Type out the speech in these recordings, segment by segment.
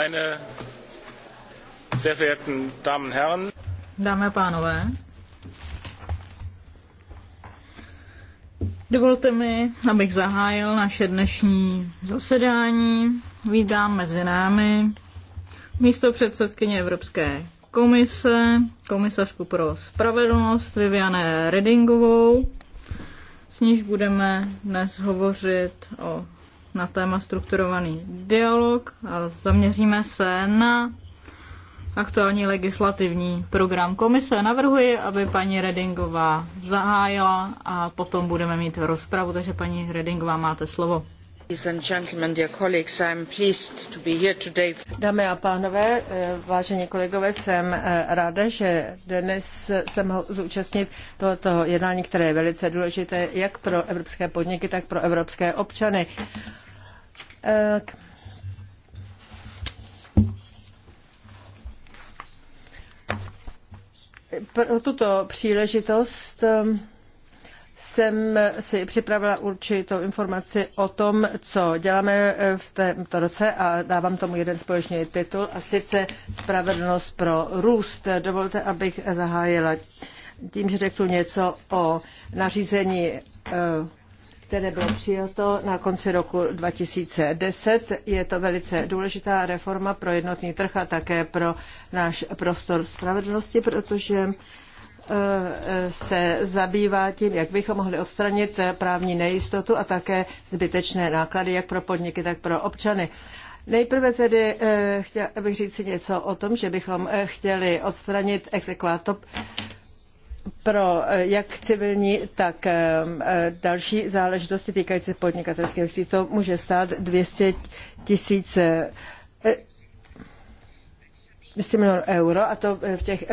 Meine sehr verehrten Damen und Herren, Dámy a pánové, dovolte mi, abych zahájil naše dnešní zasedání. Vítám mezi námi místo předsedkyně Evropské komise, komisařku pro spravedlnost Viviane Redingovou, s níž budeme dnes hovořit o na téma strukturovaný dialog a zaměříme se na aktuální legislativní program komise. Navrhuji, aby paní Redingová zahájila a potom budeme mít rozpravu, takže paní Redingová máte slovo. Dámy a pánové, eh, vážení kolegové, jsem eh, ráda, že dnes se mohu zúčastnit tohoto jednání, které je velice důležité jak pro evropské podniky, tak pro evropské občany. Pro tuto příležitost um, jsem si připravila určitou informaci o tom, co děláme eh, v tomto roce a dávám tomu jeden společný titul a sice Spravedlnost pro růst. Dovolte, abych zahájila tím, že řeknu něco o nařízení eh, které bylo přijato na konci roku 2010. Je to velice důležitá reforma pro jednotný trh a také pro náš prostor spravedlnosti, protože e, se zabývá tím, jak bychom mohli odstranit právní nejistotu a také zbytečné náklady, jak pro podniky, tak pro občany. Nejprve tedy e, chtěl bych říct si něco o tom, že bychom e, chtěli odstranit exekvátor pro eh, jak civilní, tak eh, eh, další záležitosti týkající se podnikatelských akcí. To může stát 200 tisíc milionů euro a to v těch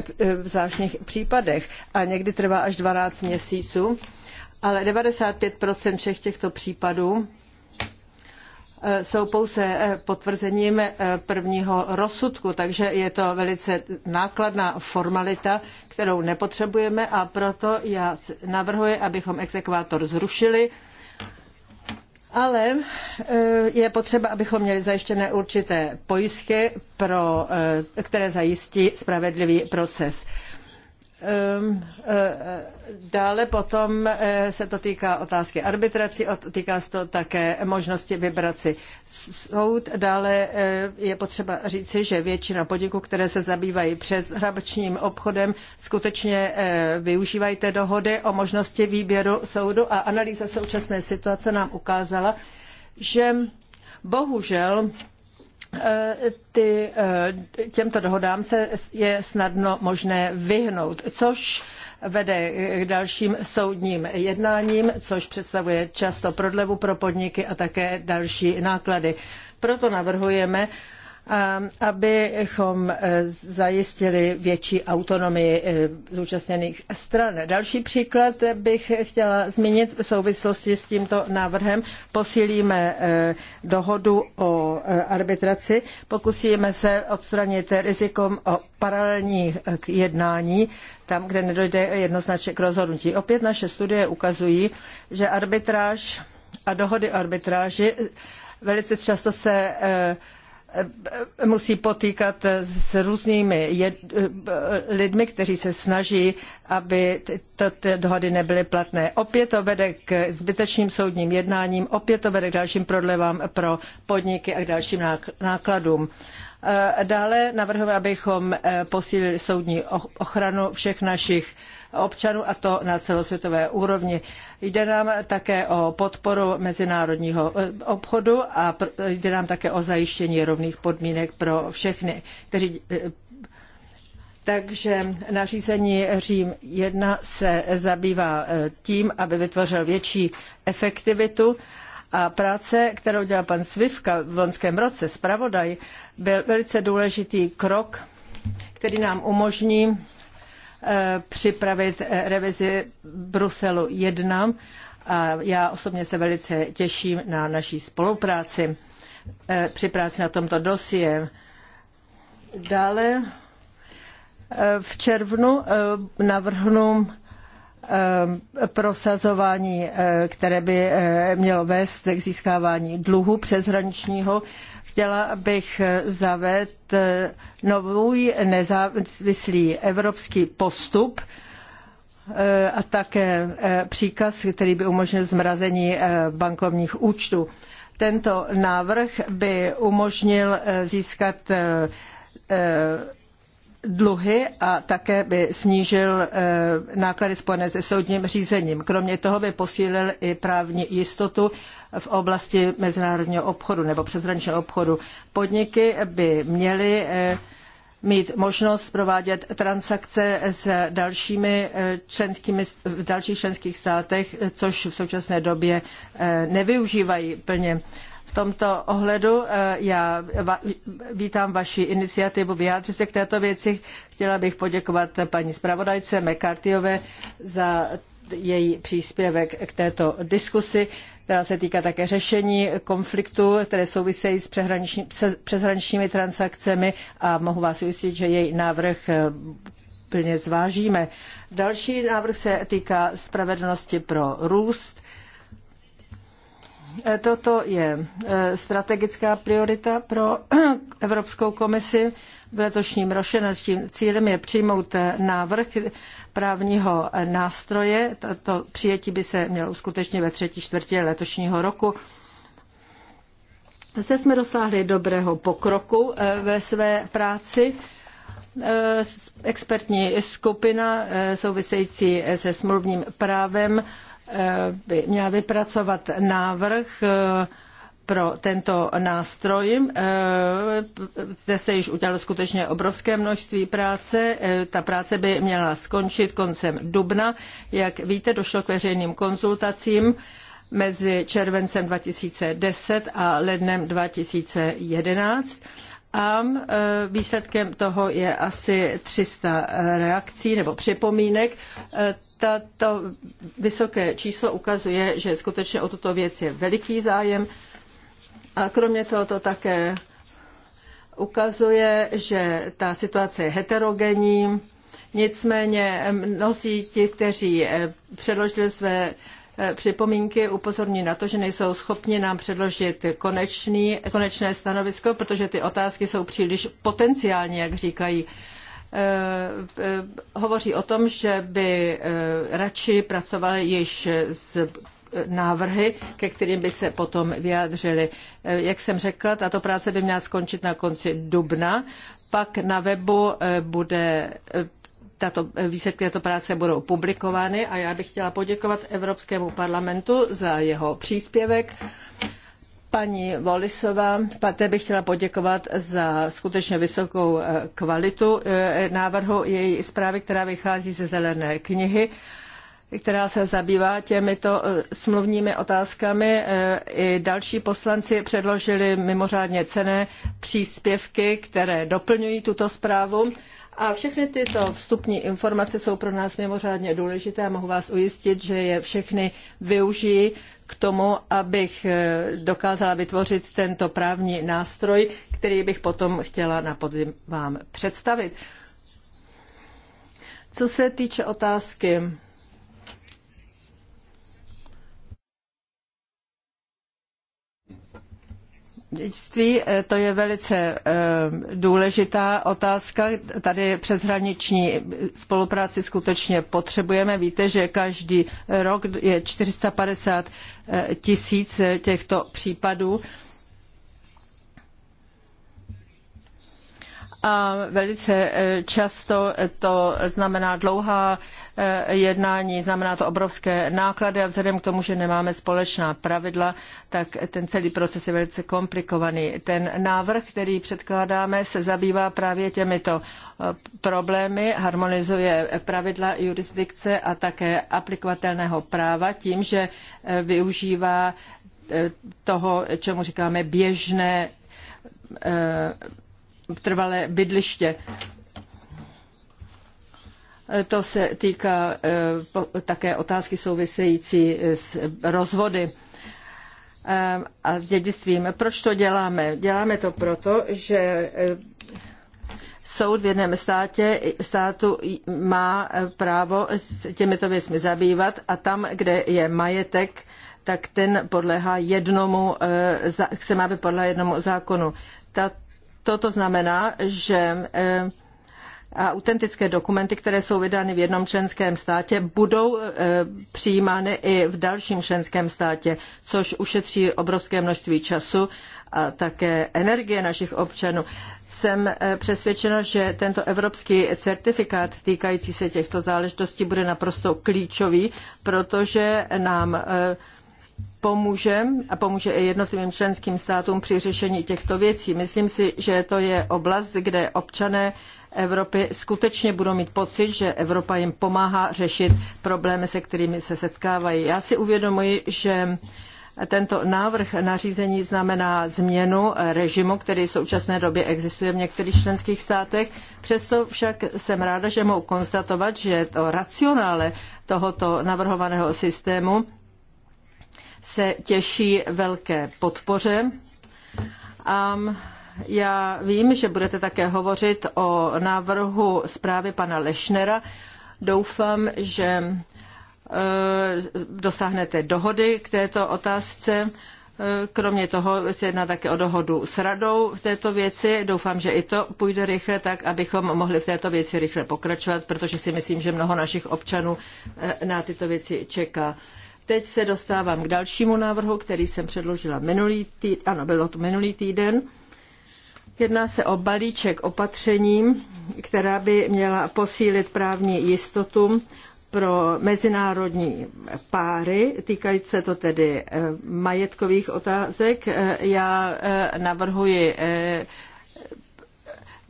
zvláštních případech a někdy trvá až 12 měsíců, ale 95% všech těchto případů Eh, jsou pouze eh, potvrzením eh, prvního rozsudku, takže je to velice nákladná formalita, kterou nepotřebujeme a proto já navrhuji, abychom exekvátor zrušili. Ale je potřeba, abychom měli zajištěné určité pojistky, pro, které zajistí spravedlivý proces. Ehm, eh, eh, dále potom eh, se to týká otázky arbitrací, týká se to také možnosti vybrat si soud. Dále je potřeba říci, že většina podniků, které se zabývají přes hrabačním obchodem, skutečně využívají té dohody o možnosti výběru soudu a analýza současné situace nám ukázala, že bohužel Eh, ty, eh, těmto dohodám se je snadno možné vyhnout, což vede k dalším soudním jednáním, což představuje často prodlevu pro podniky a také další náklady. Proto navrhujeme abychom e, zajistili větší autonomii e, zúčastněných stran. Další příklad bych chtěla zmínit v souvislosti s tímto návrhem. Posílíme e, dohodu o arbitraci, pokusíme se odstranit rizikom o paralelních jednání, tam, kde nedojde jednoznačně k rozhodnutí. Opět naše studie ukazují, že arbitráž a dohody o arbitráži velice často se musí potýkat s různými lidmi, kteří se snaží, aby ty dohody nebyly platné. Opět to vede k zbytečným soudním jednáním, opět to vede k dalším prodlevám pro podniky a k dalším nákladům. Eh, dále navrhujeme, abychom eh, posílili soudní ochranu všech našich občanů a to na celosvětové úrovni. Jde nám také o podporu mezinárodního eh, obchodu a jde nám také o zajištění rovných podmínek pro všechny, kteří eh, takže nařízení Řím 1 se zabývá eh, tím, aby vytvořil větší efektivitu a práce, kterou dělal pan Svivka v loňském roce, zpravodaj, byl velice důležitý krok, který nám umožní Eh, připravit eh, revizi Bruselu 1 a já osobně se velice těším na naší spolupráci eh, při práci na tomto dosie. Dále v červnu navrhnu prosazování, které by mělo vést k získávání dluhu přeshraničního Chtěla bych zavést eh, nový nezávislý evropský postup eh, a také eh, příkaz, který by umožnil zmrazení bankovních účtů. Tento návrh by umožnil získat dluhy a také by snížil eh, náklady spojené se soudním řízením. Kromě toho by posílil i právní jistotu v oblasti mezinárodního obchodu nebo přeshraničního obchodu. Podniky by měly eh, mít možnost provádět transakce s dalšími eh, členskými, v dalších členských státech, což v současné době nevyužívají plně tomto ohledu eh, já vítám vaši iniciativu vyjádřit se k této věci. Chtěla bych poděkovat paní zpravodajce McCarthyové za její příspěvek k této diskusi, která se týká také řešení konfliktů, které souvisejí s přeshraniční, přeshraničními transakcemi a mohu vás ujistit, že její návrh eh, plně zvážíme. Další návrh se týká spravedlnosti pro růst. Eh, toto je eh, strategická priorita pro Evropskou komisi v letošním rošenečním cílem je přijmout eh, návrh právního nástroje. To přijetí by se mělo skutečně ve třetí čtvrtě letošního roku. Zde jsme dosáhli dobrého pokroku ve své práci. Expertní skupina související se smluvním právem by měla vypracovat návrh eh, pro tento nástroj. Eh, zde se již udělalo skutečně obrovské množství práce. Eh, ta práce by měla skončit koncem dubna. Jak víte, došlo k veřejným konzultacím mezi červencem 2010 a lednem 2011 a eh, výsledkem toho je asi 300 eh, reakcí nebo připomínek. Eh, tato vysoké číslo ukazuje, že skutečně o tuto věc je veliký zájem a kromě toho to také ukazuje, že ta situace je heterogenní. Nicméně mnozí ti, kteří předložili své Eh, připomínky upozorní na to, že nejsou schopni nám předložit konečný, konečné stanovisko, protože ty otázky jsou příliš potenciální, jak říkají. Eh, eh, hovoří o tom, že by radši pracovali již s návrhy, ke kterým by se potom vyjádřili. Jak jsem řekla, tato práce by měla skončit na konci dubna. Pak na webu bude tato, výsledky této práce budou publikovány a já bych chtěla poděkovat Evropskému parlamentu za jeho příspěvek. Paní Volisová, té bych chtěla poděkovat za skutečně vysokou eh, kvalitu eh, návrhu její zprávy, která vychází ze zelené knihy která se zabývá těmito eh, smluvními otázkami. I další poslanci předložili mimořádně cené příspěvky, které doplňují tuto zprávu. A všechny tyto vstupní informace jsou pro nás mimořádně důležité a mohu vás ujistit, že je všechny využijí k tomu, abych eh, dokázala vytvořit tento právní nástroj, který bych potom chtěla na podzim vám představit. Co se týče otázky dědictví, eh, to je velice eh, důležitá otázka. Tady přeshraniční spolupráci skutečně potřebujeme. Víte, že každý rok je 450 eh, tisíc těchto případů a velice e, často to znamená dlouhá e, jednání, znamená to obrovské náklady a vzhledem k tomu, že nemáme společná pravidla, tak ten celý proces je velice komplikovaný. Ten návrh, který předkládáme, se zabývá právě těmito e, problémy, harmonizuje pravidla jurisdikce a také aplikovatelného práva tím, že využívá toho, čemu říkáme běžné trvalé bydliště. To se týká eh, také otázky související s rozvody eh, a s dědictvím. Proč to děláme? Děláme to proto, že eh, soud v jednom státě, státu má právo s těmito věcmi zabývat a tam, kde je majetek, tak ten podléhá jednomu, se má by podle jednomu zákonu. Tato Toto znamená, že eh, autentické dokumenty, které jsou vydány v jednom členském státě, budou eh, přijímány i v dalším členském státě, což ušetří obrovské množství času a také energie našich občanů. Jsem eh, přesvědčena, že tento evropský certifikát týkající se těchto záležitostí bude naprosto klíčový, protože nám pomůže a pomůže i jednotlivým členským státům při řešení těchto věcí. Myslím si, že to je oblast, kde občané Evropy skutečně budou mít pocit, že Evropa jim pomáhá řešit problémy, se kterými se setkávají. Já si uvědomuji, že tento návrh nařízení znamená změnu režimu, který v současné době existuje v některých členských státech. Přesto však jsem ráda, že mohu konstatovat, že to racionále tohoto navrhovaného systému se těší velké podpoře. A já vím, že budete také hovořit o návrhu zprávy pana Lešnera. Doufám, že e, dosáhnete dohody k této otázce. E, kromě toho se jedná také o dohodu s radou v této věci. Doufám, že i to půjde rychle tak, abychom mohli v této věci rychle pokračovat, protože si myslím, že mnoho našich občanů e, na tyto věci čeká. Teď se dostávám k dalšímu návrhu, který jsem předložila minulý týden, ano, bylo to minulý týden. Jedná se o balíček opatření, která by měla posílit právní jistotu pro mezinárodní páry, týkající se to tedy eh, majetkových otázek. Eh, já eh, navrhuji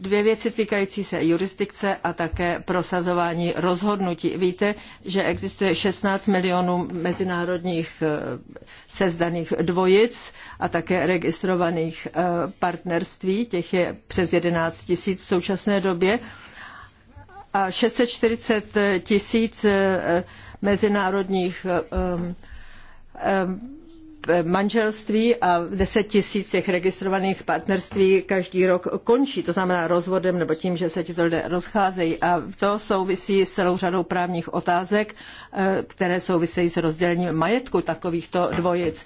dvě věci týkající se jurisdikce a také prosazování rozhodnutí. Víte, že existuje 16 milionů mezinárodních eh, sezdaných dvojic a také registrovaných eh, partnerství, těch je přes 11 tisíc v současné době a 640 tisíc eh, mezinárodních manželství a 10 tisíc těch registrovaných partnerství každý rok končí, to znamená rozvodem nebo tím, že se tito lidé rozcházejí. A to souvisí s celou řadou právních otázek, eh, které souvisejí s rozdělením majetku takovýchto dvojic.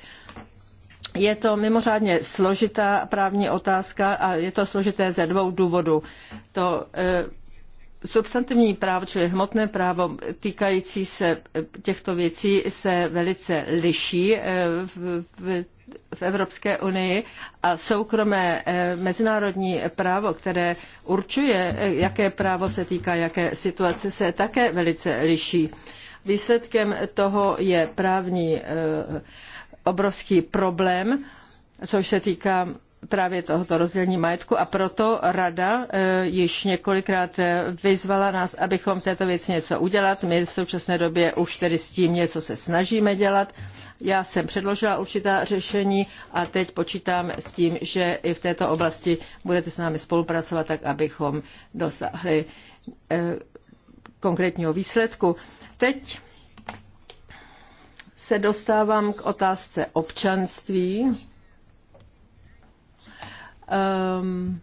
Je to mimořádně složitá právní otázka a je to složité ze dvou důvodů. To eh, substantivní právo, čili hmotné právo týkající se eh, těchto věcí, se velice liší eh, v, v, v Evropské unii a soukromé eh, mezinárodní právo, které určuje, jaké právo se týká jaké situace, se také velice liší. Výsledkem toho je právní obrovský problém, což se týká právě tohoto rozdělení majetku a proto rada eh, již několikrát eh, vyzvala nás, abychom v této věci něco udělat. My v současné době už tedy s tím něco se snažíme dělat. Já jsem předložila určitá řešení a teď počítám s tím, že i v této oblasti budete s námi spolupracovat, tak abychom dosáhli eh, konkrétního výsledku. Teď se dostávám k otázce občanství Ehm,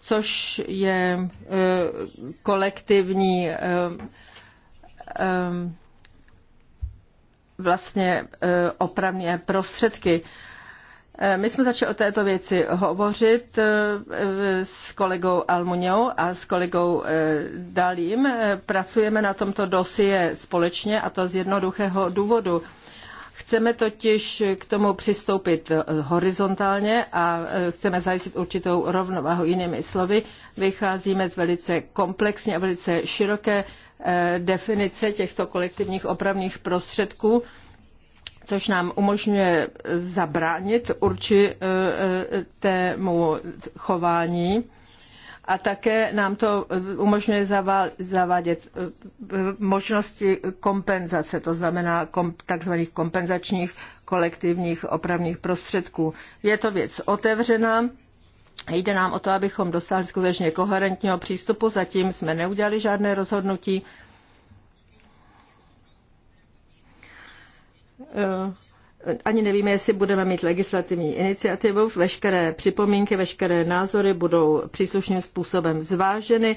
což je eh, kolektivní eh, ehm, vlastně eh, opravné prostředky. My jsme začali o této věci hovořit s kolegou Almuňou a s kolegou Dalím. Pracujeme na tomto dosie společně a to z jednoduchého důvodu. Chceme totiž k tomu přistoupit eh, horizontálně a eh, chceme zajistit určitou rovnováhu. Jinými slovy, vycházíme z velice komplexní a velice široké eh, definice těchto kolektivních opravných prostředků, což nám umožňuje zabránit určitému chování a také nám to eh, umožňuje zavádět eh, možnosti kompenzace, to znamená takzvaných kompenzačních kolektivních opravných prostředků. Je to věc otevřená, Jde nám o to, abychom dosáhli skutečně koherentního přístupu. Zatím jsme neudělali žádné rozhodnutí. Eh, ani nevíme, jestli budeme mít legislativní iniciativu. Veškeré připomínky, veškeré názory budou příslušným způsobem zváženy.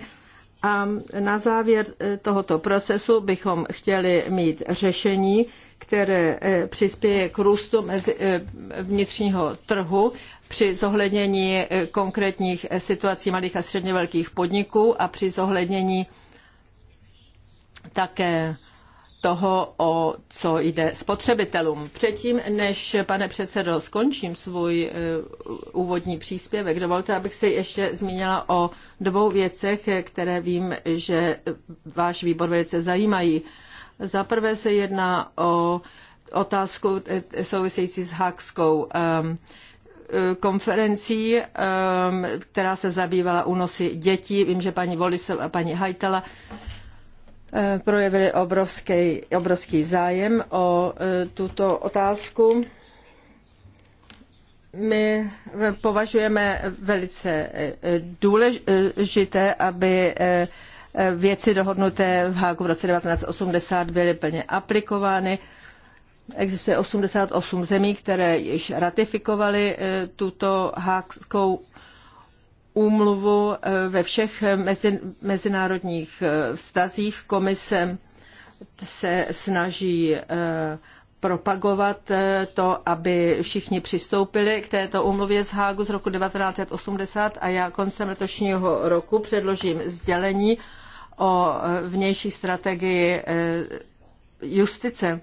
A na závěr eh, tohoto procesu bychom chtěli mít řešení, které eh, přispěje k růstu mezi eh, vnitřního trhu při zohlednění konkrétních situací malých a středně velkých podniků a při zohlednění také toho, o co jde spotřebitelům. Předtím, než, pane předsedo, skončím svůj eh, úvodní příspěvek, dovolte, abych se ještě zmínila o dvou věcech, které vím, že váš výbor velice zajímají. Za prvé se jedná o otázku eh, související s Hakskou ehm, eh, konferencí, ehm, která se zabývala únosy dětí. Vím, že paní Volisová a paní Hajtela Eh, projevili obrovský, obrovský zájem o eh, tuto otázku. My považujeme velice eh, důležité, aby věci dohodnuté v Hágu v roce 1980 byly plně aplikovány. Existuje 88 zemí, které již ratifikovaly tuto hákskou úmluvu eh, ve všech eh, mezi, mezinárodních eh, vztazích. Komise se snaží propagovat to, aby všichni přistoupili k této úmluvě z Hágu z roku 1980 a já koncem letošního roku předložím sdělení o vnější strategii justice.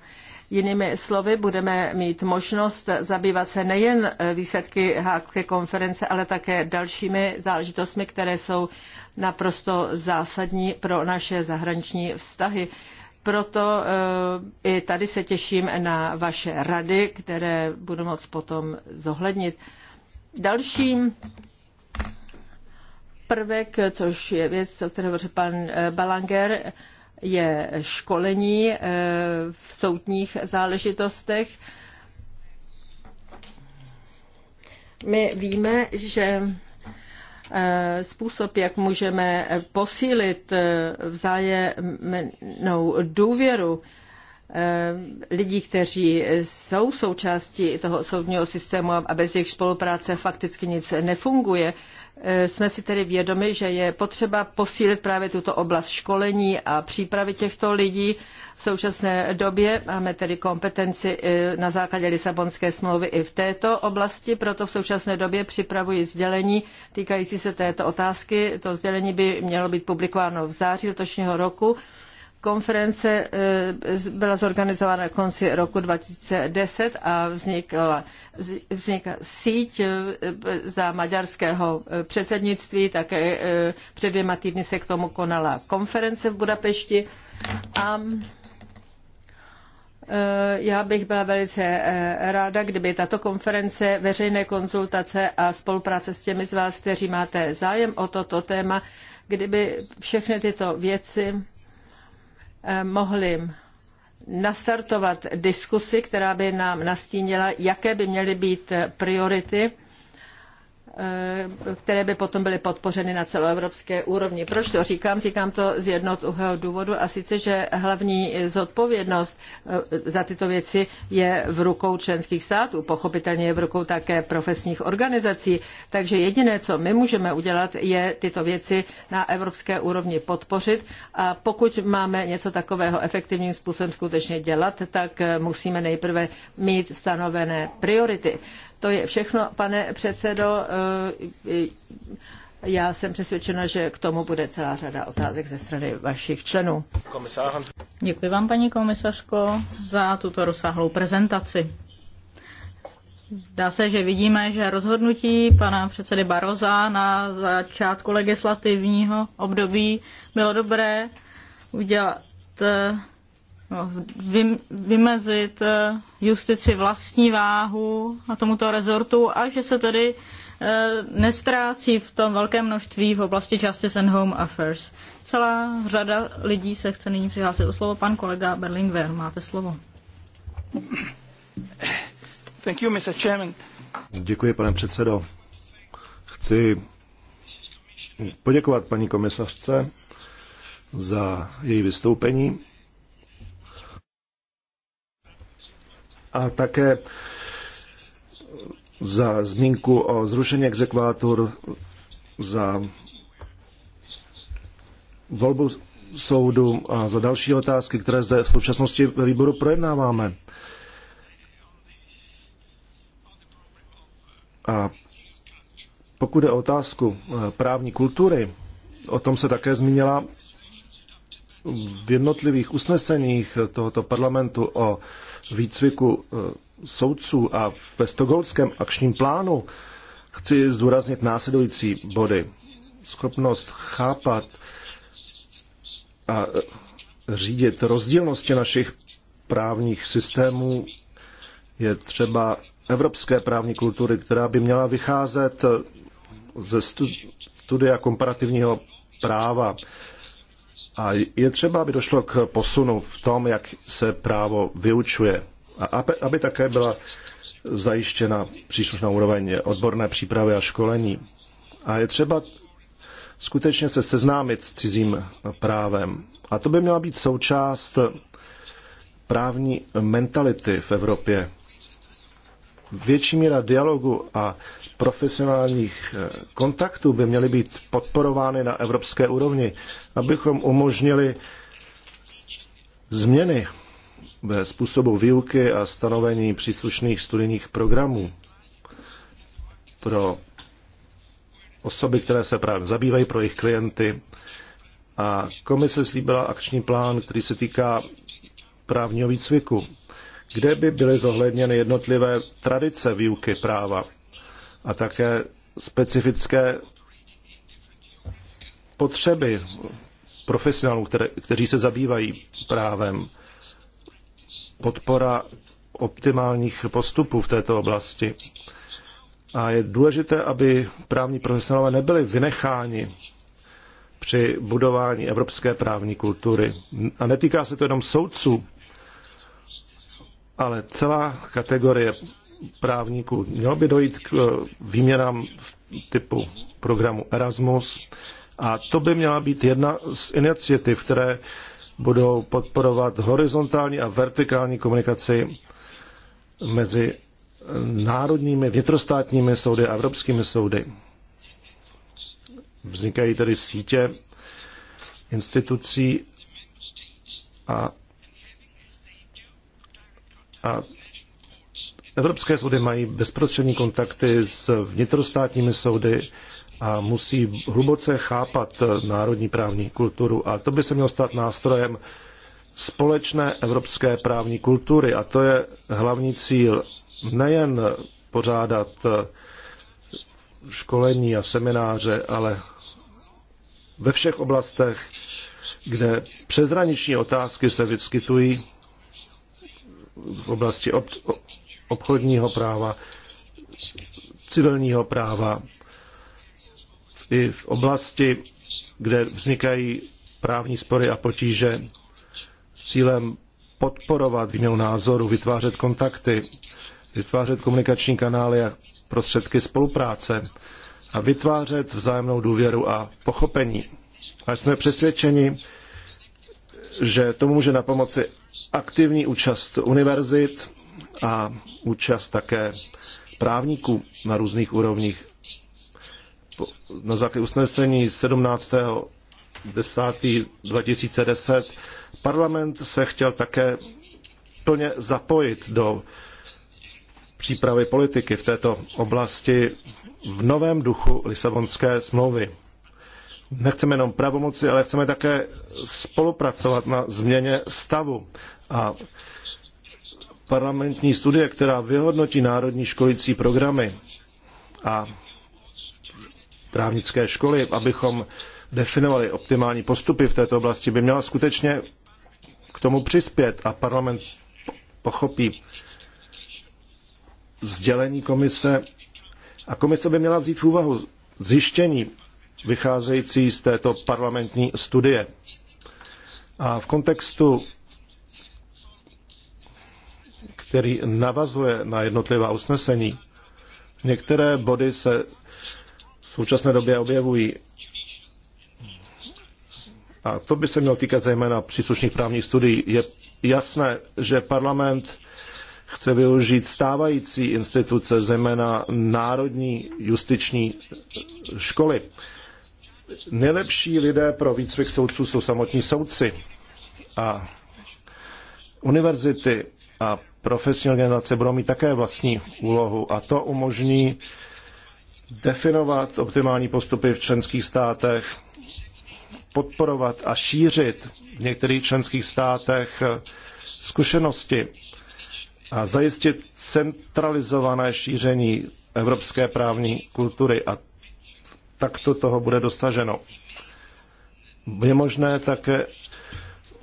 Jinými slovy, budeme mít možnost zabývat se nejen eh, výsledky Hákové konference, ale také dalšími záležitostmi, které jsou naprosto zásadní pro naše zahraniční vztahy. Proto eh, i tady se těším na vaše rady, které budu moct potom zohlednit. Dalším prvek, což je věc, o které hovořil pan eh, Balanger, je školení eh, v soudních záležitostech. My víme, že eh, způsob, jak můžeme posílit eh, vzájemnou důvěru lidí, kteří jsou součástí toho soudního systému a bez jejich spolupráce fakticky nic nefunguje, Eh, jsme si tedy vědomi, že je potřeba posílit právě tuto oblast školení a přípravy těchto lidí. V současné době máme tedy kompetenci eh, na základě Lisabonské smlouvy i v této oblasti, proto v současné době připravuji sdělení týkající se této otázky. To sdělení by mělo být publikováno v září letošního roku Konference eh, byla zorganizována na konci roku 2010 a vznikla, vznikla síť eh, za maďarského eh, předsednictví. Také před dvěma týdny se k tomu konala konference v Budapešti. A já bych byla velice ráda, kdyby tato konference, veřejné konzultace a spolupráce s těmi z vás, kteří máte zájem o toto téma, kdyby všechny tyto věci Eh, mohli nastartovat diskusi, která by nám nastínila, jaké by měly být priority Eh, které by potom byly podpořeny na celoevropské úrovni. Proč to říkám? Říkám to z jednoho důvodu a sice, že hlavní zodpovědnost eh, za tyto věci je v rukou členských států, pochopitelně je v rukou také profesních organizací, takže jediné, co my můžeme udělat, je tyto věci na evropské úrovni podpořit a pokud máme něco takového efektivním způsobem skutečně dělat, tak eh, musíme nejprve mít stanovené priority. To je všechno, pane předsedo. Eh, já jsem přesvědčena, že k tomu bude celá řada otázek ze strany vašich členů. Komisář. Děkuji vám, paní komisařko, za tuto rozsáhlou prezentaci. Dá se, že vidíme, že rozhodnutí pana předsedy Baroza na začátku legislativního období bylo dobré udělat eh, vymezit eh, justici vlastní váhu na tomuto rezortu a že se tedy eh, nestrácí v tom velké množství v oblasti Justice and Home Affairs. Celá řada lidí se chce nyní přihlásit o slovo. Pan kolega Berlingwer, máte slovo. Thank you, Mr. Chairman. Děkuji, pane předsedo. Chci poděkovat paní komisařce za její vystoupení a také za zmínku o zrušení exekvátor, za volbu soudu a za další otázky, které zde v současnosti ve výboru projednáváme. A pokud je o otázku eh, právní kultury, o tom se také zmínila v jednotlivých usneseních tohoto parlamentu o výcviku eh, soudců a ve stogolském akčním plánu chci zdůraznit následující body. Schopnost chápat a eh, řídit rozdílnosti našich právních systémů je třeba evropské právní kultury, která by měla vycházet eh, ze studia komparativního práva a je třeba, aby došlo k posunu v tom, jak se právo vyučuje. A aby také byla zajištěna příslušná úroveň odborné přípravy a školení. A je třeba skutečně se seznámit s cizím právem. A to by měla být součást právní mentality v Evropě. Větší míra dialogu a profesionálních eh, kontaktů by měly být podporovány na evropské úrovni, abychom umožnili změny ve způsobu výuky a stanovení příslušných studijních programů pro osoby, které se právě zabývají, pro jejich klienty. A komise slíbila akční plán, který se týká právního výcviku, kde by byly zohledněny jednotlivé tradice výuky práva a také specifické potřeby profesionálů, které, kteří se zabývají právem. Podpora optimálních postupů v této oblasti. A je důležité, aby právní profesionálové nebyli vynecháni při budování evropské právní kultury. A netýká se to jenom soudců, ale celá kategorie právníků. Mělo by dojít k eh, výměnám typu programu Erasmus a to by měla být jedna z iniciativ, které budou podporovat horizontální a vertikální komunikaci mezi národními, vnitrostátními soudy a evropskými soudy. Vznikají tedy sítě institucí a, a Evropské soudy mají bezprostřední kontakty s vnitrostátními soudy a musí hluboce chápat národní právní kulturu. A to by se mělo stát nástrojem společné evropské právní kultury. A to je hlavní cíl nejen pořádat školení a semináře, ale ve všech oblastech, kde přezraniční otázky se vyskytují v oblasti obchodního práva, civilního práva, i v oblasti, kde vznikají právní spory a potíže s cílem podporovat výměnu názoru, vytvářet kontakty, vytvářet komunikační kanály a prostředky spolupráce a vytvářet vzájemnou důvěru a pochopení. A jsme přesvědčeni, že tomu může pomoci aktivní účast univerzit a účast také právníků na různých úrovních. Na základě usnesení 17. 10. 2010 parlament se chtěl také plně zapojit do přípravy politiky v této oblasti v novém duchu Lisabonské smlouvy. Nechceme jenom pravomoci, ale chceme také spolupracovat na změně stavu. A parlamentní studie, která vyhodnotí národní školící programy a právnické školy, abychom definovali optimální postupy v této oblasti, by měla skutečně k tomu přispět a parlament pochopí sdělení komise a komise by měla vzít v úvahu zjištění vycházející z této parlamentní studie. A v kontextu který navazuje na jednotlivá usnesení. Některé body se v současné době objevují. A to by se mělo týkat zejména příslušných právních studií. Je jasné, že parlament chce využít stávající instituce, zejména národní justiční školy. Nejlepší lidé pro výcvik soudců jsou samotní soudci a univerzity a profesní organizace budou mít také vlastní úlohu a to umožní definovat optimální postupy v členských státech, podporovat a šířit v některých členských státech zkušenosti a zajistit centralizované šíření evropské právní kultury a takto toho bude dosaženo. Je možné také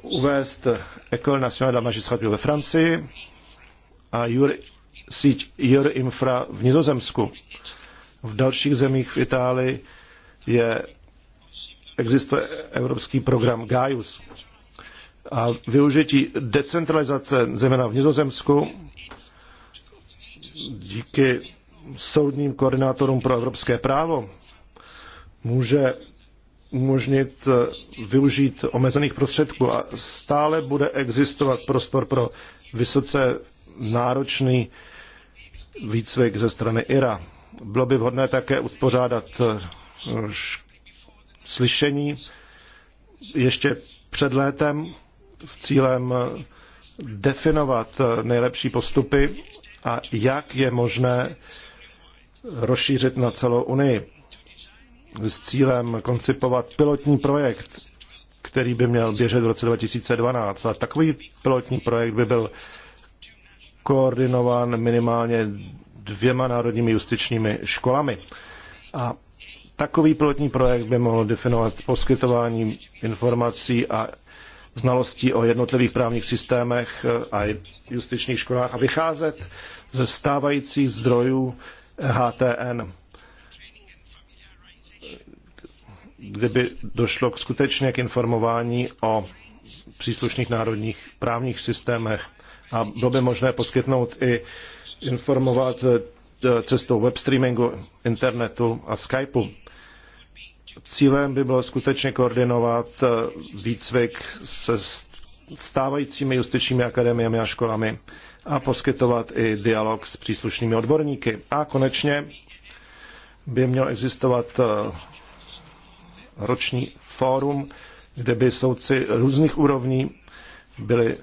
uvést Ecole nationale de la magistrature ve Francii, a Jur, síť Jur Infra v Nizozemsku. V dalších zemích v Itálii je, existuje evropský program Gaius. A využití decentralizace, zejména v Nizozemsku, díky soudním koordinátorům pro evropské právo, může umožnit eh, využít omezených prostředků a stále bude existovat prostor pro vysoce náročný výcvik ze strany IRA. Bylo by vhodné také uspořádat eh, slyšení ještě před létem s cílem eh, definovat eh, nejlepší postupy a jak je možné rozšířit na celou Unii s cílem koncipovat pilotní projekt, který by měl běžet v roce 2012. A takový pilotní projekt by byl koordinován minimálně dvěma národními justičními školami. A takový pilotní projekt by mohl definovat poskytování informací a znalostí o jednotlivých právních systémech a justičních školách a vycházet ze stávajících zdrojů HTN, kdyby došlo k skutečně k informování o příslušných národních právních systémech a bylo by možné poskytnout i informovat eh, cestou webstreamingu, internetu a Skypeu. Cílem by bylo skutečně koordinovat eh, výcvik se stávajícími justičními akademiemi a školami a poskytovat i dialog s příslušnými odborníky. A konečně by měl existovat eh, roční fórum, kde by soudci různých úrovní byli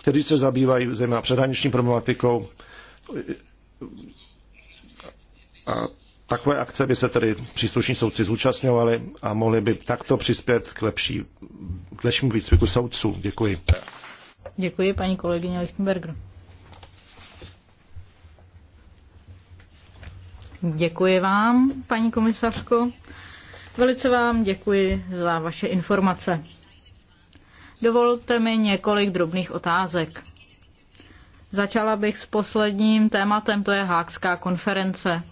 kteří se zabývají zejména předhraniční problematikou. A takové akce by se tedy příslušní soudci zúčastňovali a mohli by takto přispět k, lepší, k lepšímu výcviku soudců. Děkuji. Děkuji, paní kolegyně Lichtenberger. Děkuji vám, paní komisařko. Velice vám děkuji za vaše informace. Dovolte mi několik drobných otázek. Začala bych s posledním tématem, to je Hákská konference.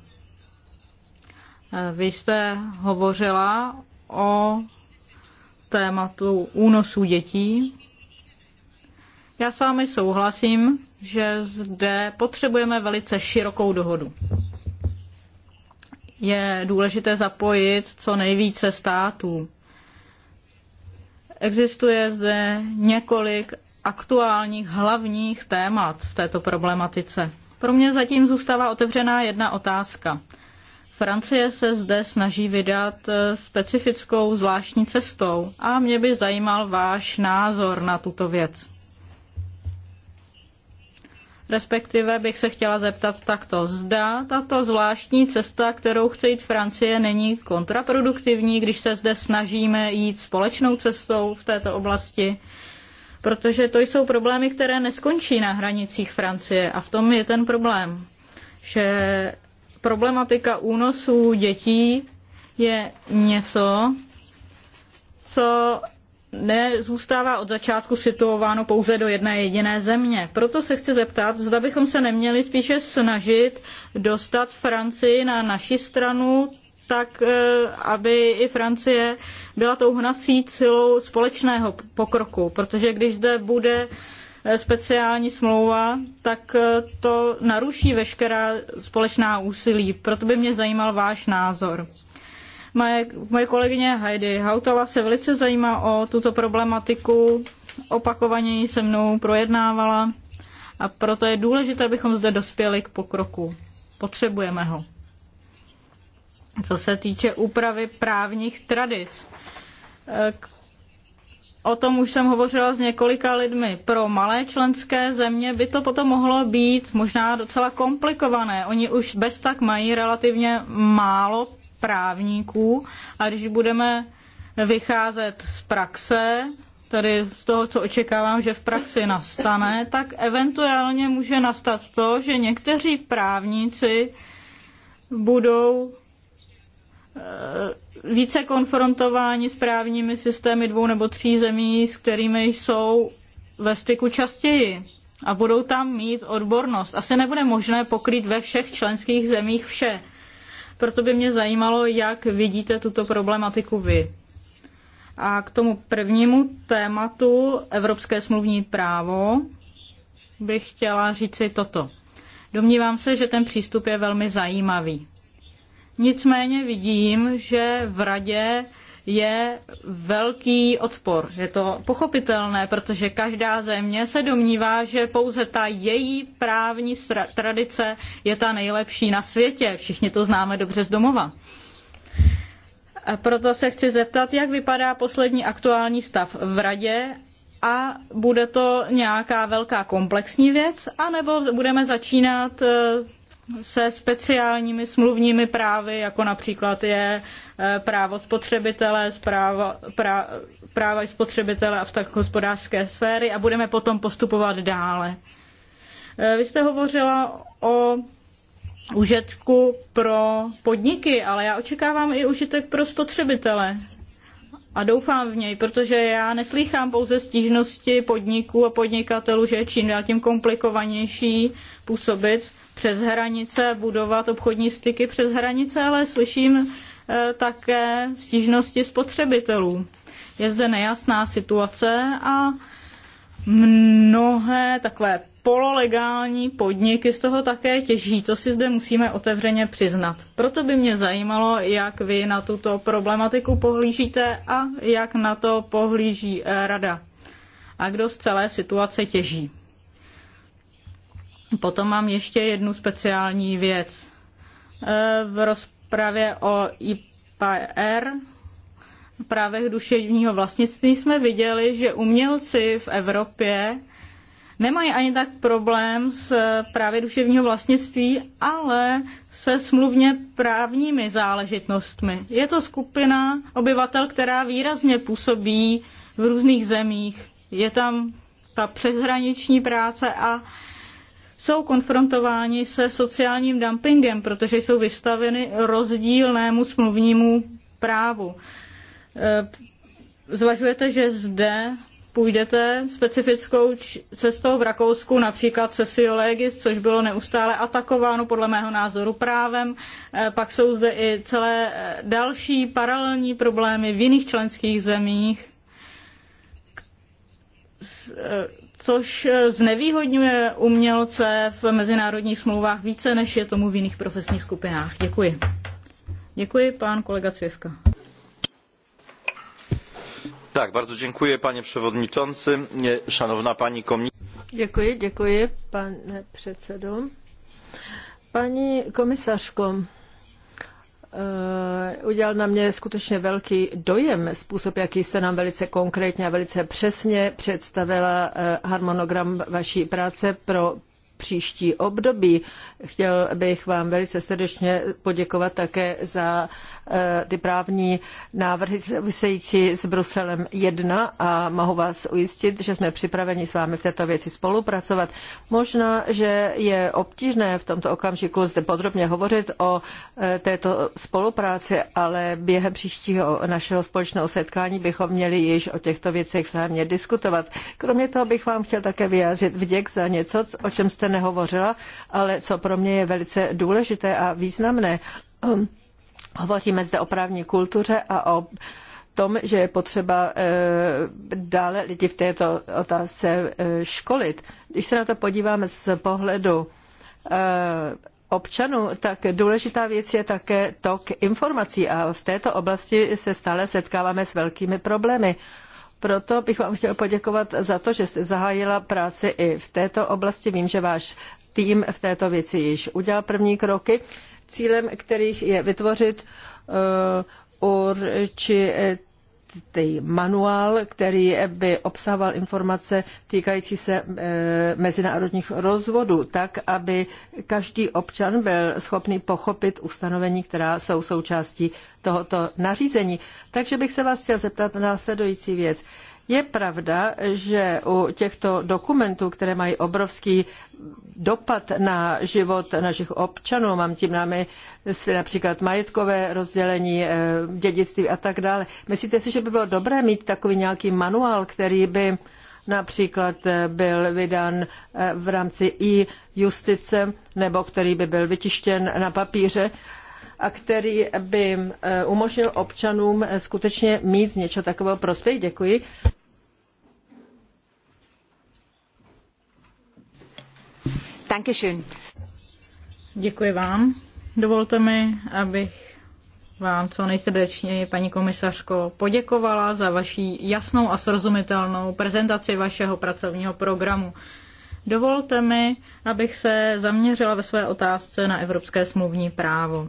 Vy jste hovořila o tématu únosu dětí. Já s vámi souhlasím, že zde potřebujeme velice širokou dohodu. Je důležité zapojit co nejvíce států. Existuje zde několik aktuálních hlavních témat v této problematice. Pro mě zatím zůstává otevřená jedna otázka. Francie se zde snaží vydat eh, specifickou zvláštní cestou a mě by zajímal váš názor na tuto věc. Respektive bych se chtěla zeptat takto. Zda tato zvláštní cesta, kterou chce jít Francie, není kontraproduktivní, když se zde snažíme jít společnou cestou v této oblasti? Protože to jsou problémy, které neskončí na hranicích Francie a v tom je ten problém, že problematika únosů dětí je něco, co nezůstává od začátku situováno pouze do jedné jediné země. Proto se chci zeptat, zda bychom se neměli spíše snažit dostat Francii na naši stranu, tak eh, aby i Francie byla tou hnací silou společného pokroku, protože když zde bude eh, speciální smlouva, tak eh, to naruší veškerá společná úsilí. Proto by mě zajímal váš názor. Moje, moje kolegyně Heidi Hautala se velice zajímá o tuto problematiku, opakovaně ji se mnou projednávala a proto je důležité, abychom zde dospěli k pokroku. Potřebujeme ho. Co se týče úpravy právních tradic, eh, o tom už jsem hovořila s několika lidmi. Pro malé členské země by to potom mohlo být možná docela komplikované. Oni už bez tak mají relativně málo právníků a když budeme vycházet z praxe, tedy z toho, co očekávám, že v praxi nastane, tak eventuálně může nastat to, že někteří právníci budou eh, více konfrontováni s právními systémy dvou nebo tří zemí, s kterými jsou ve styku častěji a budou tam mít odbornost. Asi nebude možné pokrýt ve všech členských zemích vše. Proto by mě zajímalo, jak vidíte tuto problematiku vy. A k tomu prvnímu tématu Evropské smluvní právo bych chtěla říci toto. Domnívám se, že ten přístup je velmi zajímavý. Nicméně vidím, že v radě je velký odpor. Je to pochopitelné, protože každá země se domnívá, že pouze ta její právní tradice je ta nejlepší na světě. Všichni to známe dobře z domova. A proto se chci zeptat, jak vypadá poslední aktuální stav v radě a bude to nějaká velká komplexní věc, anebo budeme začínat eh, se speciálními smluvními právy, jako například je eh, právo spotřebitele, práva, práva spotřebitele a vztah hospodářské sféry a budeme potom postupovat dále. Eh, vy jste hovořila o užitku pro podniky, ale já očekávám i užitek pro spotřebitele. A doufám v něj, protože já neslýchám pouze stížnosti podniků a podnikatelů, že je čím dál tím komplikovanější působit přes hranice, budovat obchodní styky přes hranice, ale slyším eh, také stížnosti spotřebitelů. Je zde nejasná situace a mnohé takové pololegální podniky z toho také těží. To si zde musíme otevřeně přiznat. Proto by mě zajímalo, jak vy na tuto problematiku pohlížíte a jak na to pohlíží eh, Rada. A kdo z celé situace těží. Potom mám ještě jednu speciální věc. E, v rozpravě o IPR právech duševního vlastnictví jsme viděli, že umělci v Evropě nemají ani tak problém s právě duševního vlastnictví, ale se smluvně právními záležitostmi. Je to skupina obyvatel, která výrazně působí v různých zemích. Je tam ta přeshraniční práce a jsou konfrontováni se sociálním dumpingem, protože jsou vystaveny rozdílnému smluvnímu právu. E, zvažujete, že zde půjdete specifickou cestou v Rakousku, například Cecil Legis, což bylo neustále atakováno podle mého názoru právem. E, pak jsou zde i celé e, další paralelní problémy v jiných členských zemích, což eh, znevýhodňuje umělce v mezinárodních smlouvách více, než je tomu v jiných profesních skupinách. Děkuji. Děkuji, pán kolega Cvěvka. Tak, bardzo dziękuję panie przewodniczący, szanowna pani komisarz. Děkuji, děkuji, pane předsedo. Paní komisařko, Eh, udělal na mě skutečně velký dojem způsob, jaký jste nám velice konkrétně a velice přesně představila eh, harmonogram vaší práce pro příští období. Chtěl bych vám velice srdečně poděkovat také za Eh, ty právní návrhy související s Bruselem 1 a mohu vás ujistit, že jsme připraveni s vámi v této věci spolupracovat. Možná, že je obtížné v tomto okamžiku zde podrobně hovořit o eh, této spolupráci, ale během příštího našeho společného setkání bychom měli již o těchto věcech vzájemně diskutovat. Kromě toho bych vám chtěl také vyjádřit vděk za něco, o čem jste nehovořila, ale co pro mě je velice důležité a významné. Hovoříme zde o právní kultuře a o tom, že je potřeba eh, dále lidi v této otázce eh, školit. Když se na to podíváme z pohledu eh, občanů, tak důležitá věc je také tok informací a v této oblasti se stále setkáváme s velkými problémy. Proto bych vám chtěl poděkovat za to, že jste zahájila práci i v této oblasti. Vím, že váš tým v této věci již udělal první kroky cílem kterých je vytvořit eh, určitý manuál, který by obsahoval informace týkající se eh, mezinárodních rozvodů, tak, aby každý občan byl schopný pochopit ustanovení, která jsou součástí tohoto nařízení. Takže bych se vás chtěl zeptat na následující věc. Je pravda, že u těchto dokumentů, které mají obrovský dopad na život našich občanů, mám tím námi například majetkové rozdělení, eh, dědictví a tak dále. Myslíte si, že by bylo dobré mít takový nějaký manuál, který by například eh, byl vydán eh, v rámci i justice, nebo který by byl vytištěn na papíře, a který by umožnil občanům skutečně mít z něčeho takového prospěch. Děkuji. Děkuji vám. Dovolte mi, abych vám co nejsrdečněji, paní komisařko, poděkovala za vaší jasnou a srozumitelnou prezentaci vašeho pracovního programu. Dovolte mi, abych se zaměřila ve své otázce na evropské smluvní právo.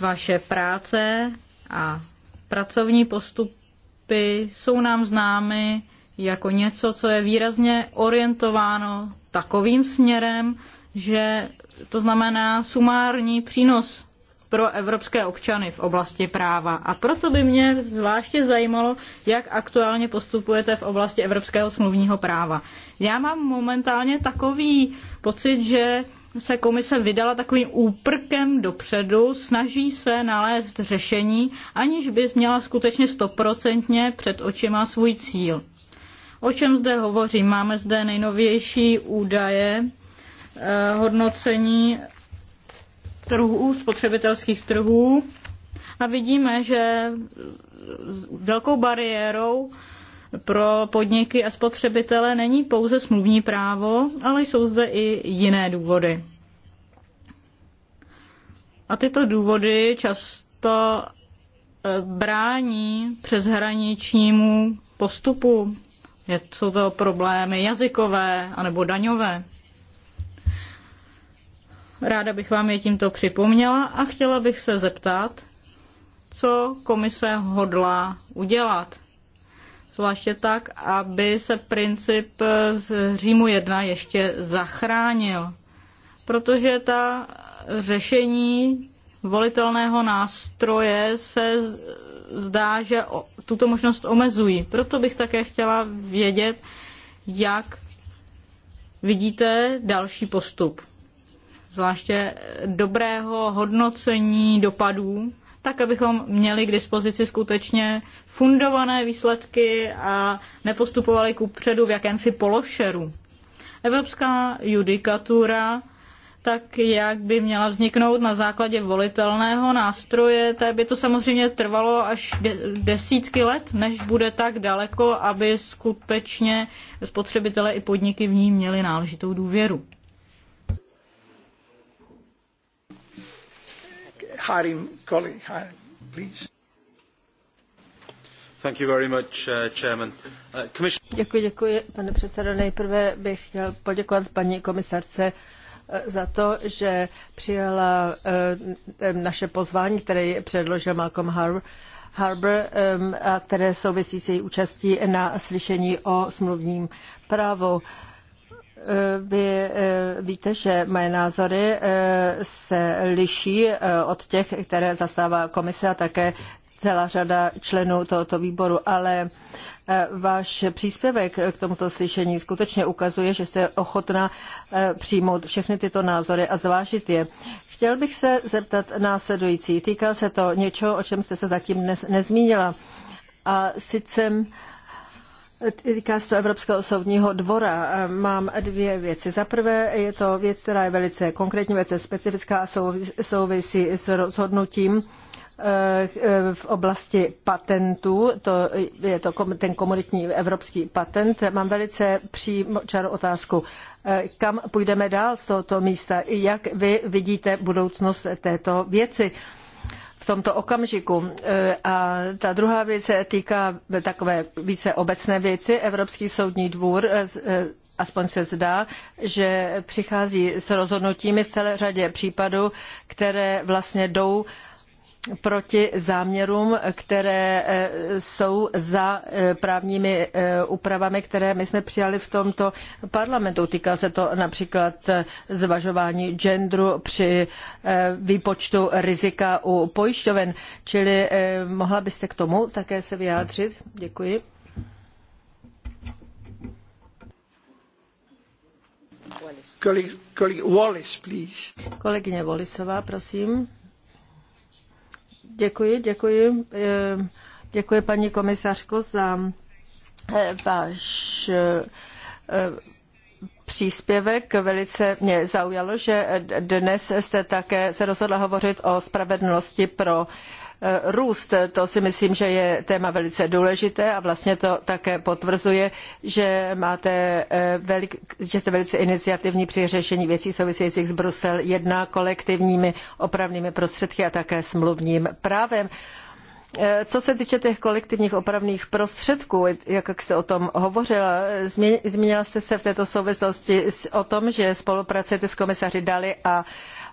Vaše práce a pracovní postupy jsou nám známy jako něco, co je výrazně orientováno takovým směrem, že to znamená sumární přínos pro evropské občany v oblasti práva. A proto by mě zvláště zajímalo, jak aktuálně postupujete v oblasti evropského smluvního práva. Já mám momentálně takový pocit, že se komise vydala takovým úprkem dopředu, snaží se nalézt řešení, aniž by měla skutečně stoprocentně před očima svůj cíl. O čem zde hovořím? Máme zde nejnovější údaje eh, hodnocení trhů, spotřebitelských trhů a vidíme, že velkou bariérou pro podniky a spotřebitele není pouze smluvní právo, ale jsou zde i jiné důvody. A tyto důvody často eh, brání přeshraničnímu postupu jsou to problémy jazykové anebo daňové. Ráda bych vám je tímto připomněla a chtěla bych se zeptat, co komise hodlá udělat. Zvláště tak, aby se princip z Římu 1 ještě zachránil. Protože ta řešení volitelného nástroje se zdá, že tuto možnost omezují. Proto bych také chtěla vědět, jak vidíte další postup. Zvláště dobrého hodnocení dopadů, tak abychom měli k dispozici skutečně fundované výsledky a nepostupovali ku předu v jakémsi pološeru. Evropská judikatura tak jak by měla vzniknout na základě volitelného nástroje, tak by to samozřejmě trvalo až desítky let, než bude tak daleko, aby skutečně spotřebitelé i podniky v ní měli náležitou důvěru. Harim, colleague, Harim, please. Thank you very much, uh, chairman. Uh, commission... Děkuji, děkuji, pane předsedo. Nejprve bych chtěl poděkovat paní komisarce uh, za to, že přijala eh, naše pozvání, které předložil Malcolm Harbour, Harbour, a které souvisí s její účastí na slyšení o smluvním právu. Eh, vy eh, víte, že moje názory se liší od těch, které zastává komise a také celá řada členů tohoto výboru, ale e, váš příspěvek k tomuto slyšení skutečně ukazuje, že jste ochotná e, přijmout všechny tyto názory a zvážit je. Chtěl bych se zeptat následující. Týká se to něčeho, o čem jste se zatím dnes nezmínila. A sice e, Týká se to Evropského soudního dvora. Mám dvě věci. Za prvé je to věc, která je velice konkrétní, velice specifická a souvisí s rozhodnutím v oblasti patentů, to je to ten komunitní evropský patent. Mám velice přímočarou otázku, eh, kam půjdeme dál z tohoto místa, jak vy vidíte budoucnost této věci v tomto okamžiku. Eh, a ta druhá věc se týká takové více obecné věci. Evropský soudní dvůr eh, aspoň se zdá, že přichází s rozhodnutími v celé řadě případů, které vlastně jdou uh, proti záměrům, které e, jsou za e, právními e, úpravami, které my jsme přijali v tomto parlamentu. Týká se to například zvažování genderu při výpočtu rizika u pojišťoven. Čili mohla byste k tomu také se vyjádřit? Děkuji. Kolik, kolik Wallace, please. Kolegyně Wallisová, prosím. Děkuji, děkuji. Eh, děkuji paní komisařko za eh, váš eh, příspěvek. Velice mě zaujalo, že dnes jste také se rozhodla hovořit o spravedlnosti pro uh, Eh, růst. To si myslím, že je téma velice důležité a vlastně to také potvrzuje, že, máte eh, velik, že jste velice iniciativní při řešení věcí souvisejících s Brusel 1 kolektivními opravnými prostředky a také smluvním právem. Eh, co se týče těch kolektivních opravných prostředků, jak jste o tom hovořila, zmínila jste se v této souvislosti o tom, že spolupracujete s komisaři Dali a,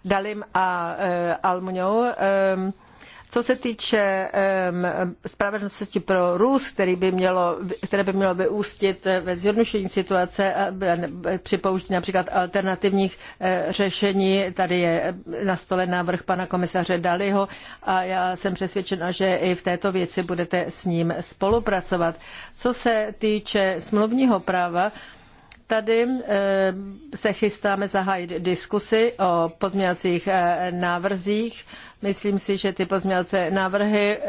Dalim a e, E, co se týče spravedlnosti pro Rus, který by mělo, které by mělo vyústit ve zjednodušení situace a připouští například alternativních eh, řešení, tady je na stole návrh pana komisaře Daliho a já jsem přesvědčena, že i v této věci budete s ním spolupracovat. Co se týče smluvního práva, Tady eh, se chystáme zahájit diskusy o pozměňovacích eh, návrzích. Myslím si, že ty pozměňovací návrhy eh,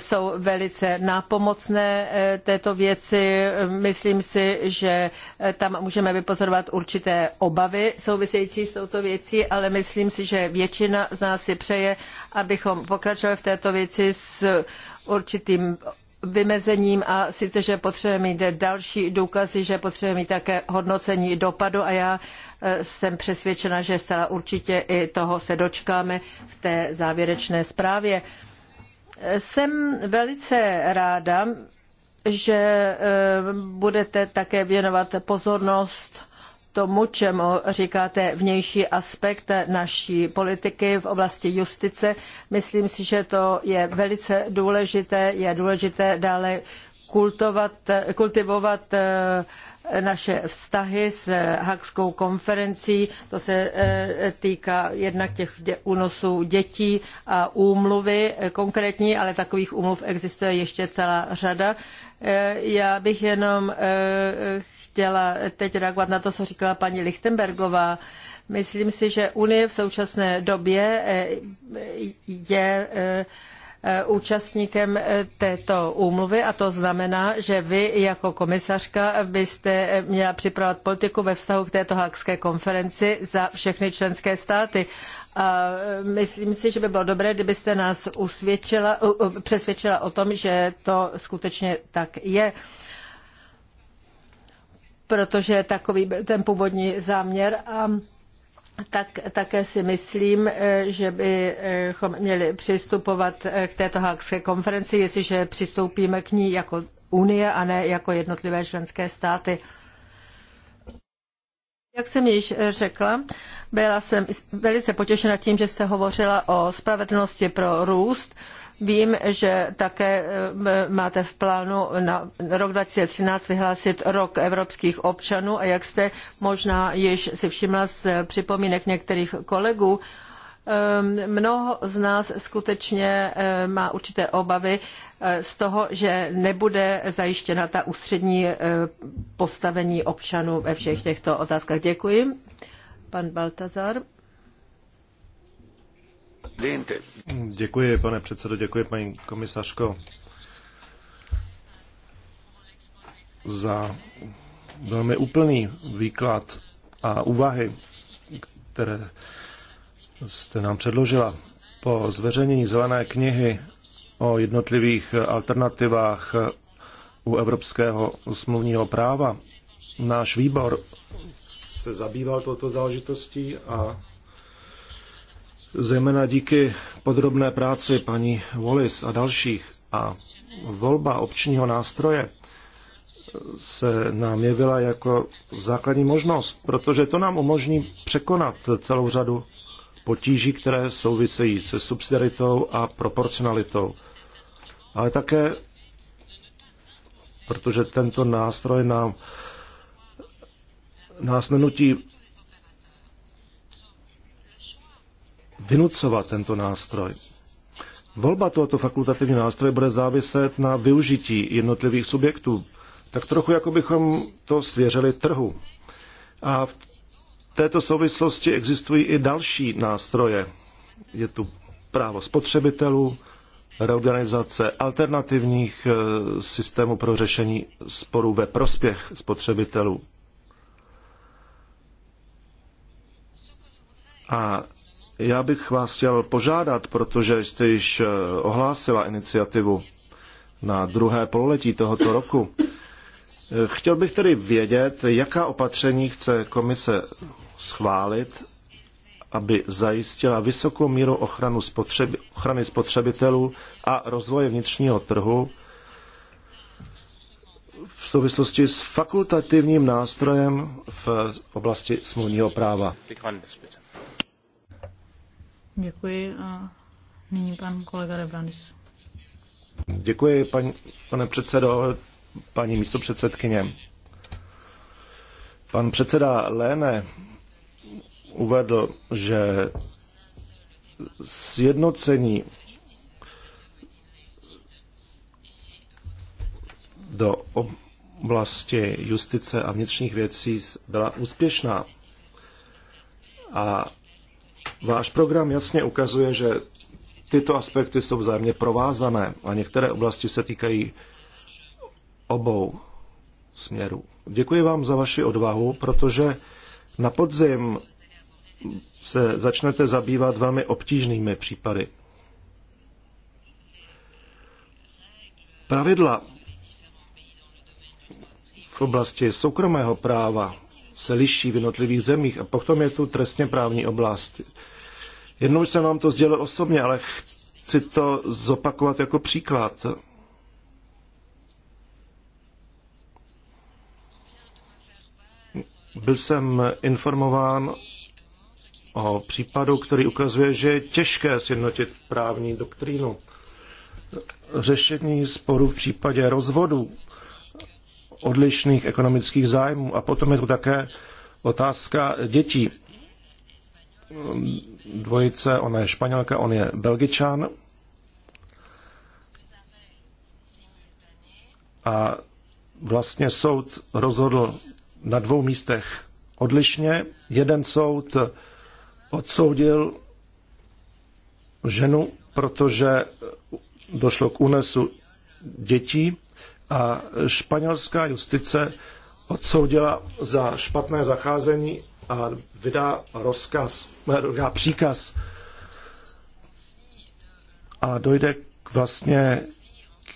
jsou velice nápomocné této věci. Myslím si, že tam můžeme vypozorovat určité obavy související s touto věcí, ale myslím si, že většina z nás si přeje, abychom pokračovali v této věci s určitým vymezením a sice, že potřebujeme mít další důkazy, že potřebujeme mít také hodnocení dopadu a já e, jsem přesvědčena, že zcela určitě i toho se dočkáme v té závěrečné zprávě. E, jsem velice ráda, že e, budete také věnovat pozornost tomu, čemu říkáte vnější aspekt naší politiky v oblasti justice. Myslím si, že to je velice důležité. Je důležité dále kultovat, kultivovat eh, naše vztahy s Hagskou konferencí. To se eh, týká jednak těch únosů dětí a úmluvy konkrétní, ale takových úmluv existuje ještě celá řada. Eh, já bych jenom chtěla teď reagovat na to, co říkala paní Lichtenbergová. Myslím si, že Unie v současné době eh, je eh, účastníkem eh, této úmluvy a to znamená, že vy jako komisařka byste měla připravovat politiku ve vztahu k této hákské konferenci za všechny členské státy. A myslím si, že by bylo dobré, kdybyste nás usvědčila, přesvědčila o tom, že to skutečně tak je. Uh, protože takový byl ten původní záměr a tak také si myslím, eh, že bychom měli přistupovat eh, k této hákské konferenci, jestliže přistoupíme k ní jako Unie a ne jako jednotlivé členské státy. Jak jsem již eh, řekla, byla jsem velice potěšena tím, že jste hovořila o spravedlnosti pro růst. Vím, že také eh, máte v plánu na rok 2013 vyhlásit rok evropských občanů a jak jste možná již si všimla z připomínek některých kolegů, ehm, mnoho z nás skutečně eh, má určité obavy eh, z toho, že nebude zajištěna ta ústřední postavení občanů ve všech těchto otázkách. Děkuji. Pan Baltazar. Děkuji, pane předsedo, děkuji, paní komisařko, za velmi úplný výklad a úvahy, které jste nám předložila. Po zveřejnění zelené knihy o jednotlivých alternativách u evropského smluvního práva náš výbor se zabýval touto záležitostí a zejména díky podrobné práci paní Wallis a dalších a volba občního nástroje se nám jevila jako základní možnost, protože to nám umožní překonat celou řadu potíží, které souvisejí se subsidiaritou a proporcionalitou. Ale také, protože tento nástroj nám nás nenutí vynucovat tento nástroj. Volba tohoto fakultativního nástroje bude záviset na využití jednotlivých subjektů, tak trochu jako bychom to svěřili trhu. A v této souvislosti existují i další nástroje. Je tu právo spotřebitelů, reorganizace alternativních e, systémů pro řešení sporů ve prospěch spotřebitelů. A já bych vás chtěl požádat, protože jste již eh, ohlásila iniciativu na druhé pololetí tohoto roku. Eh, chtěl bych tedy vědět, jaká opatření chce komise schválit, aby zajistila vysokou míru ochranu spotřebi- ochrany spotřebitelů a rozvoje vnitřního trhu v souvislosti s fakultativním nástrojem v oblasti smluvního práva. Děkuji a nyní pan kolega Rebrandis. Děkuji, paní, pane předsedo, paní místopředsedkyně. Pan předseda Léne uvedl, že sjednocení do oblasti justice a vnitřních věcí byla úspěšná. A Váš program jasně ukazuje, že tyto aspekty jsou vzájemně provázané a některé oblasti se týkají obou směrů. Děkuji vám za vaši odvahu, protože na podzim se začnete zabývat velmi obtížnými případy. Pravidla v oblasti soukromého práva se liší v jednotlivých zemích. A potom je tu trestně právní oblast. Jednou jsem vám to sdělil osobně, ale chci to zopakovat jako příklad. Byl jsem informován o případu, který ukazuje, že je těžké sjednotit právní doktrínu. Řešení sporů v případě rozvodu odlišných ekonomických zájmů. A potom je tu také otázka dětí. Dvojice, ona je španělka, on je belgičan. A vlastně soud rozhodl na dvou místech odlišně. Jeden soud odsoudil ženu, protože došlo k únesu dětí a španělská justice odsoudila za špatné zacházení a vydá rozkaz, vydá příkaz a dojde k vlastně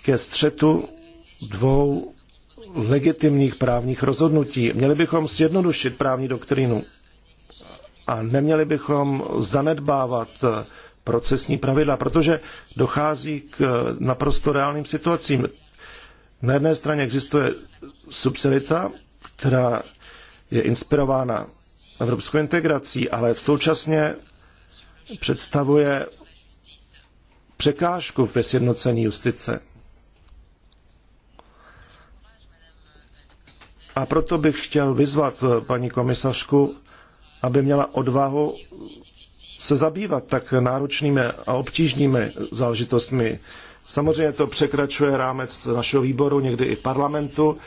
ke střetu dvou legitimních právních rozhodnutí. Měli bychom sjednodušit právní doktrínu a neměli bychom zanedbávat procesní pravidla, protože dochází k naprosto reálným situacím. Na jedné straně existuje subsidiarita, která je inspirována evropskou integrací, ale v současně představuje překážku ve sjednocení justice. A proto bych chtěl vyzvat eh, paní komisařku, aby měla odvahu se zabývat tak náročnými a obtížnými záležitostmi Samozřejmě to překračuje rámec našeho výboru, někdy i parlamentu,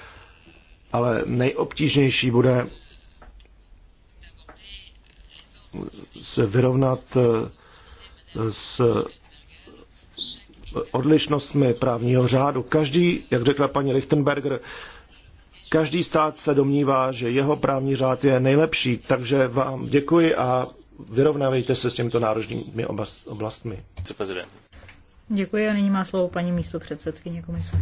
ale nejobtížnější bude se vyrovnat eh, s odlišnostmi právního řádu. Každý, jak řekla paní Lichtenberger, každý stát se domnívá, že jeho právní řád je nejlepší, takže vám děkuji a vyrovnávejte se s těmito národními oblastmi. Co prezident? Děkuji a nyní má slovo paní místo předsedkyně komise.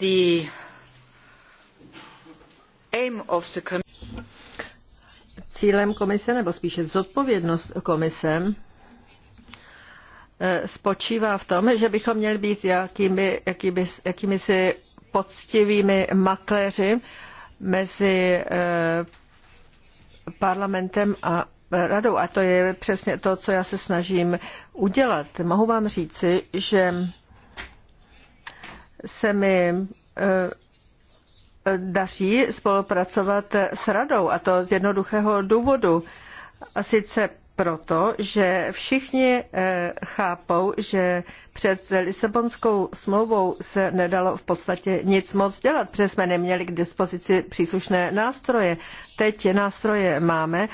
The aim of the Cílem komise, nebo spíše zodpovědnost komise, eh, spočívá v tom, že bychom měli být jakými, jakými, jakými si poctivými makléři, mezi eh, parlamentem a radou. A to je přesně to, co já se snažím udělat. Mohu vám říci, že se mi eh, daří spolupracovat s radou a to z jednoduchého důvodu. A sice proto, že všichni eh, chápou, že před Lisabonskou smlouvou se nedalo v podstatě nic moc dělat, protože jsme neměli k dispozici příslušné nástroje. Teď nástroje máme,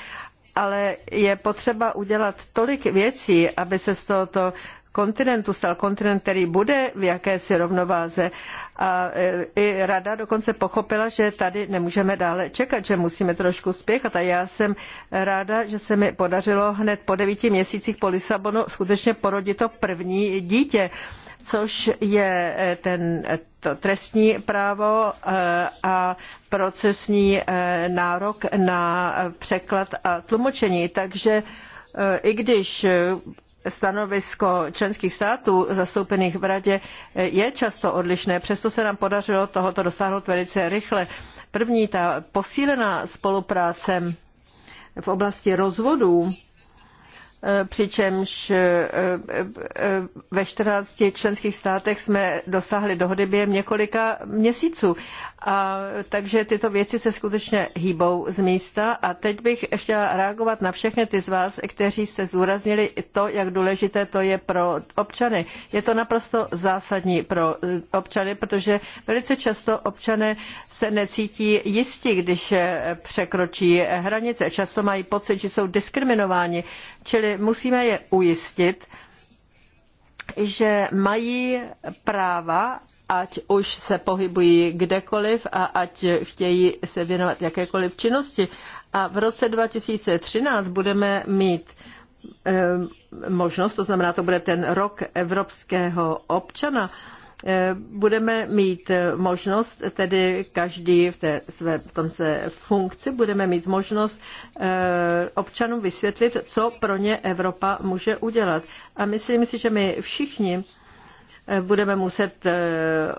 ale je potřeba udělat tolik věcí, aby se z tohoto kontinentu stal kontinent, který bude v jakési rovnováze a e, i rada dokonce pochopila, že tady nemůžeme dále čekat, že musíme trošku spěchat. A já jsem ráda, že se mi podařilo hned po devíti měsících po Lisabonu skutečně porodit to první dítě což je e, ten, e, to trestní právo a procesní nárok na překlad a tlumočení. Takže i když stanovisko členských států zastoupených v radě eh, je často odlišné, přesto se nám podařilo tohoto dosáhnout velice rychle. První, ta posílená spolupráce v oblasti rozvodů, eh, přičemž eh, ve 14 členských státech jsme dosáhli dohody během několika měsíců. A, takže tyto věci se skutečně hýbou z místa. A teď bych chtěla reagovat na všechny ty z vás, kteří jste zúraznili to, jak důležité to je pro občany. Je to naprosto zásadní pro eh, občany, protože velice často občané se necítí jistí, když eh, překročí hranice. Často mají pocit, že jsou diskriminováni. Čili musíme je ujistit, že mají práva ať už se pohybují kdekoliv a ať chtějí se věnovat jakékoliv činnosti. A v roce 2013 budeme mít eh, možnost, to znamená, to bude ten rok evropského občana, eh, budeme mít možnost, tedy každý v, té své, v tom své funkci, budeme mít možnost eh, občanům vysvětlit, co pro ně Evropa může udělat. A myslím si, že my všichni budeme muset eh,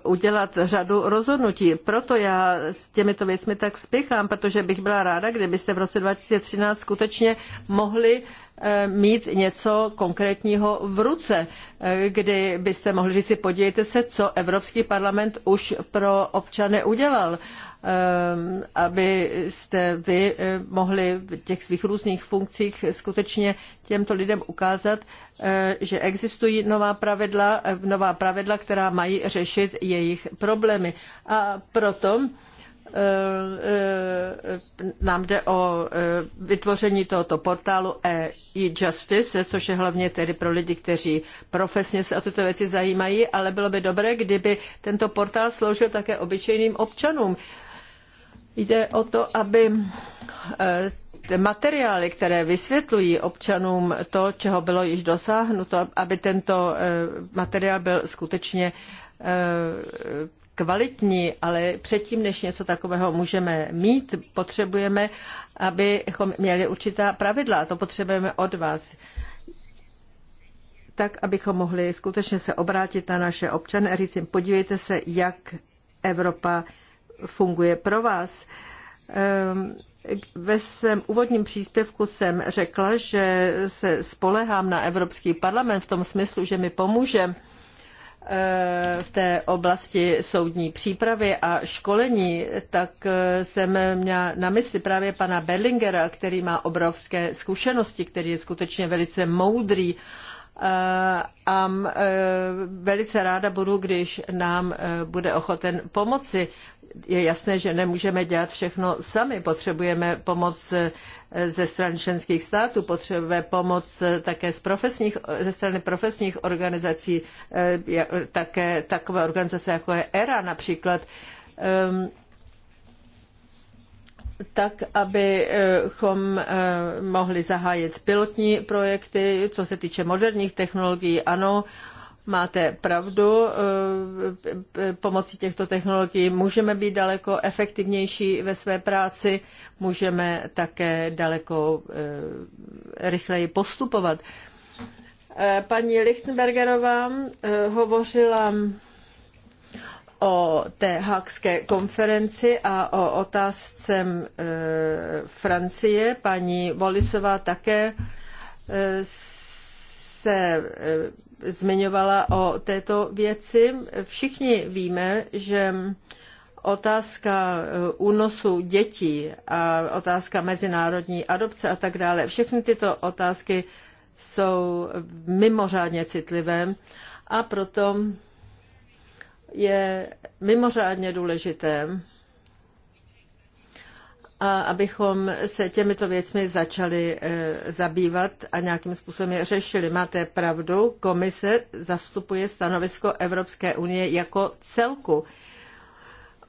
udělat řadu rozhodnutí. Proto já s těmito věcmi tak spěchám, protože bych byla ráda, kdybyste v roce 2013 skutečně mohli eh, mít něco konkrétního v ruce, eh, kdy byste mohli říct si, podívejte se, co Evropský parlament už pro občany udělal Ehm, abyste vy eh, mohli v těch svých různých funkcích skutečně těmto lidem ukázat, eh, že existují nová pravidla, eh, nová pravidla, která mají řešit jejich problémy. A proto nám jde o vytvoření tohoto portálu e-justice, což je hlavně tedy pro lidi, kteří profesně se o tyto věci zajímají, ale bylo by dobré, kdyby tento portál sloužil také obyčejným občanům Jde o to, aby eh, materiály, které vysvětlují občanům to, čeho bylo již dosáhnuto, aby tento eh, materiál byl skutečně eh, kvalitní, ale předtím, než něco takového můžeme mít, potřebujeme, abychom měli určitá pravidla. A to potřebujeme od vás tak, abychom mohli skutečně se obrátit na naše občany a říct jim, podívejte se, jak Evropa funguje pro vás. Ehm, ve svém úvodním příspěvku jsem řekla, že se spolehám na Evropský parlament v tom smyslu, že mi pomůže ehm, v té oblasti soudní přípravy a školení, tak eh, jsem měla na mysli právě pana Berlingera, který má obrovské zkušenosti, který je skutečně velice moudrý eh, a eh, velice ráda budu, když nám bude ochoten pomoci je jasné, že nemůžeme dělat všechno sami. Potřebujeme pomoc eh, ze strany členských států, potřebujeme pomoc eh, také z profesních, eh, ze strany profesních organizací, také takové organizace jako je ERA například, ehm, tak, abychom mohli zahájit pilotní projekty, co se týče moderních technologií, ano, máte pravdu, eh, eh, pomocí těchto technologií můžeme být daleko efektivnější ve své práci, můžeme také daleko eh, rychleji postupovat. Paní Lichtenbergerová hovořila o té hákské konferenci a o otázce Francie. Paní Volisová také se zmiňovala o této věci. Všichni víme, že otázka eh, únosu dětí a otázka mezinárodní adopce a tak dále, všechny tyto otázky jsou mimořádně citlivé a proto je mimořádně důležité, a abychom se těmito věcmi začali eh, zabývat a nějakým způsobem je řešili. Máte pravdu, komise zastupuje stanovisko Evropské unie jako celku.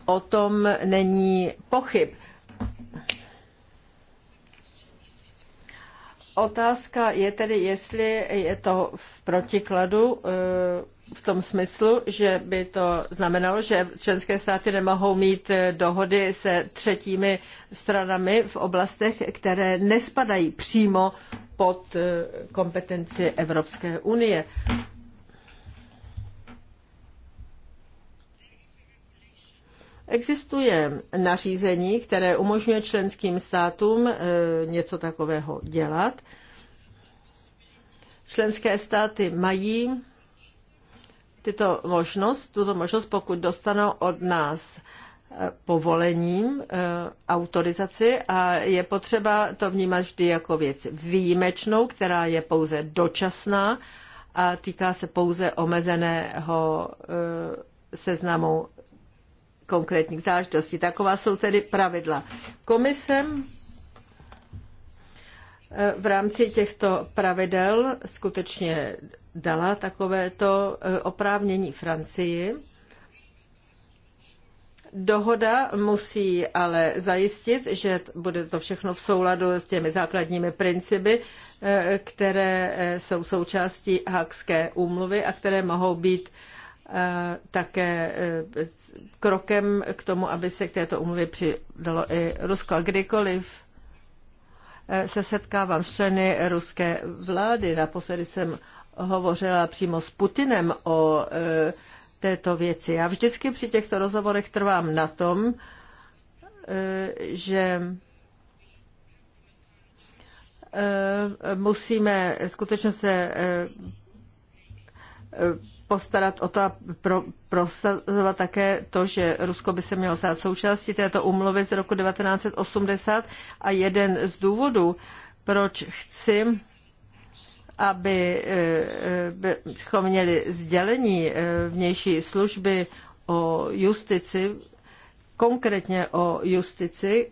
O tom není pochyb. Otázka je tedy, jestli je to v protikladu eh, v tom smyslu, že by to znamenalo, že členské státy nemohou mít eh, dohody se třetími stranami v oblastech, které nespadají přímo pod eh, kompetenci Evropské unie. Existuje nařízení, které umožňuje členským státům eh, něco takového dělat. Členské státy mají tyto možnost, tuto možnost, pokud dostanou od nás eh, povolením, eh, autorizaci a je potřeba to vnímat vždy jako věc výjimečnou, která je pouze dočasná a týká se pouze omezeného eh, seznamu konkrétních záležitostí. Taková jsou tedy pravidla. Komisem v rámci těchto pravidel skutečně dala takovéto e, oprávnění Francii. Dohoda musí ale zajistit, že bude to všechno v souladu s těmi základními principy, e, které e, jsou součástí Hakské úmluvy a které mohou být také krokem k tomu, aby se k této úmluvě přidalo i Rusko. kdykoliv se setkávám s členy ruské vlády, naposledy jsem hovořila přímo s Putinem o e, této věci. Já vždycky při těchto rozhovorech trvám na tom, e, že e, musíme skutečně se postarat o to a pro, prosazovat také to, že Rusko by se mělo stát součástí této umluvy z roku 1980 a jeden z důvodů, proč chci abychom eh, eh, měli sdělení eh, vnější služby o justici, konkrétně o justici,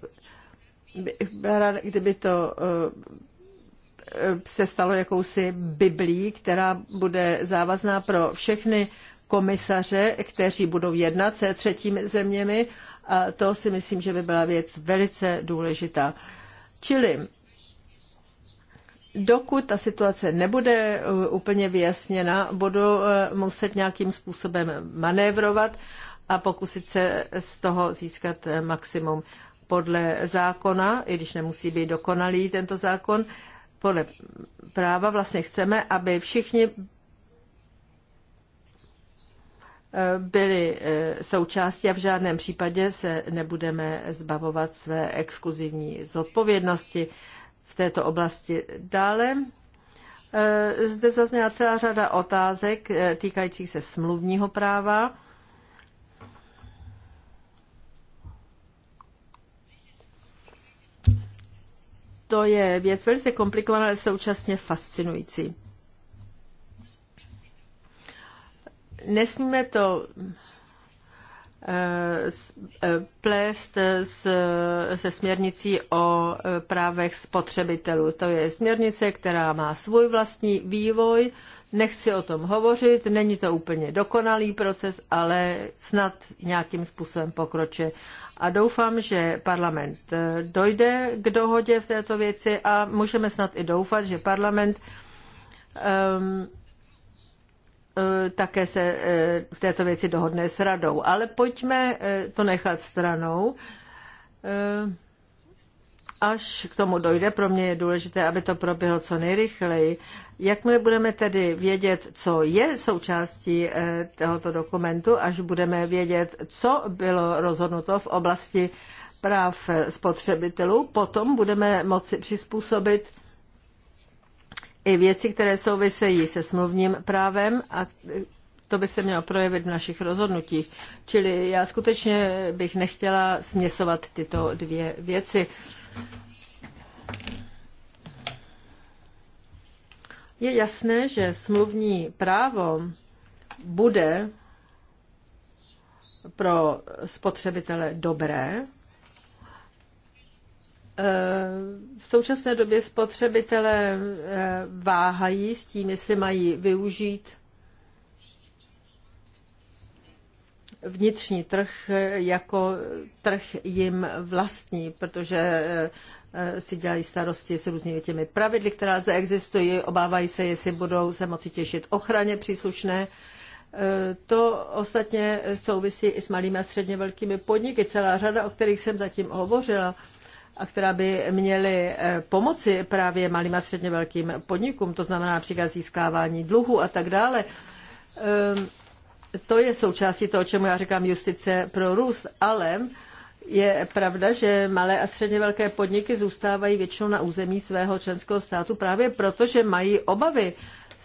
byla kdyby to se stalo jakousi biblí, která bude závazná pro všechny komisaře, kteří budou jednat se třetími zeměmi. A to si myslím, že by byla věc velice důležitá. Čili dokud ta situace nebude eh, úplně vyjasněna, budu eh, muset nějakým způsobem manévrovat a pokusit se z toho získat eh, maximum. Podle zákona, i když nemusí být dokonalý tento zákon, podle práva vlastně chceme, aby všichni byli součástí a v žádném případě se nebudeme zbavovat své exkluzivní zodpovědnosti v této oblasti. Dále eh, zde zazněla celá řada otázek eh, týkajících se smluvního práva. To je věc velice komplikovaná, ale současně fascinující. Nesmíme to Eh, eh, plést se směrnicí o eh, právech spotřebitelů. To je směrnice, která má svůj vlastní vývoj. Nechci o tom hovořit, není to úplně dokonalý proces, ale snad nějakým způsobem pokročí. A doufám, že parlament dojde k dohodě v této věci a můžeme snad i doufat, že parlament um, Eh, také se eh, v této věci dohodne s radou. Ale pojďme eh, to nechat stranou. Až k tomu dojde, pro mě je důležité, aby to proběhlo co nejrychleji. Jakmile budeme tedy vědět, co je součástí tohoto dokumentu, až budeme vědět, co bylo rozhodnuto v oblasti práv spotřebitelů, potom budeme moci přizpůsobit i věci, které souvisejí se smluvním právem a to by se mělo projevit v našich rozhodnutích. Čili já skutečně bych nechtěla směsovat tyto dvě věci. Je jasné, že smluvní právo bude pro spotřebitele dobré, Eh, v současné době spotřebitelé eh, váhají s tím, jestli mají využít vnitřní trh eh, jako trh jim vlastní, protože si dělají starosti s různými těmi pravidly, která zde existují, obávají se, jestli budou se moci těšit ochraně příslušné. To ostatně souvisí i s malými a středně velkými podniky. Celá řada, o kterých jsem zatím hovořila, a která by měly eh, pomoci právě malým a středně velkým podnikům, to znamená například získávání dluhu a tak dále. Ehm, to je součástí toho, čemu já říkám justice pro růst, ale je pravda, že malé a středně velké podniky zůstávají většinou na území svého členského státu právě proto, že mají obavy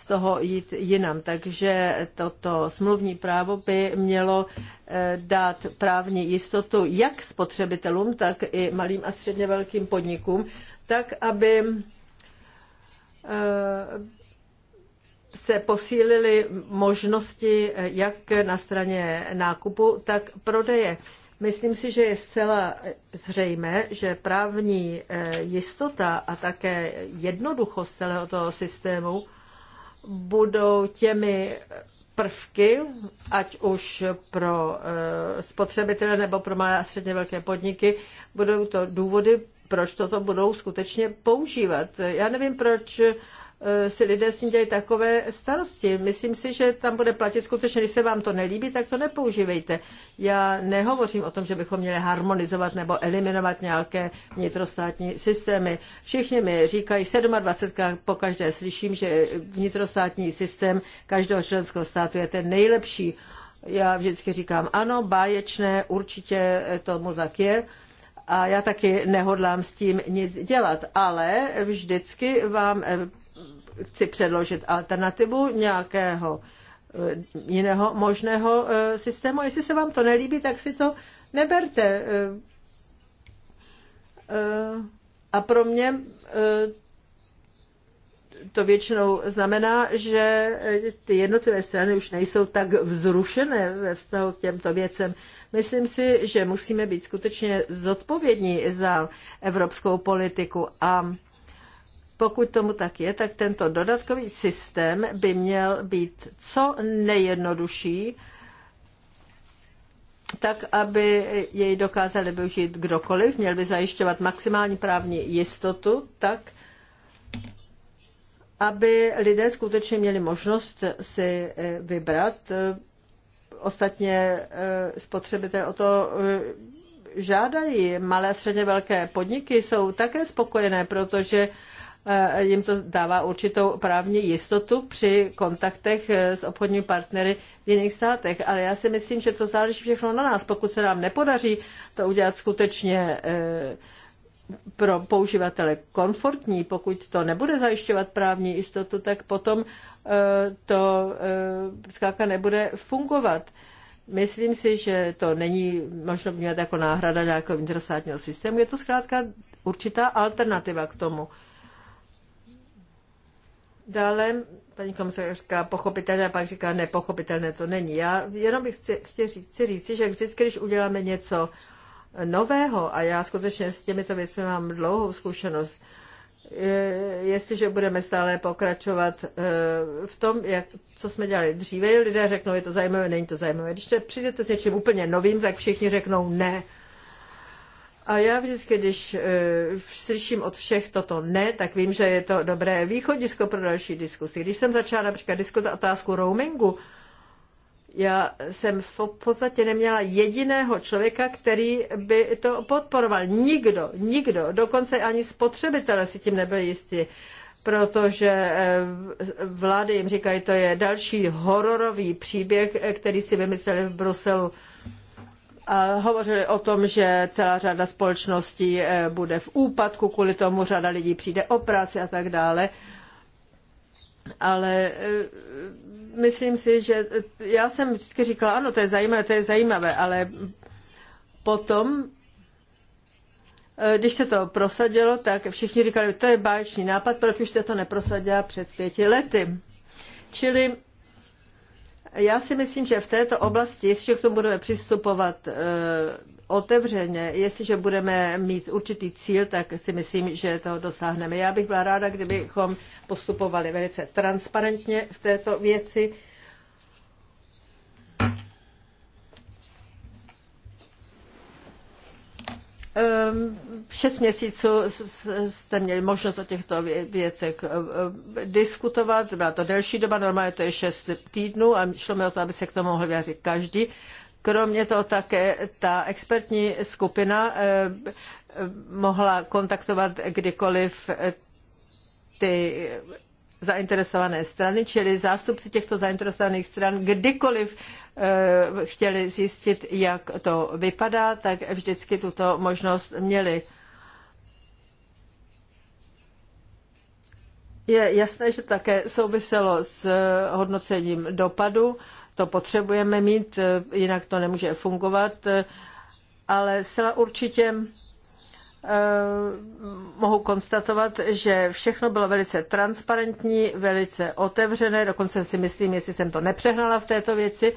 toho jít jinam. Takže toto smluvní právo by mělo eh, dát právní jistotu jak spotřebitelům, tak i malým a středně velkým podnikům, tak aby eh, se posílily možnosti eh, jak na straně nákupu, tak prodeje. Myslím si, že je zcela zřejmé, že právní jistota a také jednoduchost celého toho systému budou těmi prvky, ať už pro eh, spotřebitele nebo pro malé a středně velké podniky, budou to důvody, proč toto budou skutečně používat. Já nevím, proč Eh, si lidé s ním dělají takové starosti. Myslím si, že tam bude platit skutečně, když se vám to nelíbí, tak to nepoužívejte. Já nehovořím o tom, že bychom měli harmonizovat nebo eliminovat nějaké vnitrostátní systémy. Všichni mi říkají, 27 po každé slyším, že vnitrostátní systém každého členského státu je ten nejlepší. Já vždycky říkám, ano, báječné, určitě tomu tak je a já taky nehodlám s tím nic dělat, ale vždycky vám eh, chci předložit alternativu nějakého eh, jiného možného eh, systému. Jestli se vám to nelíbí, tak si to neberte. Eh, a pro mě to většinou znamená, že ty jednotlivé strany už nejsou tak vzrušené ve vztahu k těmto věcem. Myslím si, že musíme být skutečně zodpovědní za evropskou politiku a pokud tomu tak je, tak tento dodatkový systém by měl být co nejjednodušší, tak, aby jej dokázali využít kdokoliv, měl by zajišťovat maximální právní jistotu, tak, aby lidé skutečně měli možnost si eh, vybrat. Ostatně eh, spotřebitel o to eh, žádají. Malé a středně velké podniky jsou také spokojené, protože jim to dává určitou právní jistotu při kontaktech eh, s obchodními partnery v jiných státech. Ale já si myslím, že to záleží všechno na nás. Pokud se nám nepodaří to udělat skutečně eh, pro použivatele komfortní, pokud to nebude zajišťovat právní jistotu, tak potom eh, to zkrátka nebude fungovat. Myslím si, že to není možno mít jako náhrada nějakého interstátního systému, je to zkrátka určitá alternativa k tomu. Dále paní komisařka pochopitelné a pak říká nepochopitelné to není. Já jenom bych chci, říct, chci říct, že vždycky, když uděláme něco nového, a já skutečně s těmito věcmi mám dlouhou zkušenost, jestliže budeme stále pokračovat eh, v tom, jak, co jsme dělali dříve, lidé řeknou, je to zajímavé, není to zajímavé. Když přijdete s něčím úplně novým, tak všichni řeknou ne. A já vždycky, když uh, slyším od všech toto ne, tak vím, že je to dobré východisko pro další diskusi. Když jsem začala například diskutovat otázku roamingu, já jsem v podstatě neměla jediného člověka, který by to podporoval. Nikdo, nikdo, dokonce ani spotřebitelé si tím nebyli jistí, protože eh, vlády jim říkají, to je další hororový příběh, eh, který si vymysleli v Bruselu hovořili o tom, že celá řada společností eh, bude v úpadku, kvůli tomu řada lidí přijde o práci a tak dále. Ale eh, myslím si, že eh, já jsem vždycky říkala, ano, to je zajímavé, to je zajímavé, ale potom, když se to prosadilo, tak všichni říkali, to je báječný nápad, proč už jste to neprosadila před pěti lety. Čili já si myslím, že v této oblasti, jestliže k tomu budeme přistupovat eh, otevřeně, jestliže budeme mít určitý cíl, tak si myslím, že toho dosáhneme. Já bych byla ráda, kdybychom postupovali velice transparentně v této věci. Ehm, šest měsíců jste měli možnost o těchto věcech ehm, diskutovat, byla to delší doba, normálně to je šest týdnů a šlo mi o to, aby se k tomu mohl vyjádřit každý. Kromě toho také ta expertní skupina ehm, mohla kontaktovat kdykoliv eh, ty zainteresované strany, čili zástupci těchto zainteresovaných stran kdykoliv Eh, chtěli zjistit, jak to vypadá, tak vždycky tuto možnost měli. Je jasné, že také souviselo s eh, hodnocením dopadu. To potřebujeme mít, eh, jinak to nemůže fungovat. Ale zcela určitě mohu konstatovat, že všechno bylo velice transparentní, velice otevřené, dokonce si myslím, jestli jsem to nepřehnala v této věci,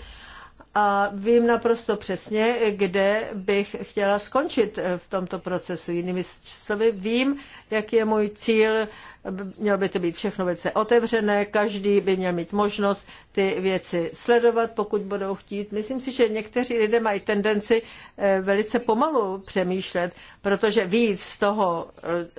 a vím naprosto přesně, kde bych chtěla skončit eh, v tomto procesu. Jinými slovy, vím, jaký je můj cíl. Mělo by to být všechno velice otevřené, každý by měl mít možnost ty věci sledovat, pokud budou chtít. Myslím si, že někteří lidé mají tendenci eh, velice pomalu přemýšlet, protože víc z toho,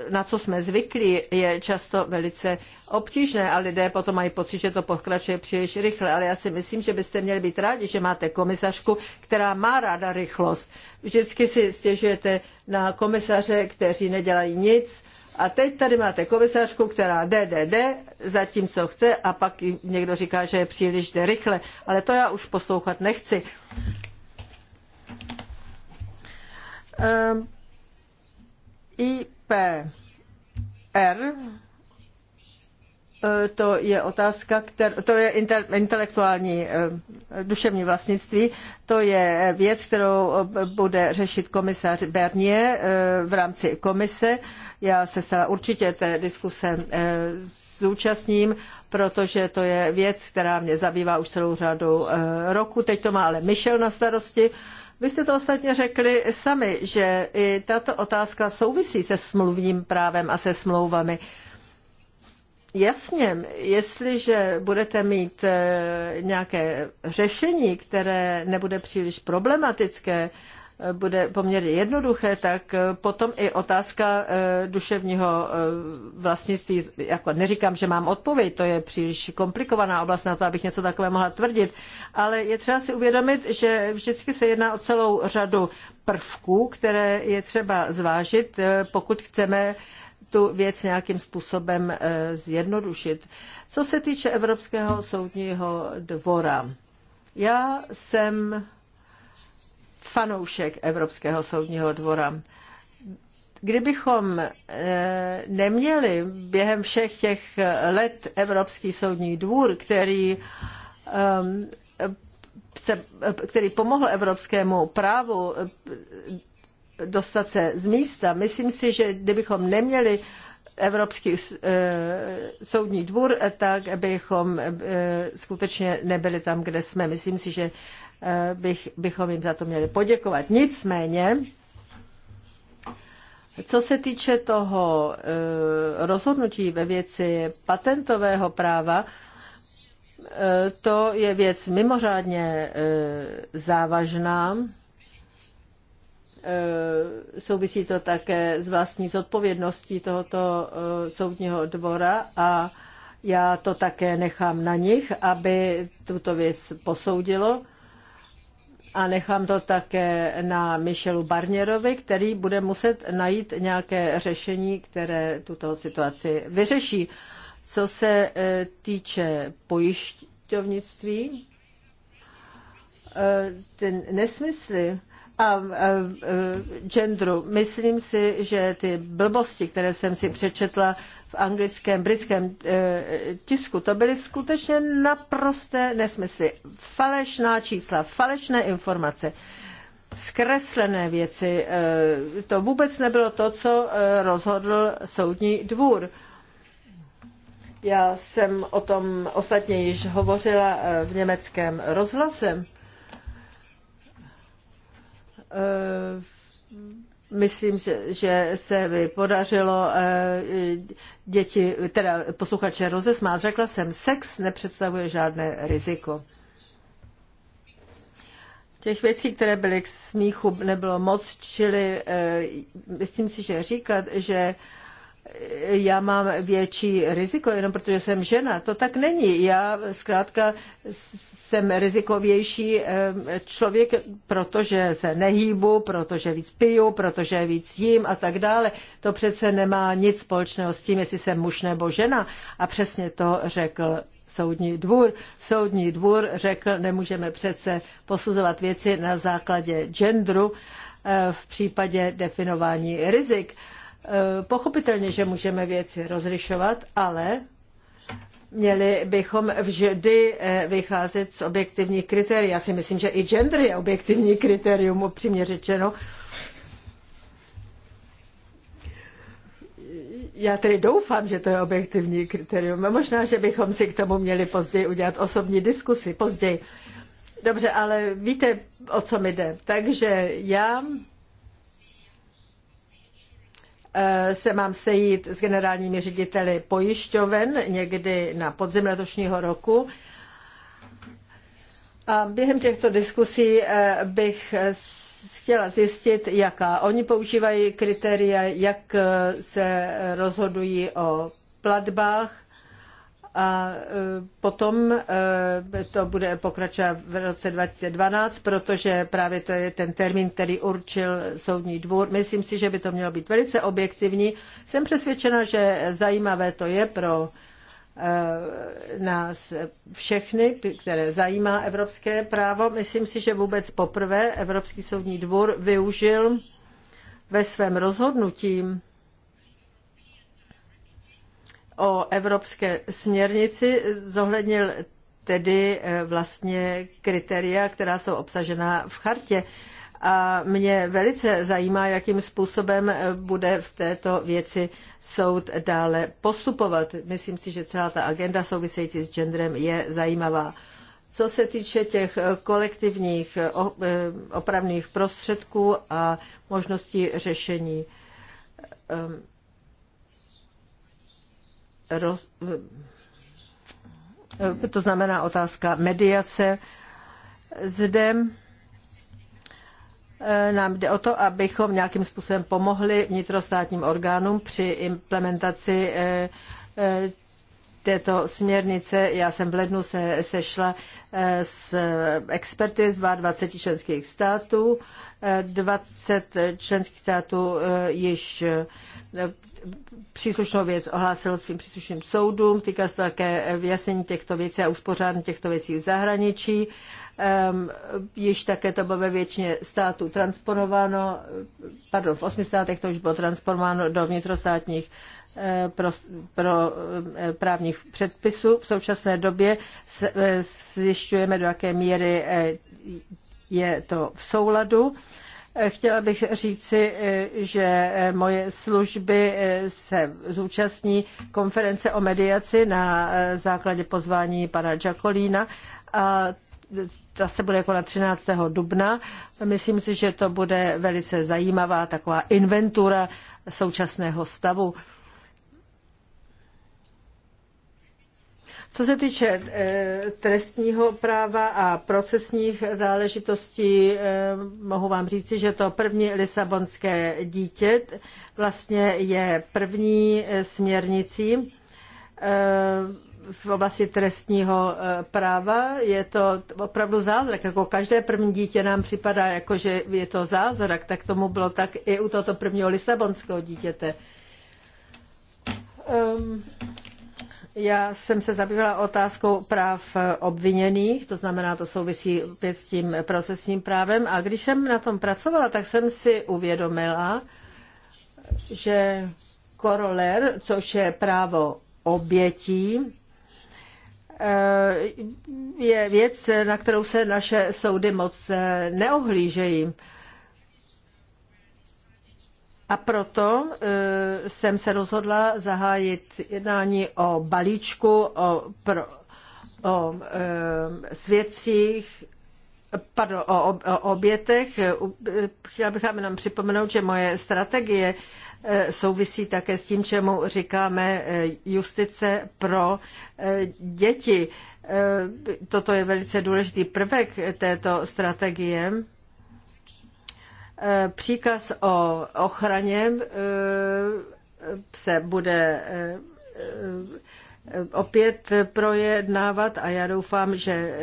eh, na co jsme zvyklí, je často velice obtížné a lidé potom mají pocit, že to pokračuje příliš rychle. Ale já si myslím, že byste měli být rádi, že máte komisařku, která má ráda rychlost. Vždycky si stěžujete na komisaře, kteří nedělají nic, a teď tady máte komisařku, která jde, jde, jde, zatím co chce a pak někdo říká, že je příliš jde rychle. Ale to já už poslouchat nechci. Um, ehm, IPR Eh, to je otázka, kter, to je intelektuální eh, duševní vlastnictví, to je věc, kterou eh, bude řešit komisař Bernier v rámci komise. Já se stala určitě té diskuse zúčastním, protože to je věc, která mě zabývá už celou řadu roku. Teď to má ale Michel na starosti. Vy jste to ostatně řekli sami, že i tato otázka souvisí se smluvním právem a se smlouvami. Jasně, jestliže budete mít eh, nějaké řešení, které nebude příliš problematické, eh, bude poměrně jednoduché, tak eh, potom i otázka duševního vlastnictví, jako neříkám, že mám odpověď, to je příliš komplikovaná oblast na to, abych něco takové mohla tvrdit, ale je třeba si uvědomit, že vždycky se jedná o celou řadu prvků, které je třeba zvážit, pokud chceme tu věc nějakým způsobem eh, zjednodušit. Co se týče Evropského soudního dvora, já jsem fanoušek Evropského soudního dvora. Kdybychom eh, neměli během všech těch let Evropský soudní dvůr, který ehm, se, který pomohl evropskému právu dostat se z místa. Myslím si, že kdybychom neměli Evropský eh, soudní dvůr, tak bychom eh, skutečně nebyli tam, kde jsme. Myslím si, že eh, bych, bychom jim za to měli poděkovat. Nicméně, co se týče toho rozhodnutí ve věci patentového práva, to je věc mimořádně závažná. Eh, souvisí to také s vlastní zodpovědností tohoto eh, soudního dvora a já to také nechám na nich, aby tuto věc posoudilo. A nechám to také na Michelu Barnierovi, který bude muset najít nějaké řešení, které tuto situaci vyřeší. Co se eh, týče pojišťovnictví, ten nesmysly, a genderu. Myslím si, že ty blbosti, které jsem si přečetla v anglickém, britském e, tisku, to byly skutečně naprosté nesmysly. Falešná čísla, falešné informace zkreslené věci. E, to vůbec nebylo to, co e, rozhodl soudní dvůr. Já jsem o tom ostatně již hovořila v německém rozhlasem. Eh, myslím, že se mi podařilo eh, děti, teda posluchače rozesmát. Řekla jsem, sex nepředstavuje žádné riziko. Těch věcí, které byly k smíchu, nebylo moc, čili eh, myslím si, že říkat, že já mám větší riziko, jenom protože jsem žena. To tak není. Já zkrátka jsem rizikovější člověk, protože se nehýbu, protože víc piju, protože víc jím a tak dále. To přece nemá nic společného s tím, jestli jsem muž nebo žena. A přesně to řekl soudní dvůr. Soudní dvůr řekl, nemůžeme přece posuzovat věci na základě genderu eh, v případě definování rizik Eh, pochopitelně, že můžeme věci rozlišovat, ale měli bychom vždy eh, vycházet z objektivních kritérií. Já si myslím, že i gender je objektivní kritérium, upřímně řečeno. Já tedy doufám, že to je objektivní kritérium. možná, že bychom si k tomu měli později udělat osobní diskusy. později. Dobře, ale víte, o co mi jde. Takže já Eh, se mám sejít s generálními řediteli pojišťoven někdy na podzim letošního roku. A během těchto diskusí eh, bych eh, chtěla zjistit, jaká oni používají kritéria, jak se rozhodují o platbách a e, potom e, to bude pokračovat v roce 2012, protože právě to je ten termín, který určil soudní dvůr. Myslím si, že by to mělo být velice objektivní. Jsem přesvědčena, že zajímavé to je pro e, nás všechny, které zajímá evropské právo. Myslím si, že vůbec poprvé Evropský soudní dvůr využil ve svém rozhodnutí o evropské směrnici zohlednil tedy eh, vlastně kritéria, která jsou obsažena v chartě. A mě velice zajímá, jakým způsobem eh, bude v této věci soud dále postupovat. Myslím si, že celá ta agenda související s genderem je zajímavá. Co se týče těch eh, kolektivních opravných prostředků a možností řešení, roz, to znamená otázka mediace. Zde eh, nám jde o to, abychom nějakým způsobem pomohli vnitrostátním orgánům při implementaci eh, eh, této směrnice. Já jsem v lednu se sešla s experty z 22 členských států. 20 členských států již příslušnou věc ohlásilo svým příslušným soudům, týká se také vyjasnění těchto věcí a uspořádání těchto věcí v zahraničí. Um, již také to bylo ve většině států transponováno, pardon, v osmi státech to už bylo transponováno do vnitrostátních eh, pro, pro eh, právních předpisů. V současné době eh, zjišťujeme, do jaké míry je to v souladu. Chtěla bych říci, eh, že eh, moje služby eh, se zúčastní konference o mediaci na základě pozvání pana Jacolína a ta se bude konat 13. dubna. Myslím si, že to bude velice zajímavá taková inventura současného stavu. Co se týče eh, trestního práva a procesních záležitostí, eh, mohu vám říci, že to první lisabonské dítě vlastně je první eh, směrnicí v oblasti trestního práva. Je to opravdu zázrak. Jako každé první dítě nám připadá, jako že je to zázrak, tak tomu bylo tak i u tohoto prvního lisabonského dítěte. Um, já jsem se zabývala otázkou práv eh, obviněných, to znamená, to souvisí opět s tím procesním právem. A když jsem na tom pracovala, tak jsem si uvědomila, že koroler, což je právo obětí, eh, je věc, na kterou se naše soudy moc eh, neohlížejí. A proto eh, jsem se rozhodla zahájit jednání o balíčku, o, pro, o eh, svědcích, pardon, o, o obětech. Eh, chtěla bych vám jenom připomenout, že moje strategie souvisí také s tím, čemu říkáme justice pro děti. Toto je velice důležitý prvek této strategie. Eh, příkaz o ochraně eh, se bude eh, opět projednávat a já doufám, že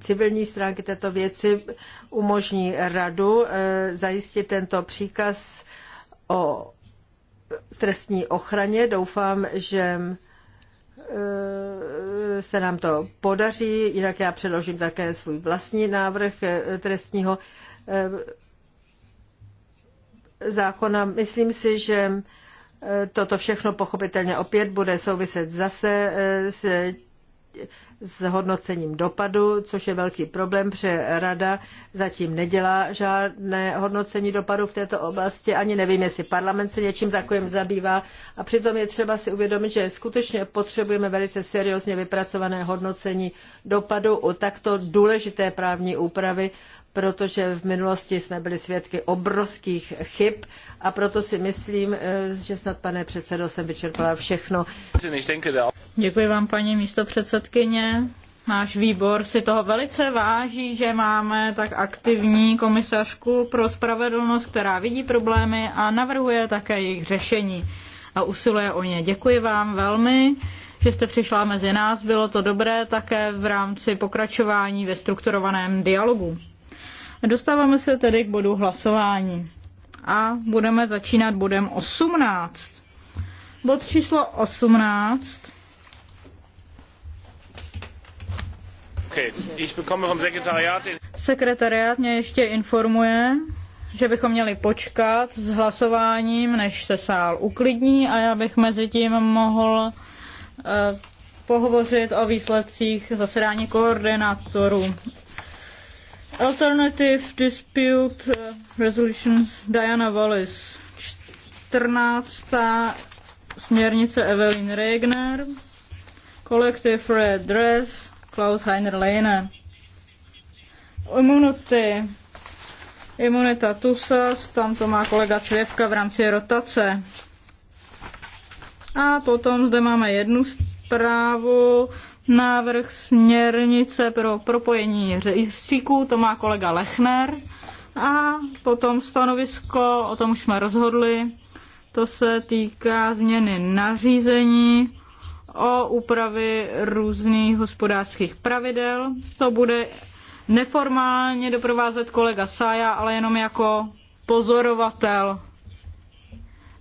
civilní stránky této věci umožní radu zajistit tento příkaz o trestní ochraně. Doufám, že se nám to podaří, jinak já předložím také svůj vlastní návrh trestního zákona. Myslím si, že eh, toto všechno pochopitelně opět bude souviset zase eh, s, s hodnocením dopadu, což je velký problém, protože rada zatím nedělá žádné hodnocení dopadu v této oblasti. Ani nevím, jestli parlament se něčím takovým zabývá. A přitom je třeba si uvědomit, že skutečně potřebujeme velice seriózně vypracované hodnocení dopadu u takto důležité právní úpravy, protože v minulosti jsme byli svědky obrovských chyb a proto si myslím, eh, že snad, pane předsedo, jsem vyčerpala všechno. Děkuji vám, paní místo předsedkyně. Náš výbor si toho velice váží, že máme tak aktivní komisařku pro spravedlnost, která vidí problémy a navrhuje také jejich řešení a usiluje o ně. Děkuji vám velmi, že jste přišla mezi nás. Bylo to dobré také v rámci pokračování ve strukturovaném dialogu. Dostáváme se tedy k bodu hlasování. A budeme začínat bodem 18. Bod číslo 18. Okay. Sekretariát mě ještě informuje, že bychom měli počkat s hlasováním, než se sál uklidní a já bych mezi tím mohl eh, pohovořit o výsledcích zasedání koordinátorů. Alternative Dispute eh, Resolutions Diana Wallis. 14. směrnice Evelyn Regner. Collective Red Dress Klaus Heiner Lehne. Imunity. Imunita Tusas, tam to má kolega Cvěvka v rámci rotace. A potom zde máme jednu zprávu návrh směrnice pro propojení rejstříků, to má kolega Lechner. A potom stanovisko, o tom už jsme rozhodli, to se týká změny nařízení o úpravy různých hospodářských pravidel. To bude neformálně doprovázet kolega Sája, ale jenom jako pozorovatel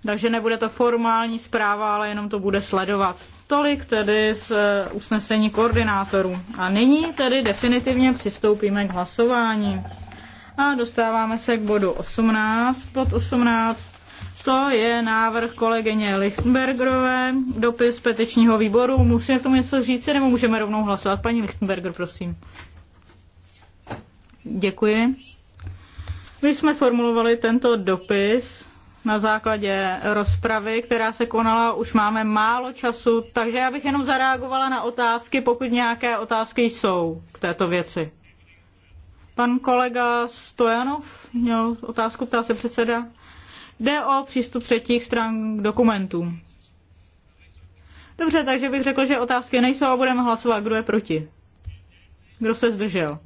takže nebude to formální zpráva, ale jenom to bude sledovat. Tolik tedy z eh, usnesení koordinátorů. A nyní tedy definitivně přistoupíme k hlasování. A dostáváme se k bodu 18. Pod 18 to je návrh kolegyně Lichtenbergerové, dopis petičního výboru. Musíme tomu něco říct, nebo můžeme rovnou hlasovat? Paní Lichtenberger, prosím. Děkuji. My jsme formulovali tento dopis na základě rozpravy, která se konala, už máme málo času, takže já bych jenom zareagovala na otázky, pokud nějaké otázky jsou k této věci. Pan kolega Stojanov měl otázku, ptá se předseda. Jde o přístup třetích stran k dokumentům. Dobře, takže bych řekl, že otázky nejsou a budeme hlasovat, kdo je proti. Kdo se zdržel.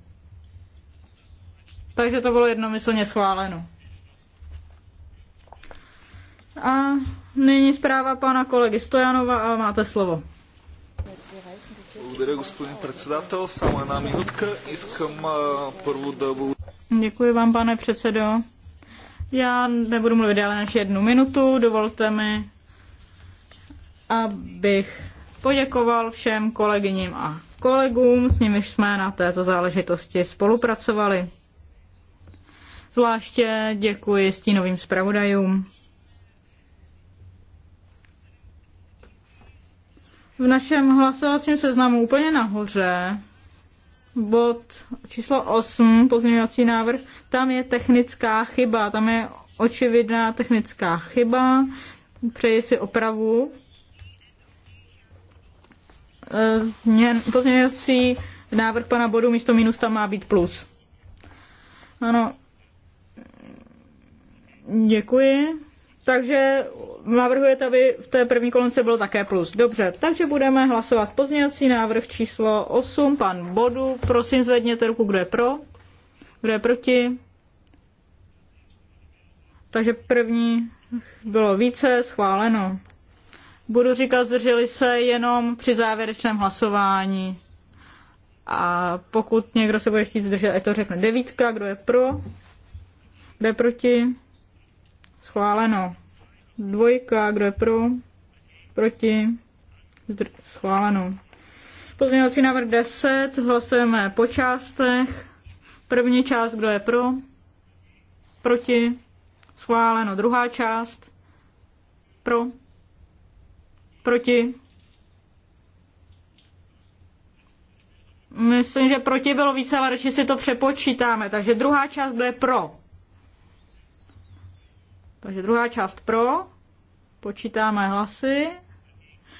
Takže to bylo jednomyslně schváleno. A nyní zpráva pana kolegy Stojanova a máte slovo. Благодаря, господин председател. Само една минутка. Искам а, първо да Děkuji vám, pane předsedo. Já nebudu mluvit déle než jednu minutu. Dovolte mi, abych poděkoval všem kolegyním a kolegům, s nimiž jsme na této záležitosti spolupracovali. Zvláště děkuji stínovým zpravodajům. v našem hlasovacím seznamu úplně nahoře bod číslo 8, pozměňovací návrh, tam je technická chyba, tam je očividná technická chyba, přeji si opravu. E, pozměňovací návrh pana bodu místo minus tam má být plus. Ano. Děkuji. Takže navrhujete, aby v té první kolonce bylo také plus. Dobře, takže budeme hlasovat pozměňovací návrh číslo 8, pan Bodu. Prosím, zvedněte ruku, kdo je pro, kdo je proti. Takže první bylo více, schváleno. Budu říkat, zdrželi se jenom při závěrečném hlasování. A pokud někdo se bude chtít zdržet, ať to řekne devítka, kdo je pro, kdo je proti. Schváleno. Dvojka, kdo je pro? Proti? Zdr- schváleno. Pozměňovací návrh 10, hlasujeme po částech. První část, kdo je pro? Proti? Schváleno. Druhá část? Pro? Proti? Myslím, že proti bylo více, ale si to přepočítáme. Takže druhá část, kdo je pro? Takže druhá část pro, počítáme hlasy.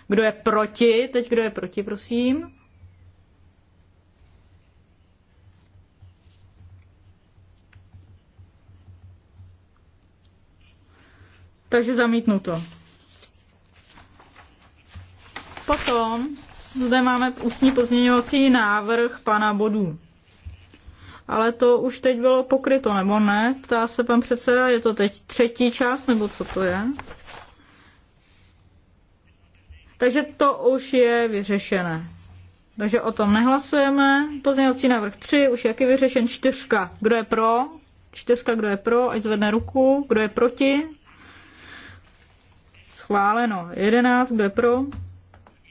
Kdo je proti? Teď kdo je proti, prosím. Takže zamítnu to. Potom zde máme ústní pozměňovací návrh pana Bodu ale to už teď bylo pokryto, nebo ne? Ptá se pan předseda, je to teď třetí část, nebo co to je? Takže to už je vyřešené. Takže o tom nehlasujeme. Pozměňovací návrh 3 už jak je vyřešen. Čtyřka. Kdo je pro? Čtyřka, kdo je pro, ať zvedne ruku. Kdo je proti? Schváleno. 11, kdo je pro?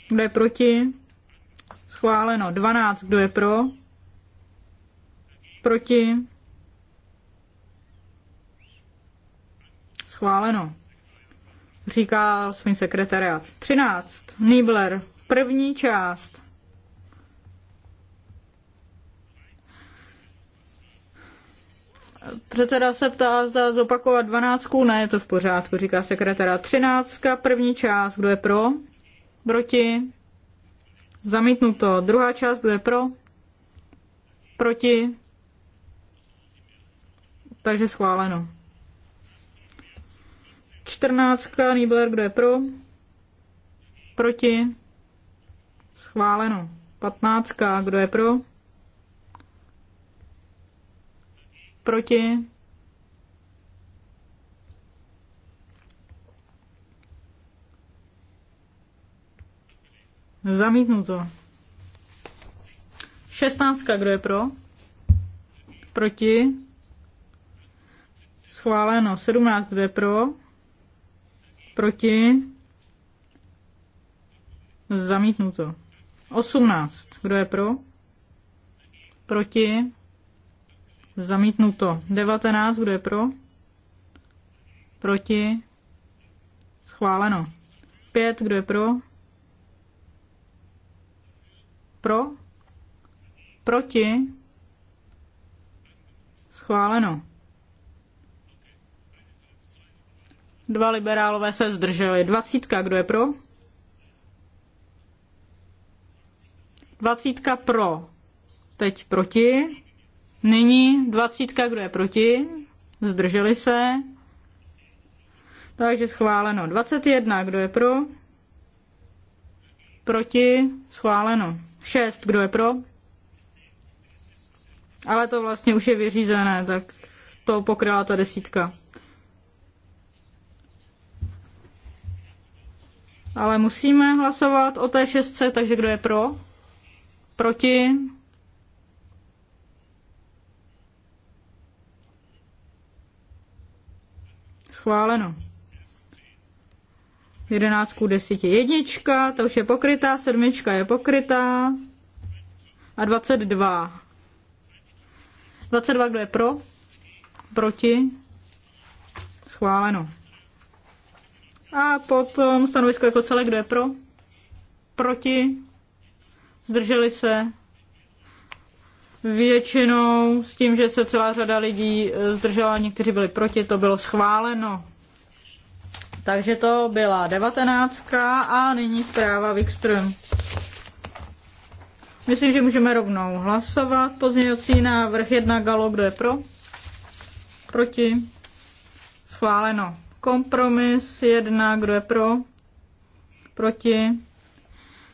Kdo je proti? Schváleno. 12, kdo je pro? Proti? Schváleno. Říká svůj sekretariat. 13. Nibler. První část. Předseda se ptá, zda zopakovat dvanáctku. Ne, je to v pořádku, říká sekretara. Třináctka, první část, kdo je pro? Proti? Zamítnuto. Druhá část, kdo je pro? Proti? takže schváleno. 14. Nibler, kdo je pro? Proti? Schváleno. 15. Kdo je pro? Proti? Zamítnuto. 16. Kdo je pro? Proti? Schváleno 17, kdo pro? Proti? Zamítnuto. 18, kdo je pro? Proti? Zamítnuto. 19, kdo je pro? Proti? Schváleno. 5, kdo je pro? Pro? Proti? Schváleno. Dva liberálové se zdrželi. Dvacítka, kdo je pro? Dvacítka pro. Teď proti. Nyní dvacítka, kdo je proti? Zdrželi se. Takže schváleno. 21, kdo je pro? Proti, schváleno. 6, kdo je pro? Ale to vlastně už je vyřízené, tak to pokryla ta desítka. Ale musíme hlasovat o té šestce, takže kdo je pro? Proti? Schváleno. 11 desíti 10 jednička, to už je pokrytá, sedmička je pokrytá a 22. 22, kdo je pro? Proti? Schváleno. A potom stanovisko jako celé, kdo je pro, proti, zdrželi se většinou s tím, že se celá řada lidí eh, zdržela, někteří byli proti, to bylo schváleno. Takže to byla devatenáctka a nyní zpráva Wikström. Myslím, že můžeme rovnou hlasovat. Pozměňovací návrh 1 Galo, kdo je pro? Proti? Schváleno. Kompromis 1, kdo je pro? Proti?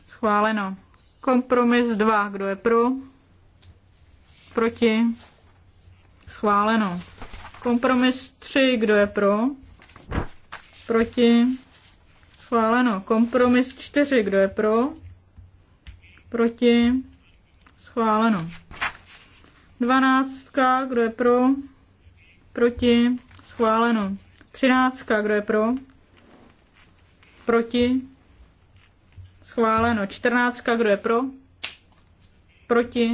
Schváleno. Kompromis 2, kdo je pro? Proti? Schváleno. Kompromis 3, kdo je pro? Proti? Schváleno. Kompromis 4, kdo je pro? Proti? Schváleno. Dvanáctka, kdo je pro? Proti? Schváleno. 13 kdo je pro? Proti? Schváleno. 14 kdo je pro? Proti?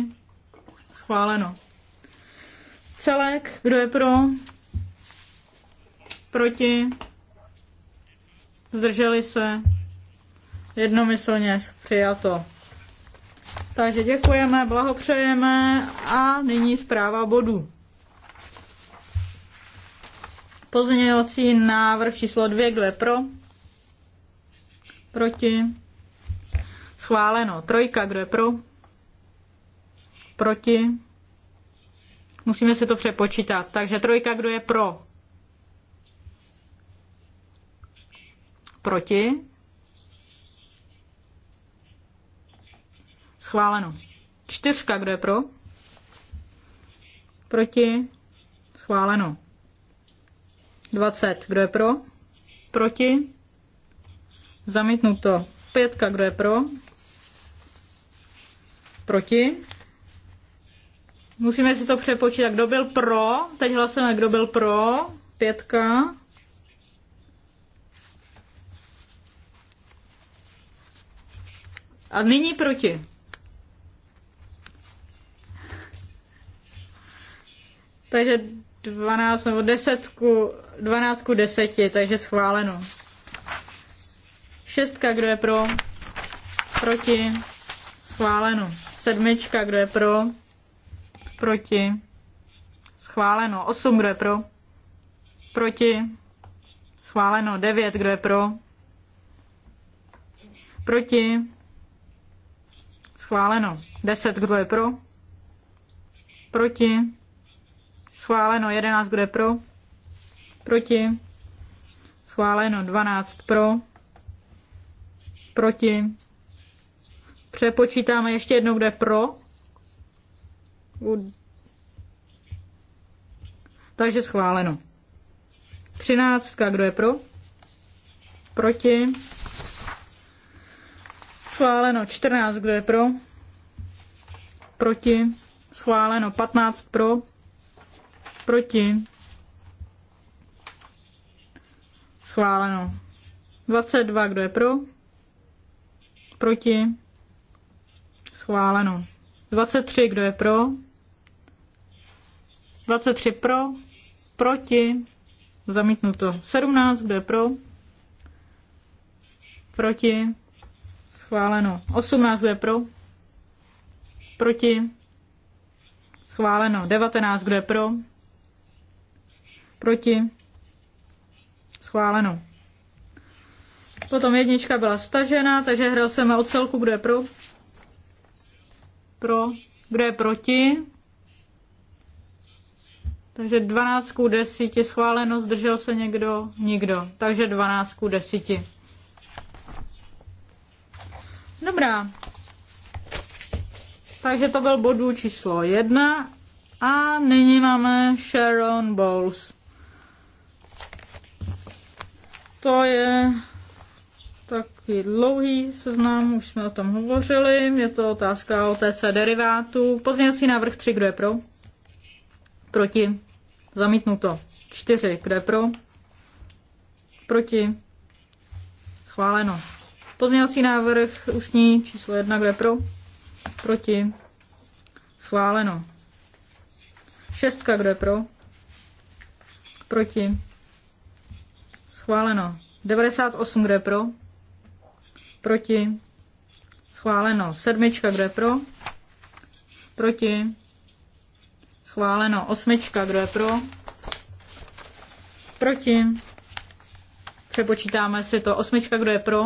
Schváleno. Celek, kdo je pro? Proti? Zdrželi se? Jednomyslně přijato. Takže děkujeme, blahopřejeme a nyní zpráva bodů. Pozměňovací návrh číslo 2, kdo je pro? Proti? Schváleno. Trojka, kdo je pro? Proti? Musíme si to přepočítat. Takže trojka, kdo je pro? Proti? Schváleno. Čtyřka, kdo je pro? Proti? Schváleno. 20. Kdo je pro? Proti? Zamítnuto. Pětka. Kdo je pro? Proti? Musíme si to přepočítat. Kdo byl pro? Teď hlasujeme, kdo byl pro. Pětka. A nyní proti. Takže 12 nebo 10 ku, 12 ku 10, takže schváleno. Šestka, kdo je pro? Proti? Schváleno. Sedmička, kdo je pro? Proti? Schváleno. Osm, kdo je pro? Proti? Schváleno. Devět, kdo je pro? Proti? Schváleno. Deset, kdo je pro? Proti? Schváleno 11, kdo je pro? Proti. Schváleno 12 pro. Proti. Přepočítáme ještě jednou, kde pro. U... Takže schváleno. 13, kdo je pro? Proti. Schváleno 14, kdo je pro? Proti. Schváleno 15 pro Proti. Schváleno. 22, kdo je pro? Proti. Schváleno. 23, kdo je pro? 23 pro, proti, zamítnuto. 17, kdo je pro? Proti, schváleno. 18, kdo je pro? Proti, schváleno. 19, kdo je pro? Proti? Schváleno. Potom jednička byla stažena, takže hrál jsem o celku, kdo je pro. Pro. Kdo je proti? Takže 12 k 10 schváleno, zdržel se někdo? Nikdo. Takže 12 k 10. Dobrá. Takže to byl bodů číslo 1 a nyní máme Sharon Bowles. To je taky dlouhý seznam, už jsme o tom hovořili. Je to otázka o TC derivátu. Pozměňovací návrh 3, kdo je pro? Proti? Zamítnuto. 4, kdo je pro? Proti? Schváleno. Pozměňovací návrh ústní číslo 1, kdo je pro? Proti? Schváleno. Šestka, kdo je pro? Proti? Schváleno. 98, kde pro? Proti. Schváleno. Sedmička, kde pro? Proti. Schváleno. Osmička, kdo je pro? Proti. Přepočítáme si to. Osmička, kdo je pro?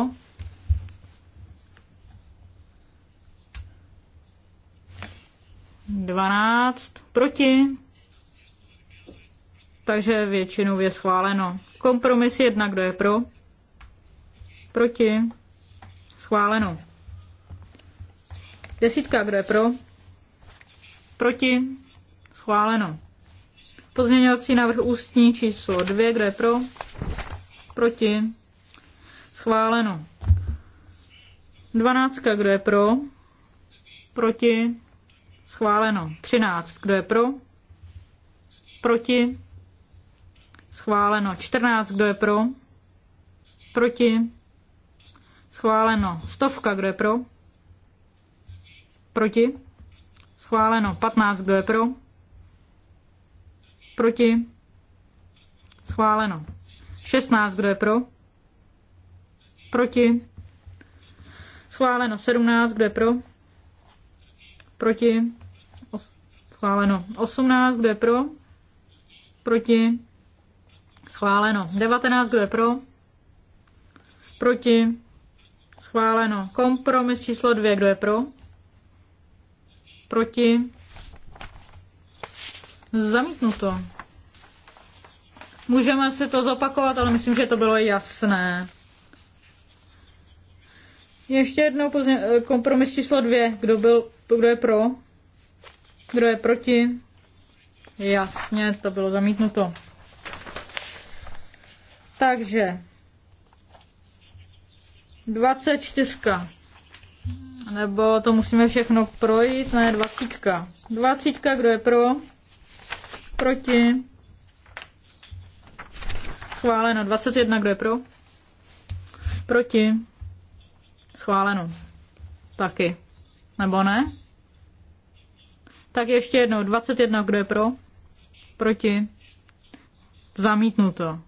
Dvanáct. Proti. Takže většinou je schváleno. Kompromis jedna, kdo je pro? Proti? Schváleno. Desítka, kdo je pro? Proti? Schváleno. Pozměňovací návrh ústní číslo dvě kdo je pro? Proti? Schváleno. Dvanáctka, kdo je pro? Proti? Schváleno. Třináct, kdo je pro? Proti? Schváleno 14, kdo je pro? Proti? Schváleno stovka, kdo je pro? Proti? Schváleno 15, kdo je pro? Proti? Schváleno 16, kdo je pro? Proti? Schváleno 17, kdo je pro? Proti? Schváleno 18, kdo je pro? Proti? Schváleno. 19, kdo je pro? Proti? Schváleno. Kompromis číslo 2, kdo je pro? Proti? Zamítnuto. Můžeme si to zopakovat, ale myslím, že to bylo jasné. Ještě jednou pozně, kompromis číslo dvě. Kdo, byl, kdo je pro? Kdo je proti? Jasně, to bylo zamítnuto. Takže 24. Nebo to musíme všechno projít, ne 20. 20, kdo je pro? Proti? Schváleno. 21, kdo je pro? Proti? Schváleno. Taky. Nebo ne? Tak ještě jednou. 21, kdo je pro? Proti? Zamítnuto.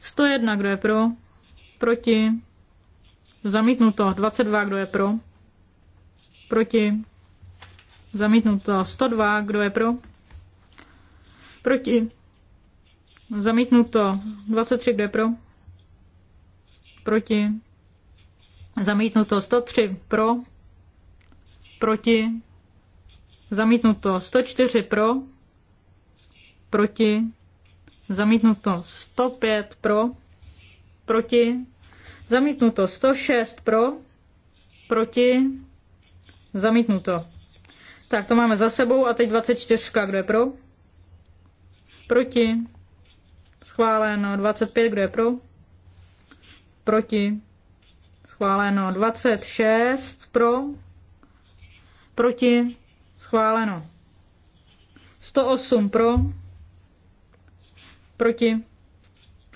101, kdo je pro? Proti? Zamítnuto. 22, kdo je pro? Proti? Zamítnuto. 102, kdo je pro? Proti? Zamítnuto. 23, kdo je pro? Proti? Zamítnuto. 103, pro? Proti? Zamítnuto. 104, pro? Proti? Zamítnuto 105 pro, proti. Zamítnuto 106 pro, proti. Zamítnuto. Tak to máme za sebou a teď 24, kdo je pro? Proti. Schváleno 25, kdo je pro? Proti. Schváleno 26 pro. Proti. Schváleno. 108 pro Proti?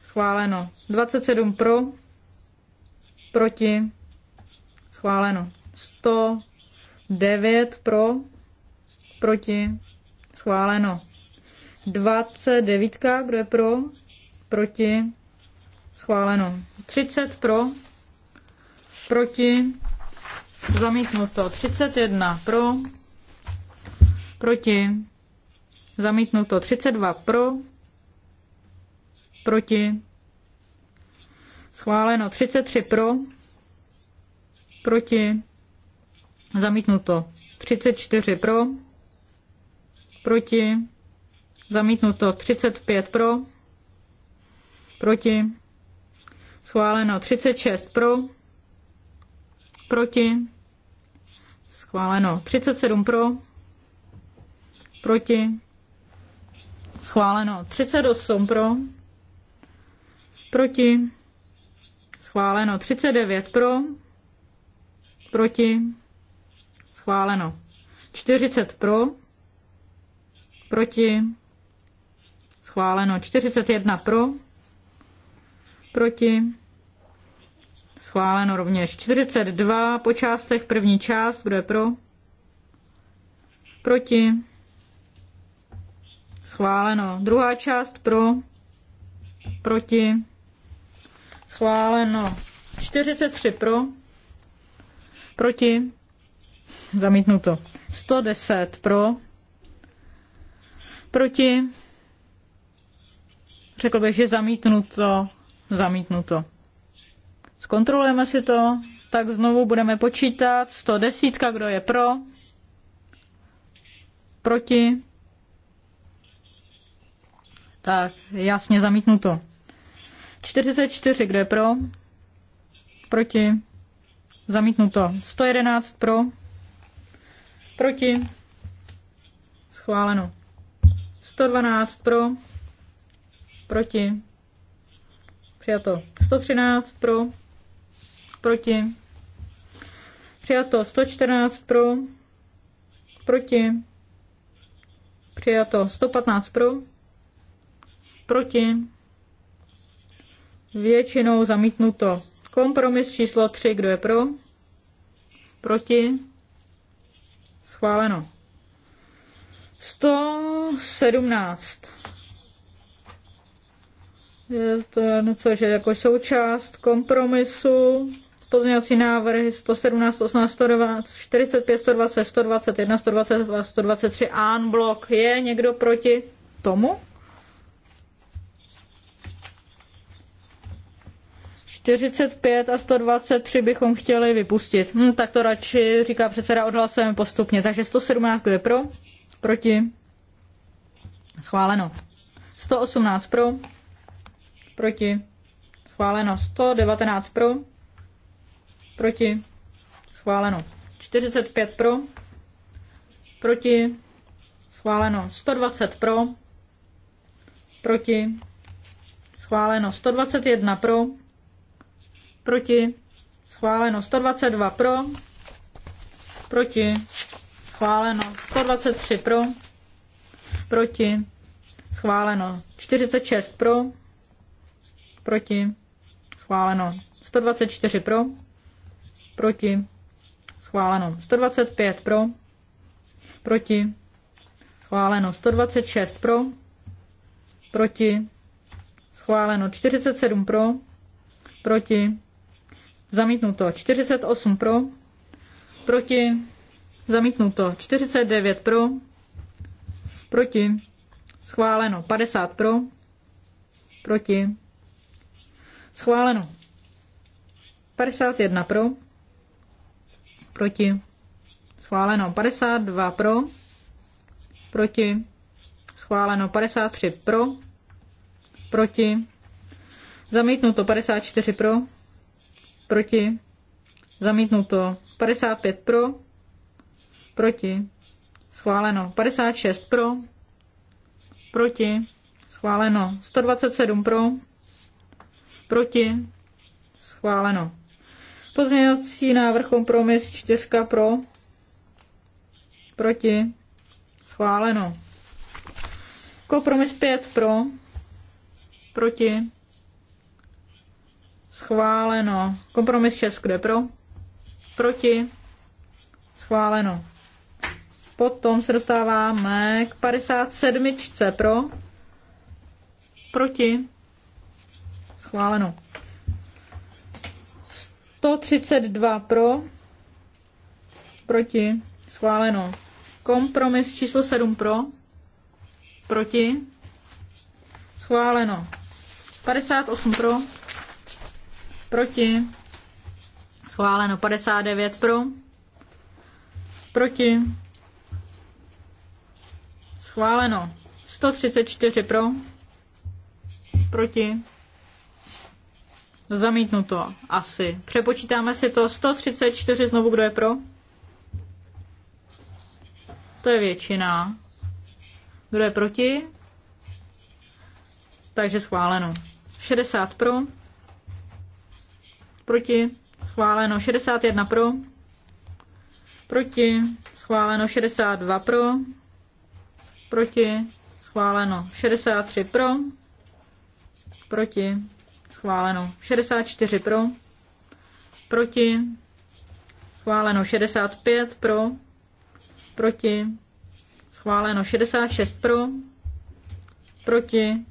Schváleno. 27 pro? Proti? Schváleno. 109 pro? Proti? Schváleno. 29, kdo je pro? Proti? Schváleno. 30 pro? Proti? Zamítnuto. 31 pro? Proti? Zamítnuto 32 pro, proti, schváleno 33 pro, proti, zamítnuto 34 pro, proti, zamítnuto 35 pro, proti, schváleno 36 pro, proti, schváleno 37 pro, proti, schváleno 38 pro, proti, schváleno 39 pro, proti, schváleno 40 pro, proti, schváleno 41 pro, proti, schváleno rovněž 42 po částech, první část, kdo je pro, proti, schváleno druhá část pro, proti, Schváleno. 43 pro. Proti. Zamítnuto. 110 pro. Proti. Řekl bych, že zamítnuto. Zamítnuto. Zkontrolujeme si to. Tak znovu budeme počítat. 110, kdo je pro. Proti. Tak, jasně zamítnuto. 44, kdo je pro? Proti? Zamítnuto. 111 pro? Proti? Schváleno. 112 pro? Proti? Přijato. 113 pro? Proti? Přijato. 114 pro? Proti? Přijato. 115 pro? Proti? Většinou zamítnuto. Kompromis číslo 3, kdo je pro? Proti? Schváleno. 117. Je to něco, že jako součást kompromisu pozměňovací návrhy 117, 118, 120, 45, 120, 121, 122, 123 a blok. Je někdo proti tomu? 45 a 123 bychom chtěli vypustit. Hm, tak to radši, říká předseda, odhlasujeme postupně. Takže 117 je pro, proti, schváleno. 118 pro, proti, schváleno. 119 pro, proti, schváleno. 45 pro, proti, schváleno. 120 pro, proti, schváleno. 121 pro, proti, schváleno 122 pro, proti, schváleno 123 pro, proti, schváleno 46 pro, proti, schváleno 124 pro, proti, schváleno 125 pro, proti, schváleno 126 pro, proti, schváleno 47 pro, proti, Zamítnuto 48 pro, proti, zamítnuto 49 pro, proti, schváleno 50 pro, proti, schváleno 51 pro, proti, schváleno 52 pro, proti, schváleno 53 pro, proti, zamítnuto 54 pro, proti, zamítnuto 55 pro, proti, schváleno 56 pro, proti, schváleno 127 pro, proti, schváleno. Pozměňovací návrh kompromis 4 pro, proti, schváleno. Kompromis 5 pro, proti, Schváleno. Kompromis 6, kde pro? Proti. Schváleno. Potom se dostáváme k 57. pro. Proti. Schváleno. 132 pro. Proti. Schváleno. Kompromis číslo 7 pro. Proti. Schváleno. 58 pro proti, schváleno 59 pro, proti, schváleno 134 pro, proti, zamítnuto asi. Přepočítáme si to 134 znovu, kdo je pro? To je většina. Kdo je proti? Takže schváleno. 60 pro, proti, schváleno 61 pro, proti, schváleno 62 pro, proti, schváleno 63 pro, proti, schváleno 64 pro, proti, schváleno 65 pro, proti, schváleno 66 pro, proti,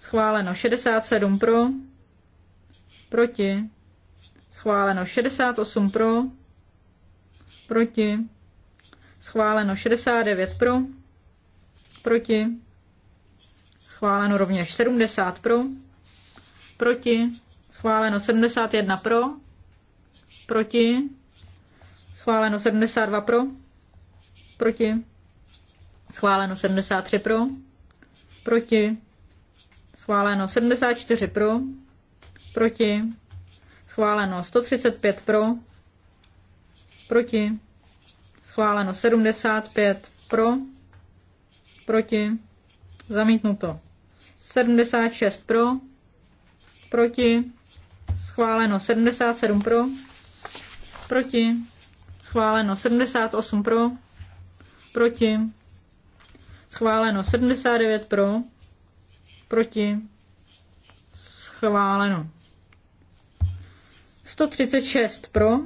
schváleno 67 pro, proti, schváleno 68 pro, proti, schváleno 69 pro, proti, schváleno rovněž 70 pro, proti, schváleno 71 pro, proti, schváleno 72 pro, proti, schváleno 73 pro, proti, schváleno 74 pro, proti, schváleno 135 pro, proti, schváleno 75 pro, proti, zamítnuto 76 pro, proti, schváleno 77 pro, proti, schváleno 78 pro, proti, schváleno 79 pro, proti, schváleno 136 pro.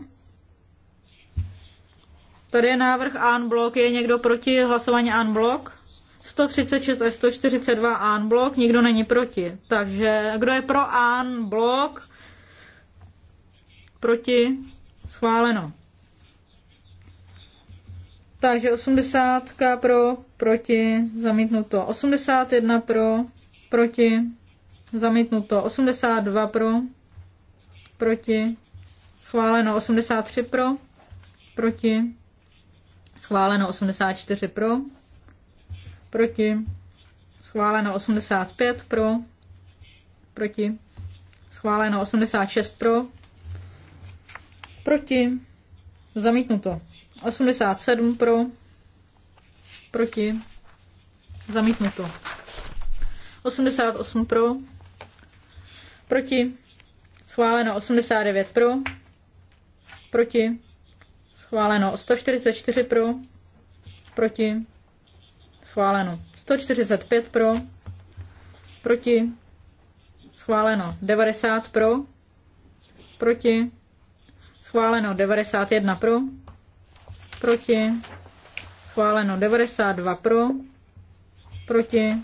Tady je návrh An blok. Je někdo proti hlasování An blok? 136 a 142 An blok. Nikdo není proti. Takže kdo je pro An blok? Proti? Schváleno. Takže 80 pro, proti, zamítnuto. 81 pro, proti, zamítnuto. 82 pro, proti, schváleno 83 pro, proti, schváleno 84 pro, proti, schváleno 85 pro, proti, schváleno 86 pro, proti, zamítnuto 87 pro, proti, zamítnuto 88 pro, proti, schváleno 89 pro, proti, schváleno 144 pro, proti, schváleno 145 pro, proti, schváleno 90 pro, proti, schváleno 91 pro, proti, schváleno 92 pro, proti,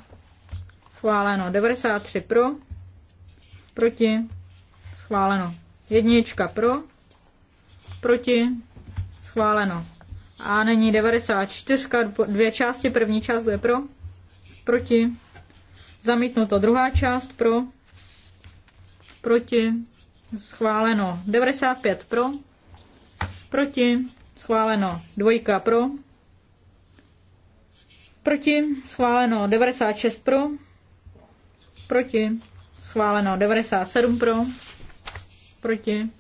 schváleno 93 pro, proti, Schváleno. Jednička pro, proti, schváleno. A není 94, dvě části, první část je pro, proti, zamítnuto druhá část pro, proti, schváleno 95 pro, proti, schváleno dvojka pro, proti, schváleno 96 pro, proti, schváleno 97 pro, Proti?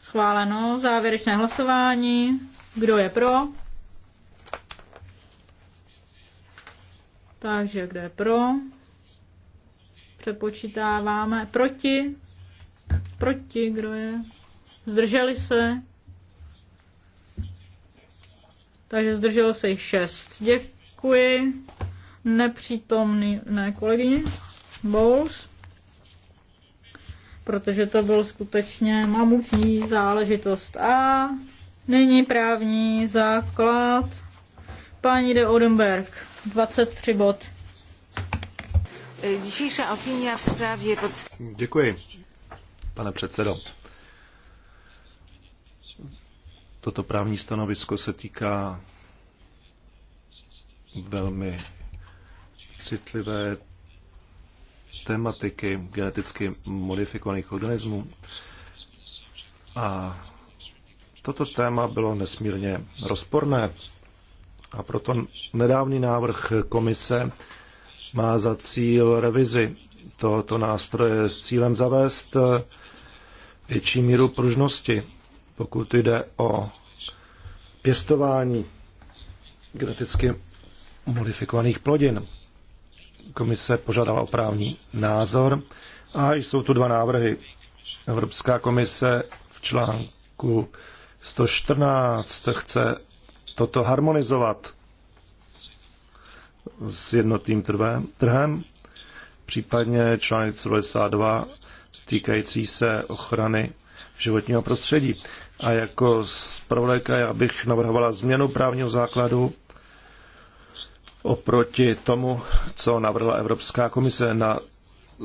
Schváleno. Závěrečné hlasování. Kdo je pro? Takže kdo je pro? Přepočítáváme. Proti? Proti, kdo je? Zdrželi se? Takže zdrželo se jich šest. Děkuji nepřítomný ne, kolegyni Bowles protože to byl skutečně mamutní záležitost. A nyní právní základ paní de Odenberg, 23 bod. Dzisiejsza opinia w sprawie pod... Dziękuję, pane předsedo. Toto právní stanovisko se týká velmi citlivé tematiky geneticky modifikovaných organismů. A toto téma bylo nesmírně rozporné. A proto nedávný návrh komise má za cíl revizi tohoto nástroje s cílem zavést větší míru pružnosti, pokud jde o pěstování geneticky modifikovaných plodin. Komise požádala o právní názor a jsou tu dva návrhy. Evropská komise v článku 114 chce toto harmonizovat s jednotným trhem, případně článek 92 týkající se ochrany životního prostředí. A jako zpravodajka já bych navrhovala změnu právního základu oproti tomu, co navrhla Evropská komise na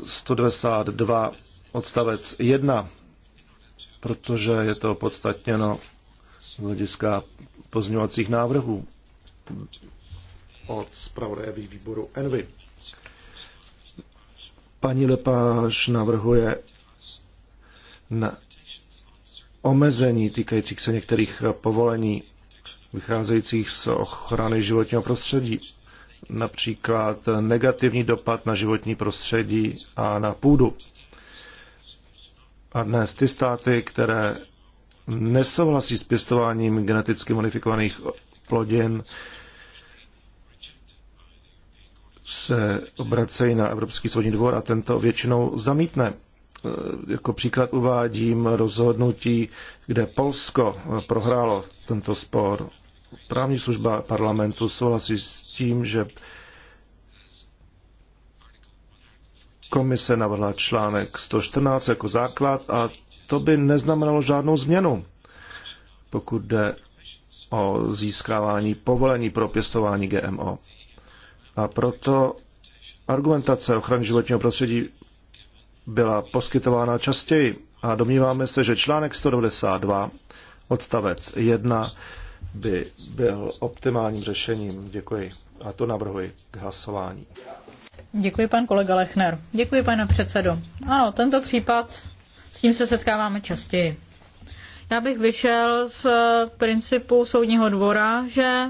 192 odstavec 1, protože je to podstatněno z hlediska pozňovacích návrhů od zpravodaje výboru Envy. Paní Lepáš navrhuje na omezení týkajících se některých povolení vycházejících z ochrany životního prostředí například negativní dopad na životní prostředí a na půdu. A dnes ty státy, které nesouhlasí s pěstováním geneticky modifikovaných plodin, se obracejí na Evropský soudní dvor a tento většinou zamítne. Jako příklad uvádím rozhodnutí, kde Polsko prohrálo tento spor právní služba parlamentu souhlasí s tím, že komise navrhla článek 114 jako základ a to by neznamenalo žádnou změnu, pokud jde o získávání povolení pro pěstování GMO. A proto argumentace ochrany životního prostředí byla poskytována častěji a domníváme se, že článek 192 odstavec 1 by byl optimálním řešením. Děkuji. A to navrhuji k hlasování. Děkuji, pan kolega Lechner. Děkuji, pane předsedo. Ano, tento případ, s tím se setkáváme častěji. Já bych vyšel z principu soudního dvora, že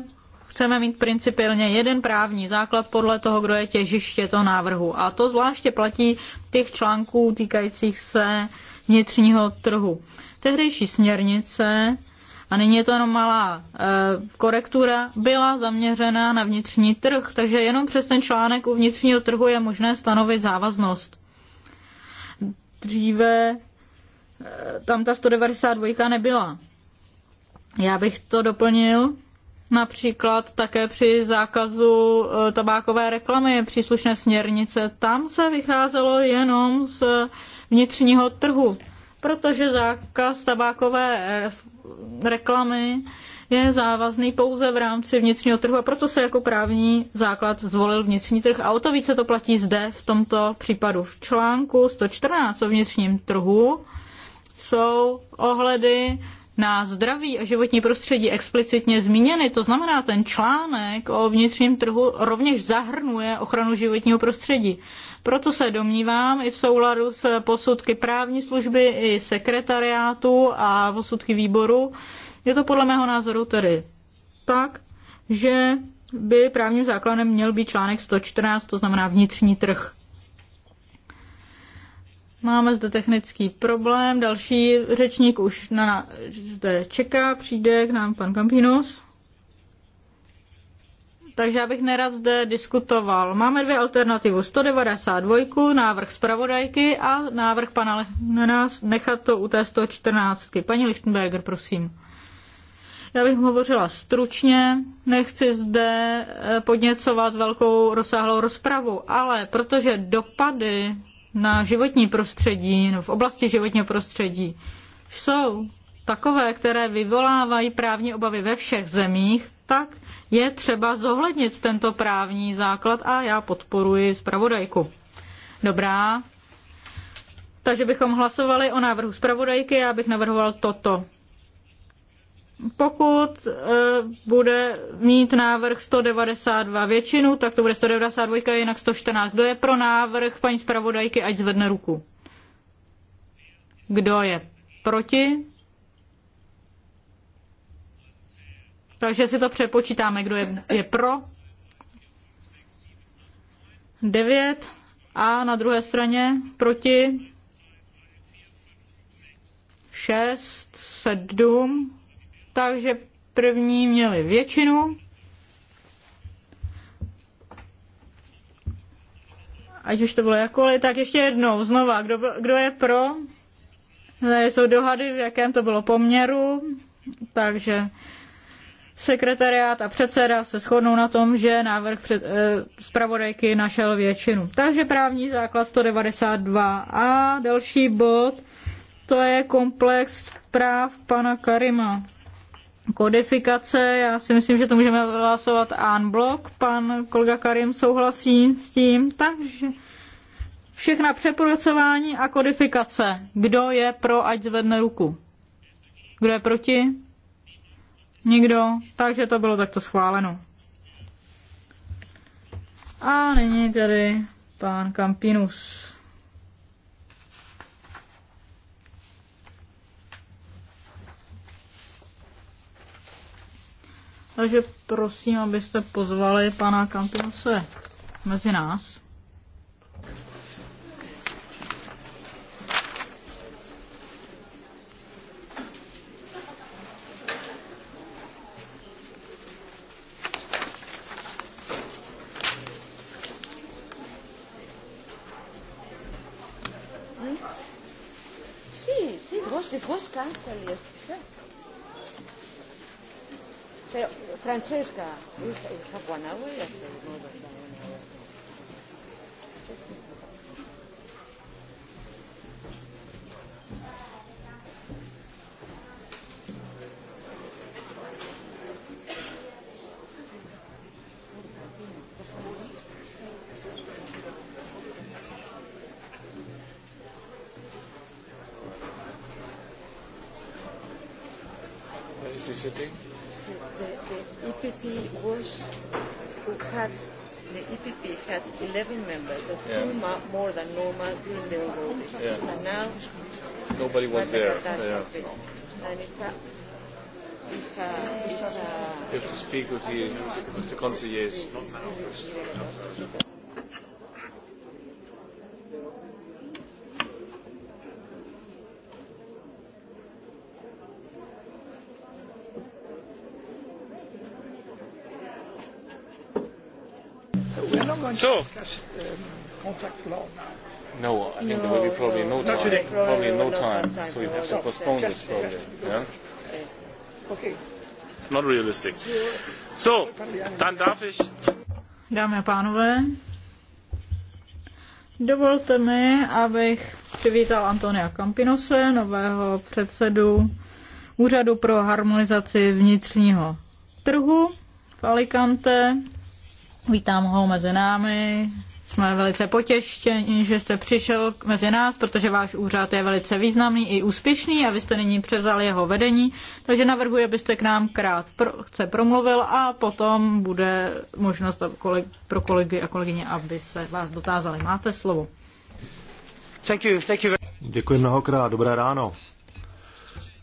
chceme mít principiálně jeden právní základ podle toho, kdo je těžiště toho návrhu. A to zvláště platí těch článků týkajících se vnitřního trhu. Tehdejší směrnice a nyní je to jenom malá e, korektura, byla zaměřena na vnitřní trh, takže jenom přes ten článek u vnitřního trhu je možné stanovit závaznost. Dříve e, tam ta 192 nebyla. Já bych to doplnil například také při zákazu e, tabákové reklamy příslušné směrnice. Tam se vycházelo jenom z vnitřního trhu protože zákaz tabákové reklamy je závazný pouze v rámci vnitřního trhu a proto se jako právní základ zvolil vnitřní trh a o to více to platí zde v tomto případu. V článku 114 o vnitřním trhu jsou ohledy na zdraví a životní prostředí explicitně zmíněny. To znamená, ten článek o vnitřním trhu rovněž zahrnuje ochranu životního prostředí. Proto se domnívám i v souladu s posudky právní služby i sekretariátu a posudky výboru, je to podle mého názoru tedy tak, že by právním základem měl být článek 114, to znamená vnitřní trh. Máme zde technický problém, další řečník už na, na, zde čeká, přijde k nám pan Campinos. Takže já bych nerad zde diskutoval. Máme dvě alternativu. 192, návrh zpravodajky a návrh pana Lehnena nechat to u té 114. Paní Lichtenberger, prosím. Já bych hovořila stručně, nechci zde eh, podněcovat velkou rozsáhlou rozpravu, ale protože dopady na životní prostředí, no v oblasti životního prostředí, jsou takové, které vyvolávají právní obavy ve všech zemích, tak je třeba zohlednit tento právní základ a já podporuji zpravodajku. Dobrá. Takže bychom hlasovali o návrhu zpravodajky, já bych navrhoval toto pokud e, bude mít návrh 192 většinu, tak to bude 192, jinak 114. Kdo je pro návrh paní zpravodajky, ať zvedne ruku. Kdo je proti? Takže si to přepočítáme, kdo je, je pro. 9 a na druhé straně proti 6, 7, takže první měli většinu. Ať už to bylo jakkoliv, tak ještě jednou, znova, kdo, kdo je pro? Tady jsou dohady, v jakém to bylo poměru, takže sekretariát a předseda se shodnou na tom, že návrh před, eh, zpravodajky našel většinu. Takže právní základ 192 a další bod, to je komplex práv pana Karima kodifikace. Já si myslím, že to můžeme hlasovat unblock. Pan kolega Karim souhlasí s tím, takže všechna přepracování a kodifikace. Kdo je pro, ať zvedne ruku. Kdo je proti? Nikdo. Takže to bylo takto schváleno. A nyní tedy pan Campinus. Takže prosím, abyste pozvali pana Kampinose mezi nás. Sí, Sí, sí, große, große Kanzel ist. Pero, Francesca, hija have one hour yesterday, more Is he sitting? the, the EPP was, had, the EPP had 11 members, but yeah. two ma- more than normal during the overall decision. Yeah. And now, nobody was there. Yeah. And it's a, it's a, it's a, you have to speak with the, with the conciliers. Not now. So. No, I think no, there will be probably no, no time. Today. Probably no, no time. time. So you have to postpone just, this uh, probably. Just, yeah. Okay. Not realistic. So, dann darf ich. Dámy a pánové, dovolte mi, abych přivítal Antonia Campinose, nového předsedu Úřadu pro harmonizaci vnitřního trhu v Alicante, Vítám ho mezi námi. Jsme velice potěštěni, že jste přišel mezi nás, protože váš úřad je velice významný i úspěšný a vy jste nyní převzal jeho vedení, takže navrhuji, abyste k nám krát chce promluvil a potom bude možnost pro kolegy a kolegyně, aby se vás dotázali. Máte slovo. Thank you, thank you. Děkuji mnohokrát, dobré ráno.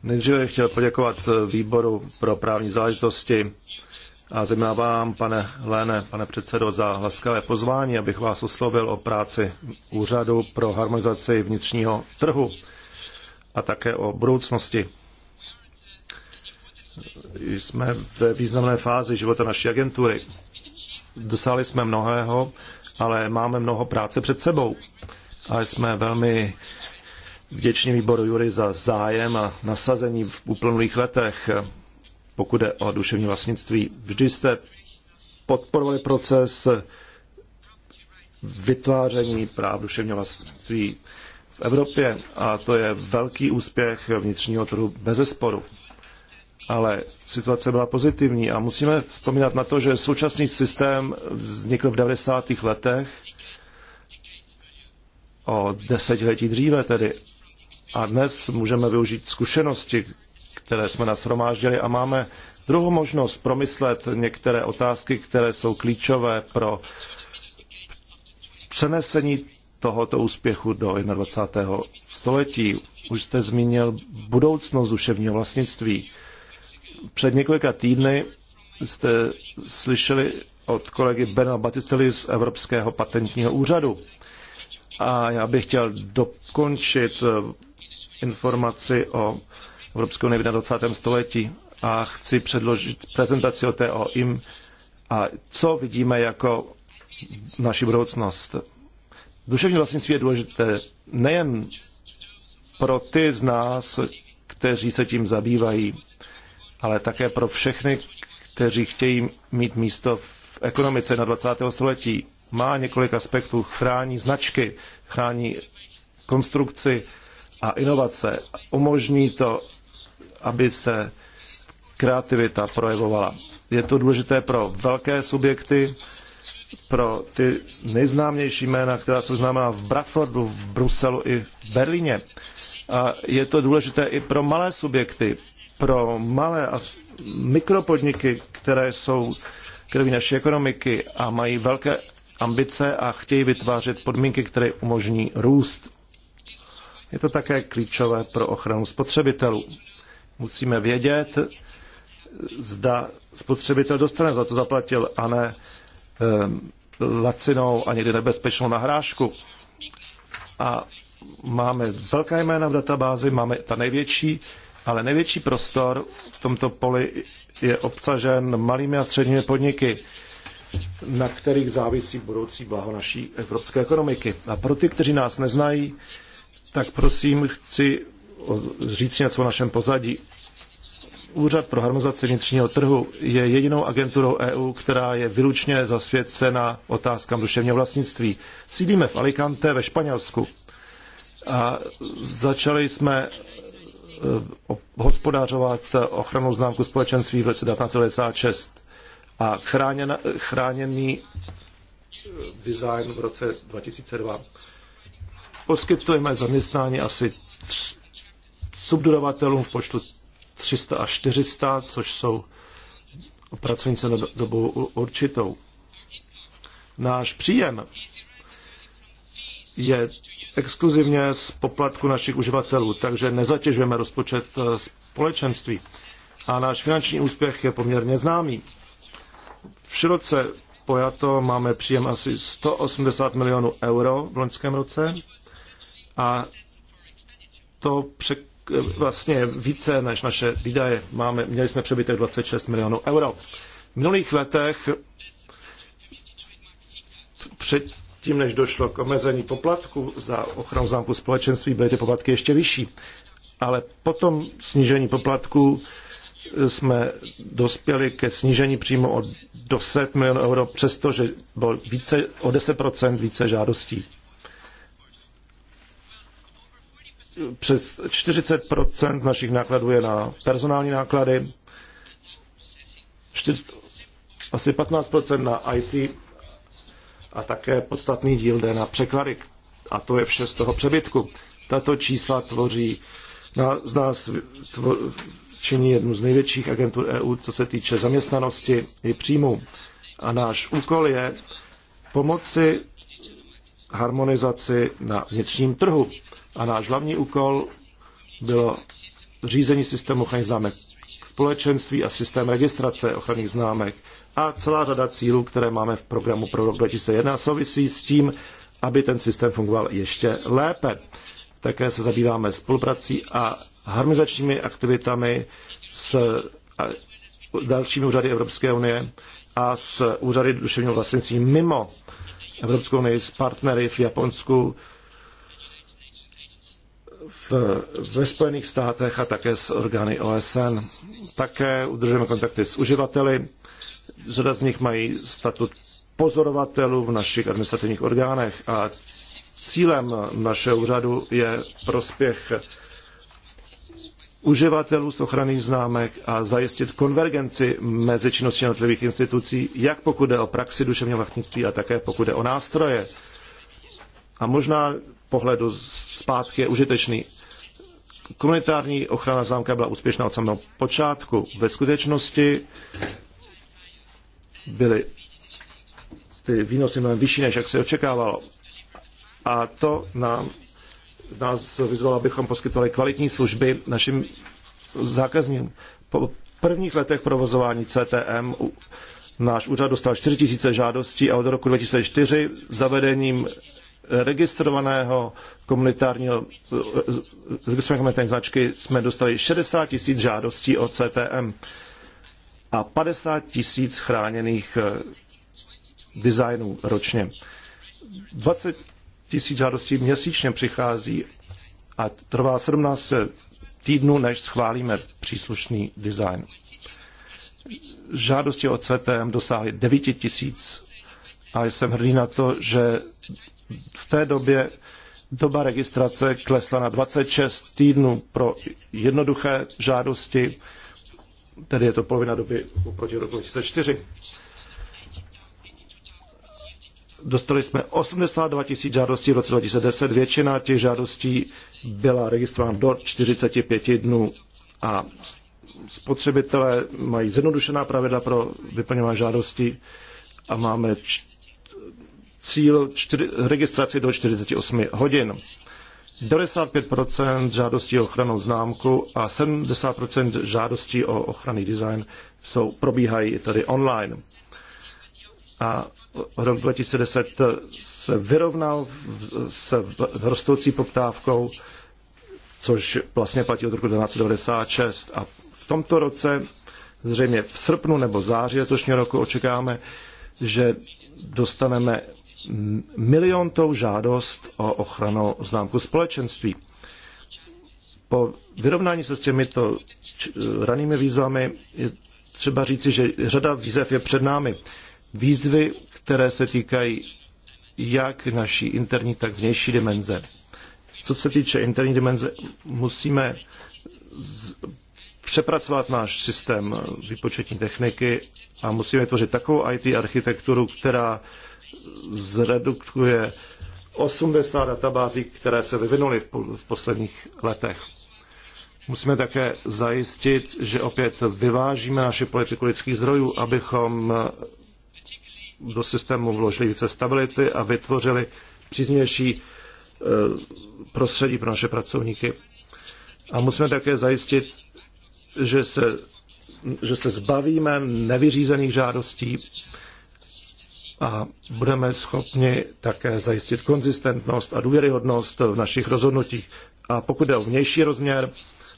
Nejdříve bych chtěl poděkovat eh, výboru pro právní záležitosti a zejména vám, pane Léne, pane předsedo, za laskavé pozvání, abych vás oslovil o práci Úřadu pro harmonizaci vnitřního trhu a také o budoucnosti. Jsme ve významné fázi života naší agentury. Dosáhli jsme mnohého, ale máme mnoho práce před sebou. A jsme velmi vděční výboru Jury za zájem a nasazení v uplynulých letech pokud jde o duševní vlastnictví. Vždy jste podporovali proces vytváření práv duševního vlastnictví v Evropě a to je velký úspěch vnitřního trhu bez zesporu. Ale situace byla pozitivní a musíme vzpomínat na to, že současný systém vznikl v 90. letech o desetiletí dříve tedy. A dnes můžeme využít zkušenosti, které jsme nashromáždili a máme druhou možnost promyslet některé otázky, které jsou klíčové pro přenesení tohoto úspěchu do 21. století. Už jste zmínil budoucnost duševního vlastnictví. Před několika týdny jste slyšeli od kolegy Bena Batistely z Evropského patentního úřadu. A já bych chtěl dokončit eh, informaci o Evropské unie v 21. století a chci předložit prezentaci o té o im a co vidíme jako naši budoucnost. Duševní vlastnictví je důležité nejen pro ty z nás, kteří se tím zabývají, ale také pro všechny, kteří chtějí mít místo v ekonomice na 20. století. Má několik aspektů, chrání značky, chrání konstrukci a inovace. Umožní to aby se kreativita projevovala. Je to důležité pro velké subjekty, pro ty nejznámější jména, která jsou známá v Bradfordu, v Bruselu i v Berlíně. A je to důležité i pro malé subjekty, pro malé a mikropodniky, které jsou krví naší ekonomiky a mají velké ambice a chtějí vytvářet podmínky, které umožní růst. Je to také klíčové pro ochranu spotřebitelů. Musíme vědět, zda spotřebitel dostane za co zaplatil, a ne ehm, lacinou a někdy nebezpečnou nahrážku. A máme velká jména v databázi, máme ta největší, ale největší prostor v tomto poli je obsažen malými a středními podniky, na kterých závisí budoucí blaho naší evropské ekonomiky. A pro ty, kteří nás neznají, tak prosím chci říct něco o našem pozadí. Úřad pro harmonizaci vnitřního trhu je jedinou agenturou EU, která je vylučně zasvěcena otázkám duševního vlastnictví. Sídlíme v Alicante ve Španělsku a začali jsme e, hospodářovat ochranou známku společenství v roce 1996 a chráněn, chráněný e, design v roce 2002. Poskytujeme zaměstnání asi subdodavatelům v počtu 300 až 400, což jsou pracovnice na dobu určitou. Náš příjem je exkluzivně z poplatku našich uživatelů, takže nezatěžujeme rozpočet eh, společenství. A náš finanční úspěch je poměrně známý. V široce pojato máme příjem asi 180 milionů euro v loňském roce a to přek vlastně více než naše výdaje. Máme, měli jsme přebytek 26 milionů euro. V minulých letech před tím, než došlo k omezení poplatku za ochranu zámku společenství, byly ty poplatky ještě vyšší. Ale potom snížení poplatku jsme dospěli ke snížení přímo o 10 milionů euro, přestože bylo více, o 10% více žádostí. přes 40 našich nákladů je na personální náklady, asi 15 na IT a také podstatný díl jde na překlady. A to je vše z toho přebytku. Tato čísla tvoří na, z nás tvo, činí jednu z největších agentů EU, co se týče zaměstnanosti i příjmů. A náš úkol je pomoci harmonizaci na vnitřním trhu. A náš hlavní úkol bylo řízení systému ochranných známek společenství a systém registrace ochranných známek a celá řada cílů, které máme v programu pro rok 2001, souvisí s tím, aby ten systém fungoval ještě lépe. Také se zabýváme spoluprací a harmonizačními aktivitami s dalšími úřady Evropské unie a s úřady duševního vlastnictví mimo Evropskou unii, s partnery v Japonsku, v, ve Spojených státech a také s orgány OSN. Také udržujeme kontakty s uživateli. Řada z nich mají statut pozorovatelů v našich administrativních orgánech a cílem našeho úřadu je prospěch uživatelů z ochranných známek a zajistit konvergenci mezi činností jednotlivých institucí, jak pokud jde o praxi duševního vlastnictví a také pokud jde o nástroje. A možná pohledu zpátky je užitečný. Komunitární ochrana zámka byla úspěšná od samého počátku. Ve skutečnosti byly ty výnosy mnohem vyšší, než jak se očekávalo. A to nám, nás vyzvalo, abychom poskytovali kvalitní služby našim zákazníkům. Po prvních letech provozování CTM náš úřad dostal 4 000 žádostí a od roku 2004 zavedením registrovaného komunitárního registrované komunitární značky jsme dostali 60 tisíc žádostí o CTM a 50 tisíc chráněných eh, designů ročně. 20 tisíc žádostí měsíčně přichází a trvá 17 týdnů, než schválíme příslušný design. Žádosti o CTM dosáhly 9 tisíc a jsem hrdý na to, že v té době doba registrace klesla na 26 týdnů pro jednoduché žádosti, tedy je to polovina doby oproti roku 2004. Dostali jsme 82 tisíc žádostí v roce 2010. Většina těch žádostí byla registrována do 45 dnů a spotřebitelé mají zjednodušená pravidla pro vyplňování žádostí a máme cíl čtyři, registraci do 48 hodin. 95% žádostí o ochranou známku a 70% žádostí o ochranný design jsou, probíhají tady online. A rok 2010 se vyrovnal se rostoucí poptávkou, což vlastně platí od roku 1996. A v tomto roce, zřejmě v srpnu nebo září letošního roku, očekáme, že dostaneme miliontou žádost o ochranu známku společenství. Po vyrovnání se s těmito eh, ranými výzvami je třeba říci, že řada výzev je před námi. Výzvy, které se týkají jak naší interní, tak vnější dimenze. Co se týče interní dimenze, musíme z, přepracovat náš systém výpočetní techniky a musíme tvořit takovou IT architekturu, která zredukuje 80 databází, které se vyvinuly v posledních letech. Musíme také zajistit, že opět vyvážíme naši politiku lidských zdrojů, abychom do systému vložili více stability a vytvořili příznivější e, prostředí pro naše pracovníky. A musíme také zajistit, že se, že se zbavíme nevyřízených žádostí a budeme schopni také zajistit konzistentnost a důvěryhodnost v našich rozhodnutích. A pokud jde o vnější rozměr,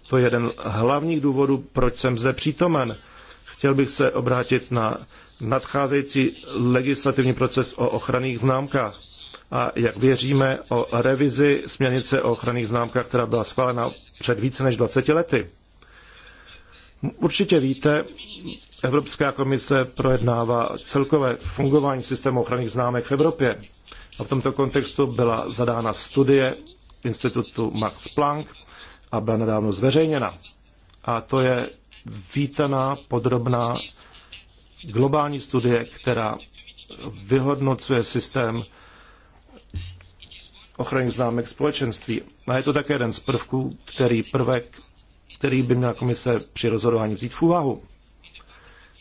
to je jeden hlavních důvodů, proč jsem zde přítomen. Chtěl bych se obrátit na nadcházející legislativní proces o ochranných známkách a jak věříme o revizi směrnice o ochranných známkách, která byla schválena před více než 20 lety. Určitě víte, Evropská komise projednává celkové fungování systému ochranných známek v Evropě. A v tomto kontextu byla zadána studie institutu Max Planck a byla nedávno zveřejněna. A to je vítaná, podrobná globální studie, která vyhodnocuje systém ochranných známek společenství. A je to také jeden z prvků, který prvek který by měla komise při rozhodování vzít v úvahu.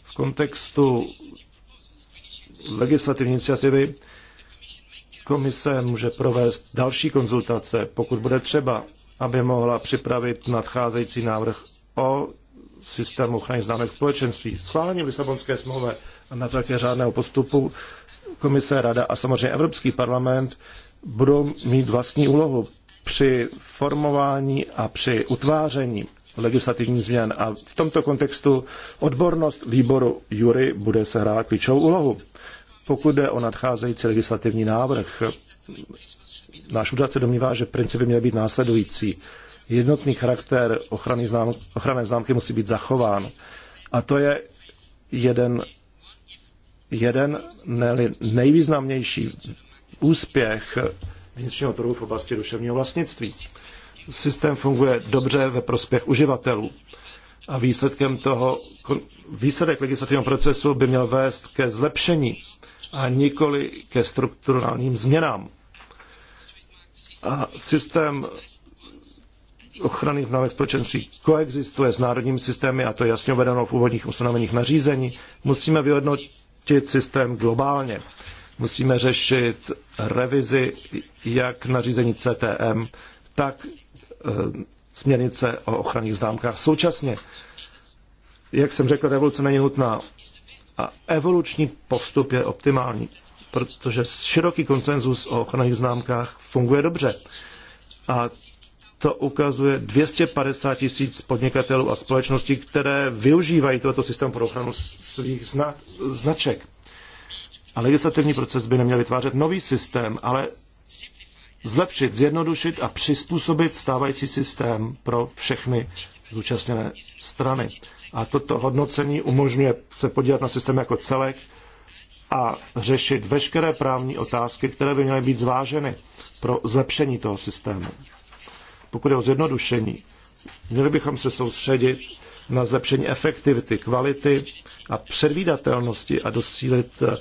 V kontextu legislativní iniciativy komise může provést další konzultace, pokud bude třeba, aby mohla připravit nadcházející návrh o systému ochrany známek společenství. Schválení Lisabonské smlouvy a na základě řádného postupu komise, rada a samozřejmě Evropský parlament budou mít vlastní úlohu při formování a při utváření legislativních změn. A v tomto kontextu odbornost výboru Jury bude hrát klíčovou úlohu. Pokud jde o nadcházející legislativní návrh, náš úřad se domnívá, že principy měly být následující. Jednotný charakter ochrany znám, ochranné známky musí být zachován. A to je jeden, jeden ne, nejvýznamnější úspěch vnitřního trhu v oblasti duševního vlastnictví systém funguje dobře ve prospěch uživatelů. A výsledkem toho, výsledek legislativního procesu by měl vést ke zlepšení a nikoli ke strukturálním změnám. A systém ochranných námek společenství koexistuje s národním systémy, a to je jasně uvedeno v úvodních ustanoveních nařízení. Musíme vyhodnotit systém globálně. Musíme řešit revizi jak nařízení CTM, tak Eh, směrnice o ochranných známkách. Současně, jak jsem řekl, revoluce není nutná a evoluční postup je optimální, protože široký konsenzus o ochranných známkách funguje dobře. A to ukazuje 250 tisíc podnikatelů a společností, které využívají tohoto systém pro ochranu svých zna- značek. A legislativní proces by neměl vytvářet nový systém, ale zlepšit, zjednodušit a přizpůsobit stávající systém pro všechny zúčastněné strany. A toto hodnocení umožňuje se podívat na systém jako celek a řešit veškeré právní otázky, které by měly být zváženy pro zlepšení toho systému. Pokud je o zjednodušení, měli bychom se soustředit na zlepšení efektivity, kvality a předvídatelnosti a dosílit eh,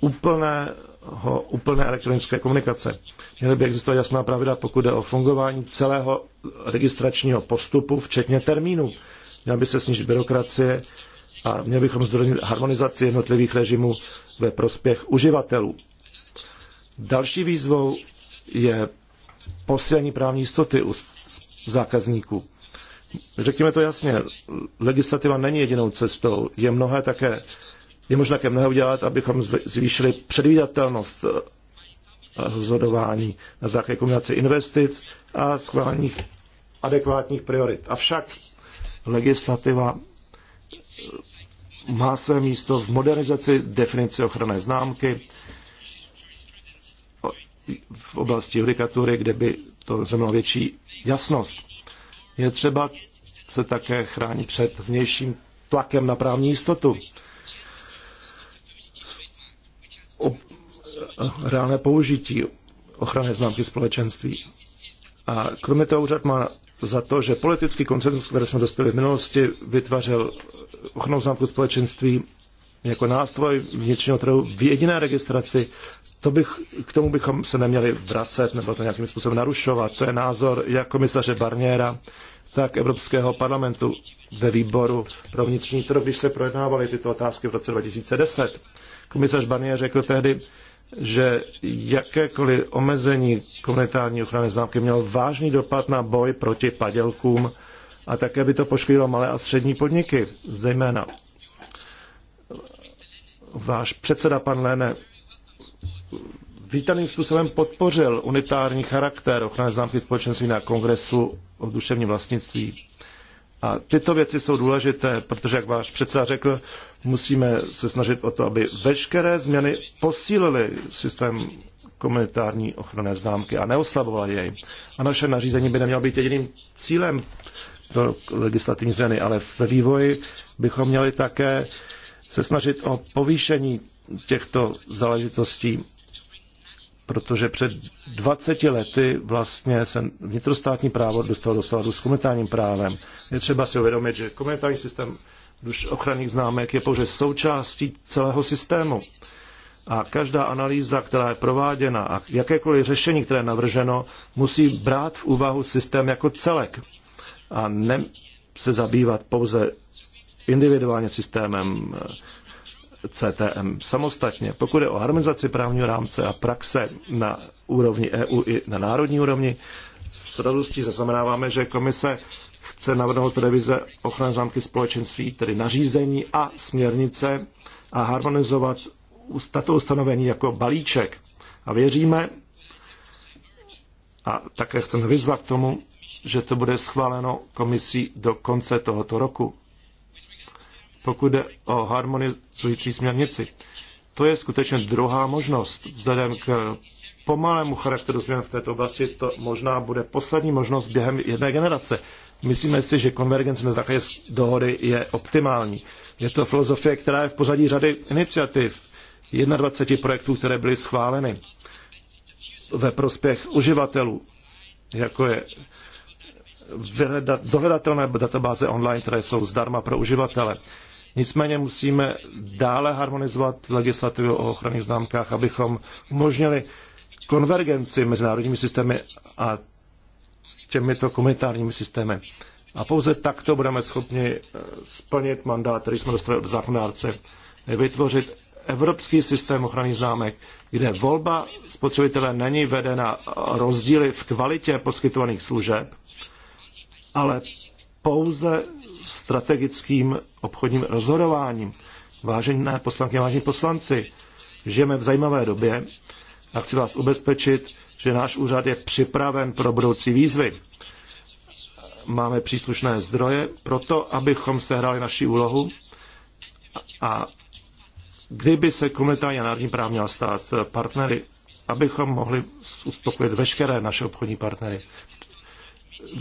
úplného, úplné elektronické komunikace. Měly by existovat jasná pravidla, pokud jde o fungování celého registračního postupu, včetně termínů. Měla by se snížit byrokracie a měli bychom zdůraznit harmonizaci jednotlivých režimů ve prospěch uživatelů. Další výzvou je posílení právní jistoty u zákazníků. Řekněme to jasně, legislativa není jedinou cestou. Je mnohé také, je možné také mnohé udělat, abychom zvýšili předvídatelnost rozhodování na základě kombinace investic a schválených adekvátních priorit. Avšak legislativa má své místo v modernizaci definice ochranné známky v oblasti judikatury, kde by to znamenalo větší jasnost. Je třeba se také chránit před vnějším tlakem na právní jistotu reálné použití ochranné známky společenství. A kromě toho úřad má za to, že politický koncentrus, který jsme dospěli v minulosti, vytvářel ochranou známku společenství jako nástroj vnitřního trhu v jediné registraci. To bych, k tomu bychom se neměli vracet nebo to nějakým způsobem narušovat. To je názor jak komisaře Barniera, tak Evropského parlamentu ve výboru pro vnitřní trh, když se projednávaly tyto otázky v roce 2010. Komisař Barnier řekl tehdy, že jakékoliv omezení komunitární ochrany známky mělo vážný dopad na boj proti padělkům a také by to poškodilo malé a střední podniky, zejména váš předseda pan Lene vítaným způsobem podpořil unitární charakter ochrany známky společenství na kongresu o duševním vlastnictví a tyto věci jsou důležité, protože, jak váš předseda řekl, musíme se snažit o to, aby veškeré změny posílily systém komunitární ochranné známky a neoslabovaly jej. A naše nařízení by nemělo být jediným cílem pro legislativní změny, ale ve vývoji bychom měli také se snažit o povýšení těchto záležitostí protože před 20 lety vlastně se vnitrostátní právo dostalo do souladu s komunitárním právem. Je třeba si uvědomit, že komunitární systém ochranných známek je pouze součástí celého systému. A každá analýza, která je prováděna a jakékoliv řešení, které je navrženo, musí brát v úvahu systém jako celek a ne se zabývat pouze individuálně systémem. CTM samostatně. Pokud je o harmonizaci právního rámce a praxe na úrovni EU i na národní úrovni, s radostí zaznamenáváme, že komise chce navrhnout revize ochrany zámky společenství, tedy nařízení a směrnice a harmonizovat tato ustanovení jako balíček. A věříme, a také chceme vyzvat k tomu, že to bude schváleno komisí do konce tohoto roku pokud jde o harmonizující směrnici. To je skutečně druhá možnost. Vzhledem k pomalému charakteru změn v této oblasti to možná bude poslední možnost během jedné generace. Myslíme si, že konvergence na základě dohody je optimální. Je to filozofie, která je v pořadí řady iniciativ, 21 projektů, které byly schváleny ve prospěch uživatelů, jako je dohledatelné databáze online, které jsou zdarma pro uživatele. Nicméně musíme dále harmonizovat legislativu o ochranných známkách, abychom umožnili konvergenci mezi národními systémy a těmito komunitárními systémy. A pouze takto budeme schopni eh, splnit mandát, který jsme dostali od zákonodárce, vytvořit evropský systém ochrany známek, kde volba spotřebitele není vedena rozdíly v kvalitě poskytovaných služeb, ale pouze strategickým obchodním rozhodováním. Vážené poslanky, vážení poslanci, žijeme v zajímavé době a chci vás ubezpečit, že náš úřad je připraven pro budoucí výzvy. Máme příslušné zdroje pro to, abychom sehrali naši úlohu a kdyby se komunitární národní práv měla stát partnery, abychom mohli uspokojit veškeré naše obchodní partnery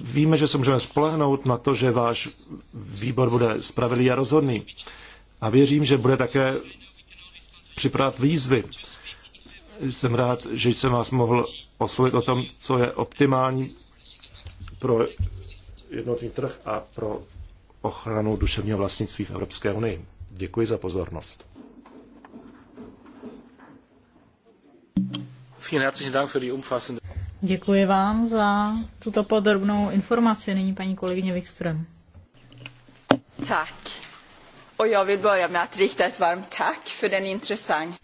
víme, že se můžeme spolehnout na to, že váš výbor bude spravedlivý a rozhodný. A věřím, že bude také připravit výzvy. Jsem rád, že jsem vás mohl oslovit o tom, co je optimální pro jednotný trh a pro ochranu duševního vlastnictví v Evropské unii. Děkuji za pozornost. Vielen herzlichen Dank für die umfassende Děkuji vám za tuto podrobnou informaci. Nyní paní kolegyně Wikström. Tak. O já vil börja med att rikta ett varmt tack för den intressant.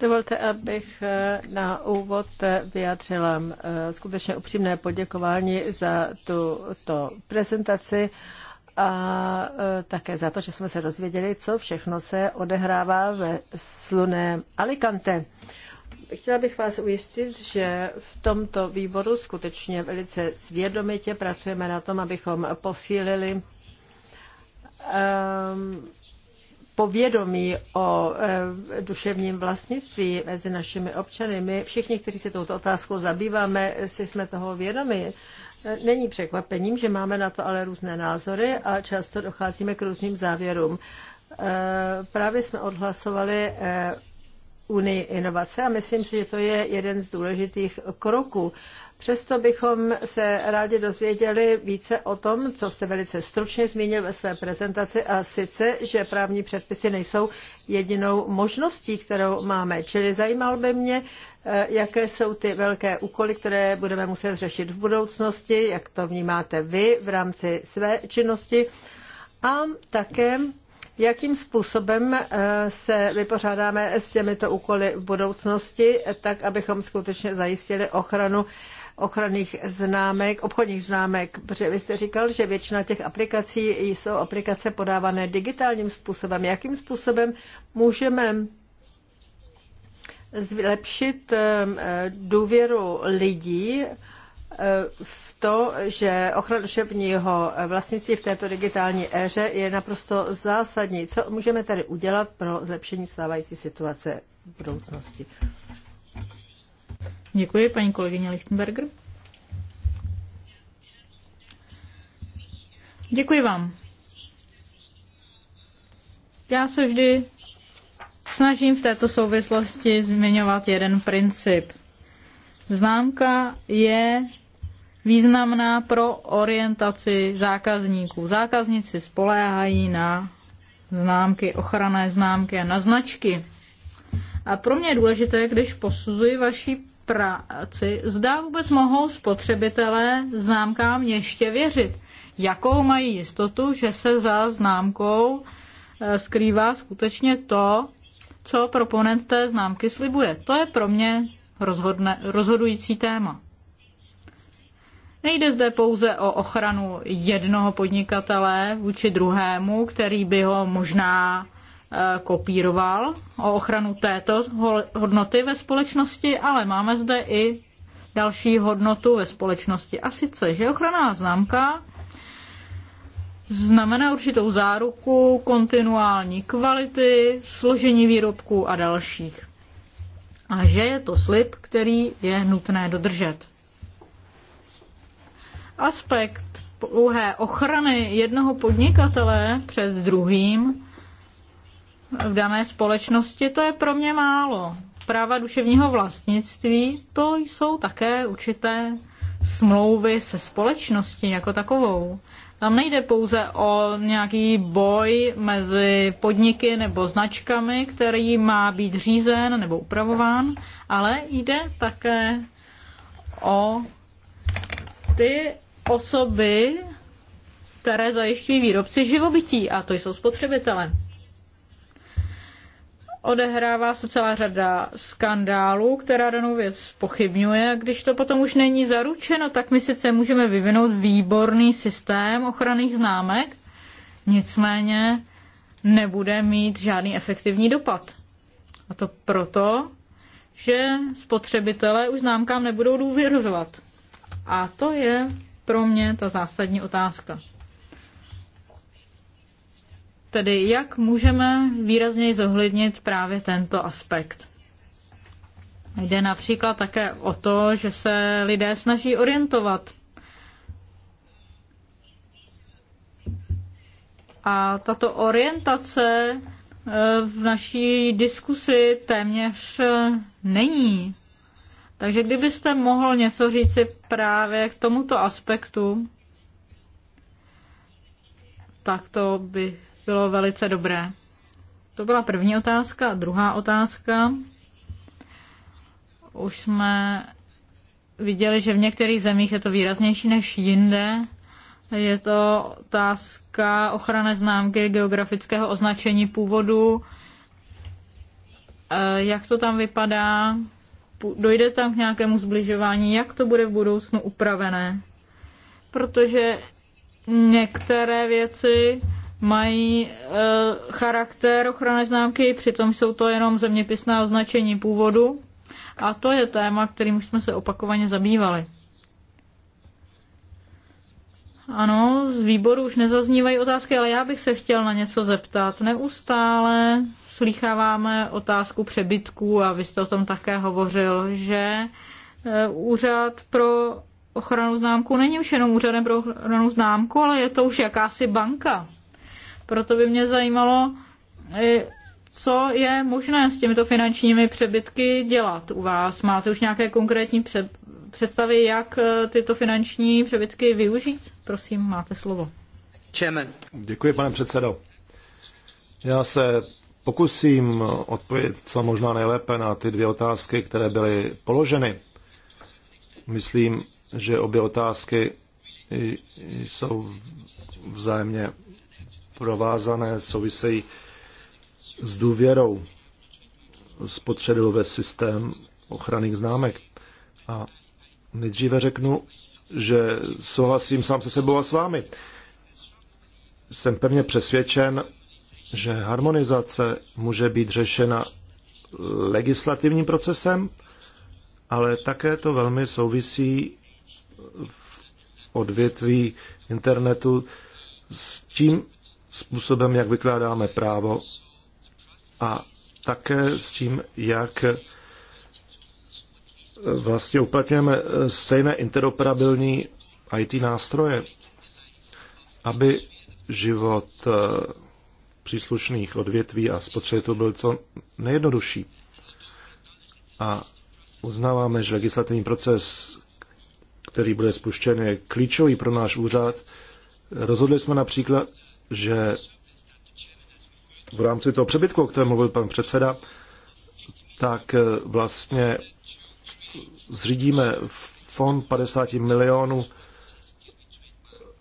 Dovolte, abych eh, na úvod eh, vyjádřila eh, skutečně upřímné poděkování za tuto prezentaci a také za to, že jsme se dozvěděli, co všechno se odehrává ve sluném Alicante. Chtěla bych vás ujistit, že v tomto výboru skutečně velice svědomitě pracujeme na tom, abychom posílili um, povědomí o eh, duševním vlastnictví mezi našimi občany. My všichni, kteří se touto otázkou zabýváme, si jsme toho vědomi. Eh, není překvapením, že máme na to ale různé názory a často docházíme k různým závěrům. Eh, právě jsme odhlasovali unii inovace a myslím si, že to je jeden z důležitých kroků. Přesto bychom se rádi dozvěděli více o tom, co jste velice stručně zmínil ve své prezentaci, a sice, že právní předpisy nejsou jedinou možností, kterou máme. Čili zajímal by mě, eh, jaké jsou ty velké úkoly, které budeme muset řešit v budoucnosti, jak to vnímáte vy v rámci své činnosti a také jakým způsobem eh, se vypořádáme s těmito úkoly v budoucnosti, tak abychom skutečně zajistili ochranu ochranných známek, obchodních známek, protože vy jste říkal, že většina těch aplikací jsou aplikace podávané digitálním způsobem. Jakým způsobem můžeme zlepšit eh, důvěru lidí Eh, v to, že ochrana duševního eh, vlastnictví v této digitální éře je naprosto zásadní. Co můžeme tady udělat pro zlepšení stávající situace v budoucnosti? Děkuji, paní kolegyně Lichtenberger. Děkuji vám. Já se vždy snažím v této souvislosti zmiňovat jeden princip. Známka je významná pro orientaci zákazníků. Zákazníci spoléhají na známky, ochranné známky a na značky. A pro mě je důležité, když posuzuji vaši práci, zda vůbec mohou spotřebitelé známkám ještě věřit. Jakou mají jistotu, že se za známkou eh, skrývá skutečně to, co proponent té známky slibuje. To je pro mě rozhodne, rozhodující téma. Nejde zde pouze o ochranu jednoho podnikatele vůči druhému, který by ho možná eh, kopíroval, o ochranu této hodnoty ve společnosti, ale máme zde i další hodnotu ve společnosti. A sice, že ochranná známka znamená určitou záruku kontinuální kvality, složení výrobků a dalších. A že je to slib, který je nutné dodržet aspekt pouhé ochrany jednoho podnikatele před druhým v dané společnosti, to je pro mě málo. Práva duševního vlastnictví, to jsou také určité smlouvy se společností jako takovou. Tam nejde pouze o nějaký boj mezi podniky nebo značkami, který má být řízen nebo upravován, ale jde také o ty osoby, které zajišťují výrobci živobytí, a to jsou spotřebitele. Odehrává se celá řada skandálů, která danou věc pochybňuje. Když to potom už není zaručeno, tak my sice můžeme vyvinout výborný systém ochranných známek, nicméně nebude mít žádný efektivní dopad. A to proto, že spotřebitelé už známkám nebudou důvěřovat. A to je pro mě ta zásadní otázka. Tedy jak můžeme výrazněji zohlednit právě tento aspekt? Jde například také o to, že se lidé snaží orientovat. A tato orientace eh, v naší diskusi téměř eh, není. Takže kdybyste mohl něco říci právě k tomuto aspektu, tak to by bylo velice dobré. To byla první otázka. A druhá otázka. Už jsme viděli, že v některých zemích je to výraznější než jinde. Je to otázka ochrany známky geografického označení původu. E, jak to tam vypadá? dojde tam k nějakému zbližování, jak to bude v budoucnu upravené. Protože některé věci mají e, charakter ochranné známky, přitom jsou to jenom zeměpisná označení původu a to je téma, kterým už jsme se opakovaně zabývali. Ano, z výboru už nezaznívají otázky, ale já bych se chtěl na něco zeptat. Neustále slýcháváme otázku přebytků a vy jste o tom také hovořil, že e, úřad pro ochranu známku není už jenom úřadem pro ochranu známku, ale je to už jakási banka. Proto by mě zajímalo, e, co je možné s těmito finančními přebytky dělat u vás. Máte už nějaké konkrétní představy, jak e, tyto finanční přebytky využít? Prosím, máte slovo. Čemen. Děkuji, pane předsedo. Já se pokusím odpovědět co možná nejlépe na ty dvě otázky, které byly položeny. Myslím, že obě otázky jsou vzájemně provázané, souvisejí s důvěrou spotřebitelů ve systém ochranných známek. A nejdříve řeknu, že souhlasím sám se sebou a s vámi. Jsem pevně přesvědčen, že harmonizace může být řešena eh, legislativním procesem, ale také to velmi souvisí v odvětví internetu s tím způsobem, jak vykládáme právo a také s tím, jak eh, vlastně uplatňujeme eh, stejné interoperabilní IT nástroje, aby život příslušných odvětví a to byl co nejjednodušší. A uznáváme, že legislativní proces, který bude spuštěn, je klíčový pro náš úřad. Rozhodli jsme například, že v rámci toho přebytku, o kterém mluvil pan předseda, tak eh, vlastně zřídíme fond 50 milionů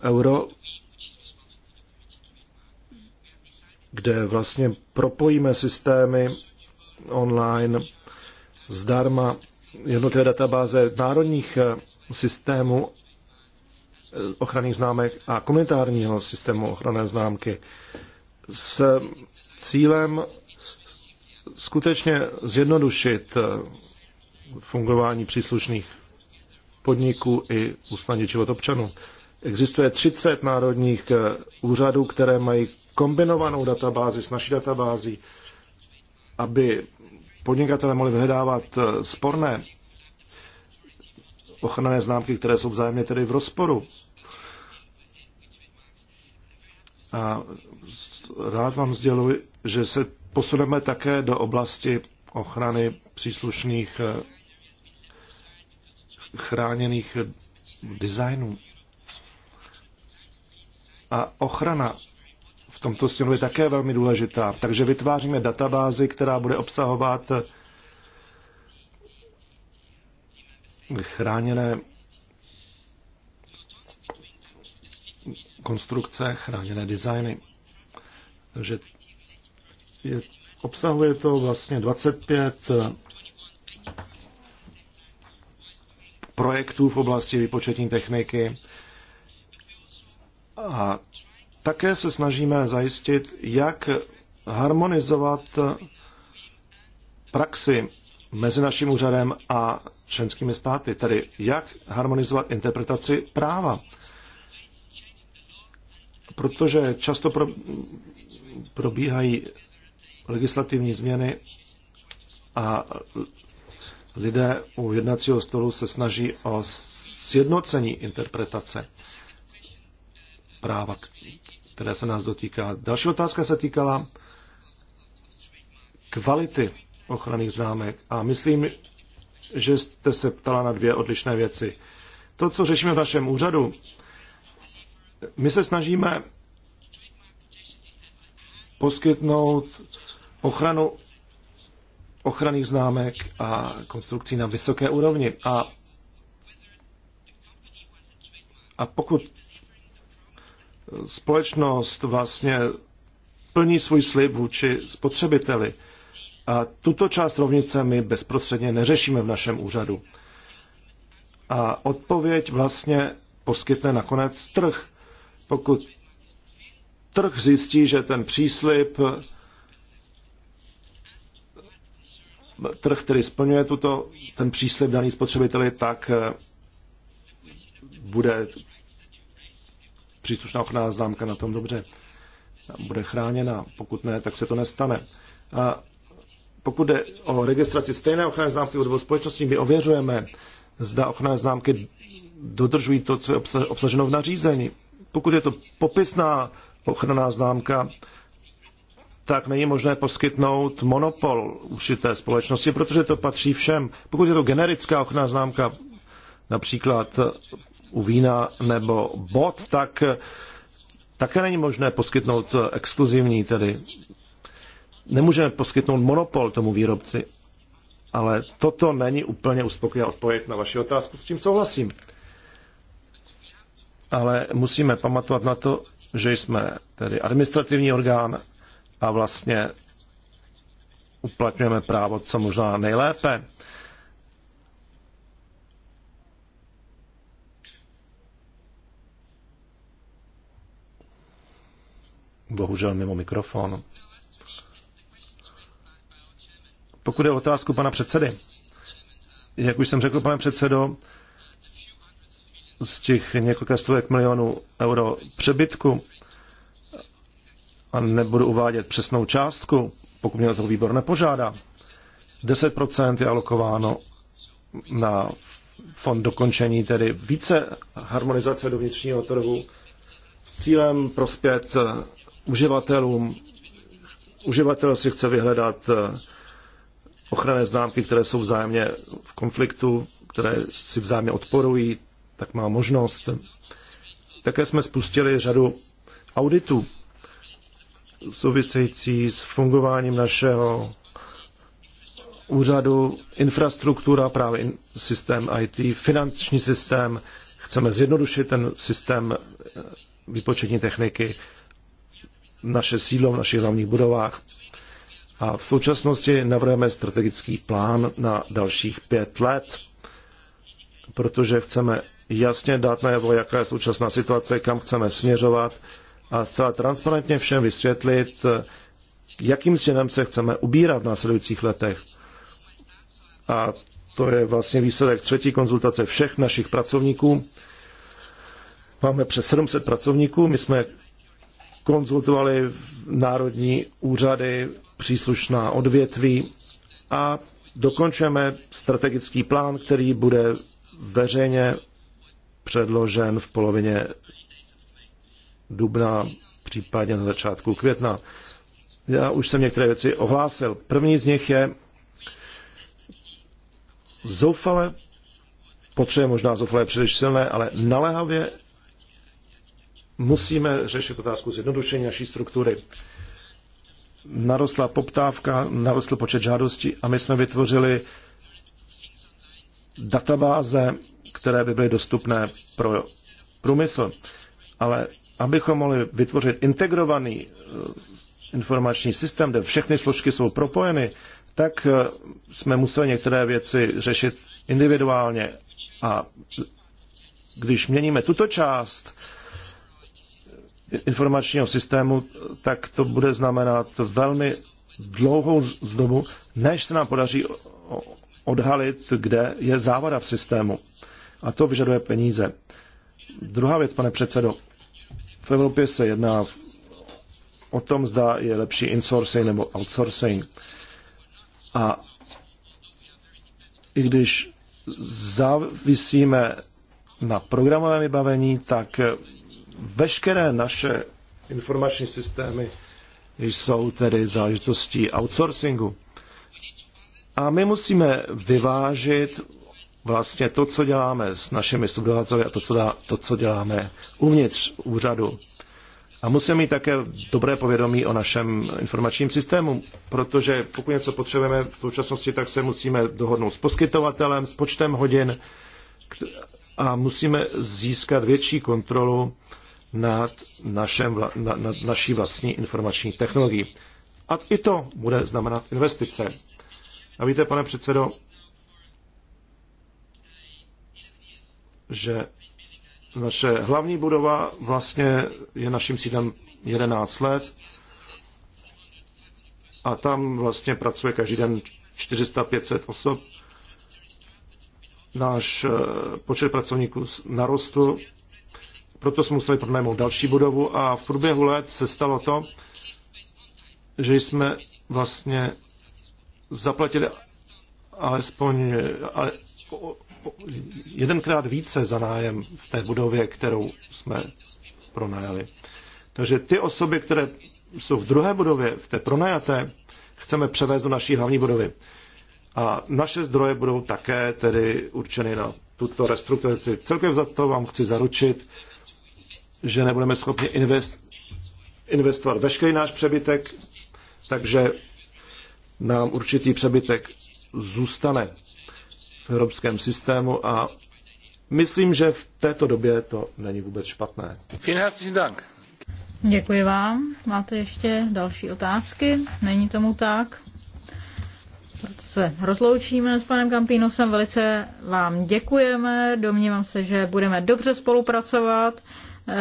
euro kde vlastně propojíme systémy online zdarma jednotlivé databáze národních eh, systémů eh, ochranných známek a komunitárního systému ochranné známky s cílem skutečně zjednodušit eh, fungování příslušných podniků i usnadnit život občanů. Existuje 30 národních eh, úřadů, které mají kombinovanou databázi s naší databází, aby podnikatelé mohli vyhledávat eh, sporné ochranné známky, které jsou vzájemně tedy v rozporu. A rád vám sděluji, že se posuneme také do oblasti ochrany příslušných eh, chráněných designů. A ochrana v tomto směru je také velmi důležitá. Takže vytváříme databázi, která bude obsahovat chráněné konstrukce, chráněné designy. Takže je, obsahuje to vlastně 25 eh, projektů v oblasti výpočetní techniky, a také se snažíme zajistit, jak harmonizovat praxi mezi naším úřadem a členskými státy, tedy jak harmonizovat interpretaci práva. Protože často pro, probíhají legislativní změny a lidé u jednacího stolu se snaží o sjednocení interpretace práva, které se nás dotýká. Další otázka se týkala kvality ochranných známek a myslím, že jste se ptala na dvě odlišné věci. To, co řešíme v našem úřadu, my se snažíme poskytnout ochranu ochranných známek a konstrukcí na vysoké úrovni. A, a pokud společnost vlastně plní svůj slib vůči spotřebiteli. A tuto část rovnice my bezprostředně neřešíme v našem úřadu. A odpověď vlastně poskytne nakonec trh. Pokud trh zjistí, že ten příslip, trh, který splňuje tuto, ten příslip daný spotřebiteli, tak eh, bude příslušná ochranná známka na tom dobře bude chráněna, pokud ne, tak se to nestane. A pokud jde o registraci stejné ochranné známky u dvou společností, my ověřujeme, zda ochranné známky dodržují to, co je obsaženo v nařízení. Pokud je to popisná ochranná známka, tak není možné poskytnout monopol určité společnosti, protože to patří všem. Pokud je to generická ochranná známka, například u vína nebo bod, tak eh, také není možné poskytnout eh, exkluzivní, tedy nemůžeme poskytnout monopol tomu výrobci. Ale toto není úplně uspokojivá odpověď na vaši otázku, s tím souhlasím. Ale musíme pamatovat na to, že jsme tedy administrativní orgán a vlastně uplatňujeme právo co možná nejlépe. bohužel mimo mikrofon. Pokud je o otázku pana předsedy, jak už jsem řekl, pane předsedo, z těch několika stovek milionů euro přebytku, a nebudu uvádět přesnou částku, pokud mě to výbor nepožádá, 10% je alokováno na fond dokončení, tedy více harmonizace do vnitřního trhu s cílem prospět uživatelům. Uživatel si chce vyhledat eh, ochranné známky, které jsou vzájemně v konfliktu, které si vzájemně odporují, tak má možnost. Také jsme spustili řadu auditů související s fungováním našeho úřadu, infrastruktura, právě systém IT, finanční systém. Chceme zjednodušit ten systém eh, výpočetní techniky naše sídlo v našich hlavních budovách. A v současnosti navrhujeme strategický plán na dalších pět let, protože chceme jasně dát najevo, jaká je současná situace, kam chceme směřovat a zcela transparentně všem vysvětlit, jakým směrem se chceme ubírat v následujících letech. A to je vlastně výsledek třetí konzultace všech našich pracovníků. Máme přes 700 pracovníků, my jsme konzultovali národní úřady, příslušná odvětví a dokončujeme strategický plán, který bude veřejně předložen v polovině dubna, případně na začátku května. Já už jsem některé věci ohlásil. První z nich je zoufale, potřebuje možná zoufale příliš silné, ale naléhavě musíme řešit otázku zjednodušení naší struktury. Narostla poptávka, narostl počet žádostí a my jsme vytvořili databáze, které by byly dostupné pro průmysl. Ale abychom mohli vytvořit integrovaný eh, informační systém, kde všechny složky jsou propojeny, tak eh, jsme museli některé věci řešit individuálně. A když měníme tuto část informačního systému, tak to bude znamenat velmi dlouhou dobu, než se nám podaří odhalit, kde je závada v systému. A to vyžaduje peníze. Druhá věc, pane předsedo. V Evropě se jedná o tom, zda je lepší insourcing nebo outsourcing. A i když závisíme na programovém vybavení, tak Veškeré naše informační systémy jsou tedy záležitostí outsourcingu. A my musíme vyvážit vlastně to, co děláme s našimi subdodavateli a to co, dá, to, co děláme uvnitř úřadu. A musíme mít také dobré povědomí o našem informačním systému, protože pokud něco potřebujeme v současnosti, tak se musíme dohodnout s poskytovatelem, s počtem hodin a musíme získat větší kontrolu nad, našem, na, nad naší vlastní informační technologií. A i to bude znamenat investice. A víte, pane předsedo, že naše hlavní budova vlastně je naším sídlem 11 let a tam vlastně pracuje každý den 400-500 osob. Náš eh, počet pracovníků narostl proto jsme museli pronajmout další budovu a v průběhu let se stalo to, že jsme vlastně zaplatili alespoň ale, jedenkrát více za nájem v té budově, kterou jsme pronajali. Takže ty osoby, které jsou v druhé budově, v té pronajaté, chceme převést do naší hlavní budovy. A naše zdroje budou také tedy určeny na tuto restrukturaci. Celkem za to vám chci zaručit, že nebudeme schopni invest, investovat veškerý náš přebytek, takže nám určitý přebytek zůstane v evropském systému a myslím, že v této době to není vůbec špatné. Děkuji vám. Máte ještě další otázky? Není tomu tak? Proto se rozloučíme s panem Kampínosem. Velice vám děkujeme. Domnívám se, že budeme dobře spolupracovat.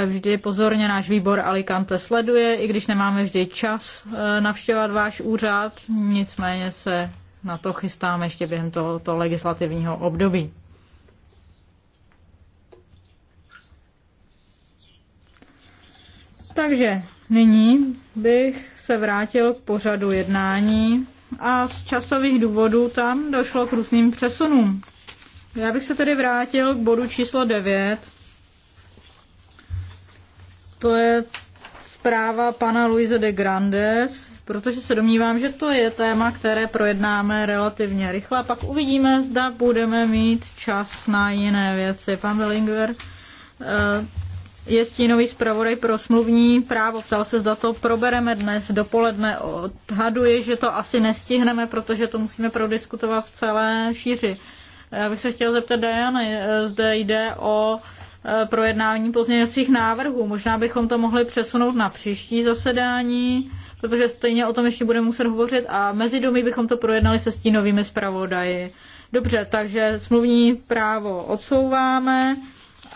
Vždy pozorně náš výbor Alicante sleduje, i když nemáme vždy čas eh, navštěvovat váš úřad, nicméně se na to chystáme ještě během tohoto legislativního období. Takže nyní bych se vrátil k pořadu jednání a z časových důvodů tam došlo k různým přesunům. Já bych se tedy vrátil k bodu číslo 9, to je zpráva pana Luise de Grandes, protože se domnívám, že to je téma, které projednáme relativně rychle a pak uvidíme, zda budeme mít čas na jiné věci. Pan Bellinger eh, je stínový zpravodaj pro smluvní právo. Ptal se, zda to probereme dnes dopoledne. Odhaduji, že to asi nestihneme, protože to musíme prodiskutovat v celé šíři. Já bych se chtěl zeptat Diany, eh, zde jde o Eh, projednání pozměňovacích návrhů. Možná bychom to mohli přesunout na příští zasedání, protože stejně o tom ještě budeme muset hovořit a mezi domy bychom to projednali se stínovými zpravodaji. Dobře, takže smluvní právo odsouváme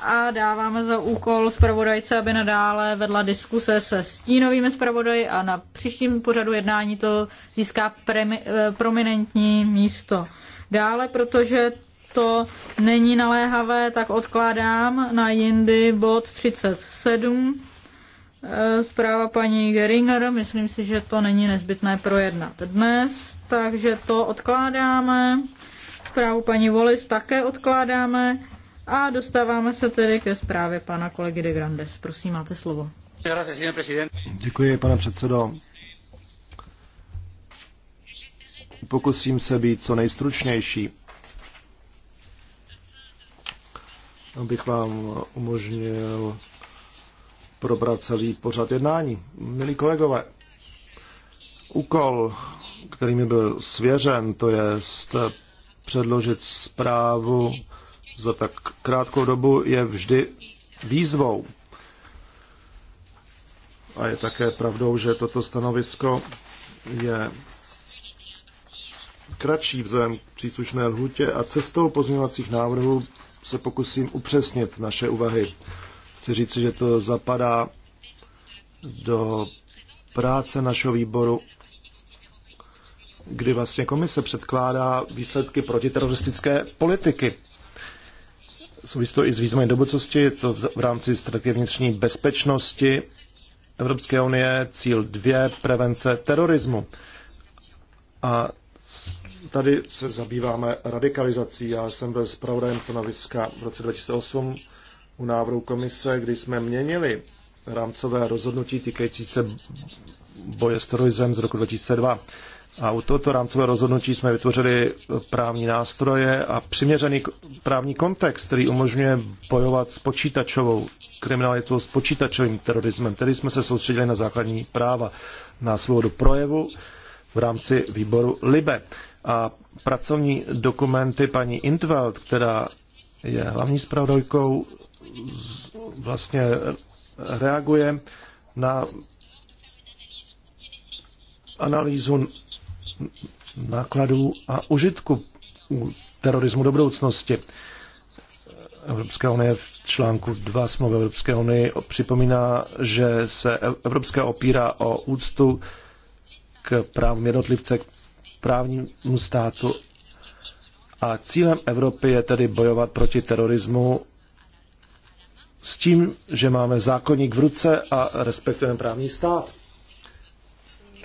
a dáváme za úkol zpravodajce, aby nadále vedla diskuse se stínovými zpravodaji a na příštím pořadu jednání to získá premi, eh, prominentní místo. Dále, protože to není naléhavé, tak odkládám na jindy bod 37. Eh, zpráva paní Geringer, myslím si, že to není nezbytné projednat dnes, takže to odkládáme. Zprávu paní Volis také odkládáme a dostáváme se tedy ke zprávě pana kolegy de Grandes. Prosím, máte slovo. Děkuji, pane předsedo. Pokusím se být co nejstručnější. abych vám umožnil probrat celý pořad jednání. Milí kolegové, úkol, který mi byl svěřen, to je předložit zprávu za tak krátkou dobu, je vždy výzvou. A je také pravdou, že toto stanovisko je kratší vzhledem k příslušné lhutě a cestou pozměňovacích návrhů se pokusím upřesnit naše úvahy. Chci říct, že to zapadá do práce našeho výboru, kdy vlastně komise předkládá výsledky protiteroristické politiky. Souvisí to i s výzvami do budoucnosti, to v rámci strategie vnitřní bezpečnosti Evropské unie, cíl 2, prevence terorismu. A Tady se zabýváme radikalizací. Já jsem byl zpravodajem stanoviska v roce 2008 u návrhu komise, kdy jsme měnili rámcové rozhodnutí týkající se boje s terorismem z roku 2002. A u tohoto rámcového rozhodnutí jsme vytvořili právní nástroje a přiměřený právní kontext, který umožňuje bojovat s počítačovou kriminalitou, s počítačovým terorismem. Tedy jsme se soustředili na základní práva, na svobodu projevu v rámci výboru LIBE a pracovní dokumenty paní Intveld, která je hlavní zpravodajkou, vlastně reaguje na analýzu nákladů a užitku u terorismu do budoucnosti. Evropská unie v článku 2 smlouvy Evropské unie připomíná, že se Evropská opírá o úctu k právům jednotlivce, k právnímu státu. A cílem Evropy je tedy bojovat proti terorismu s tím, že máme zákonník v ruce a respektujeme právní stát.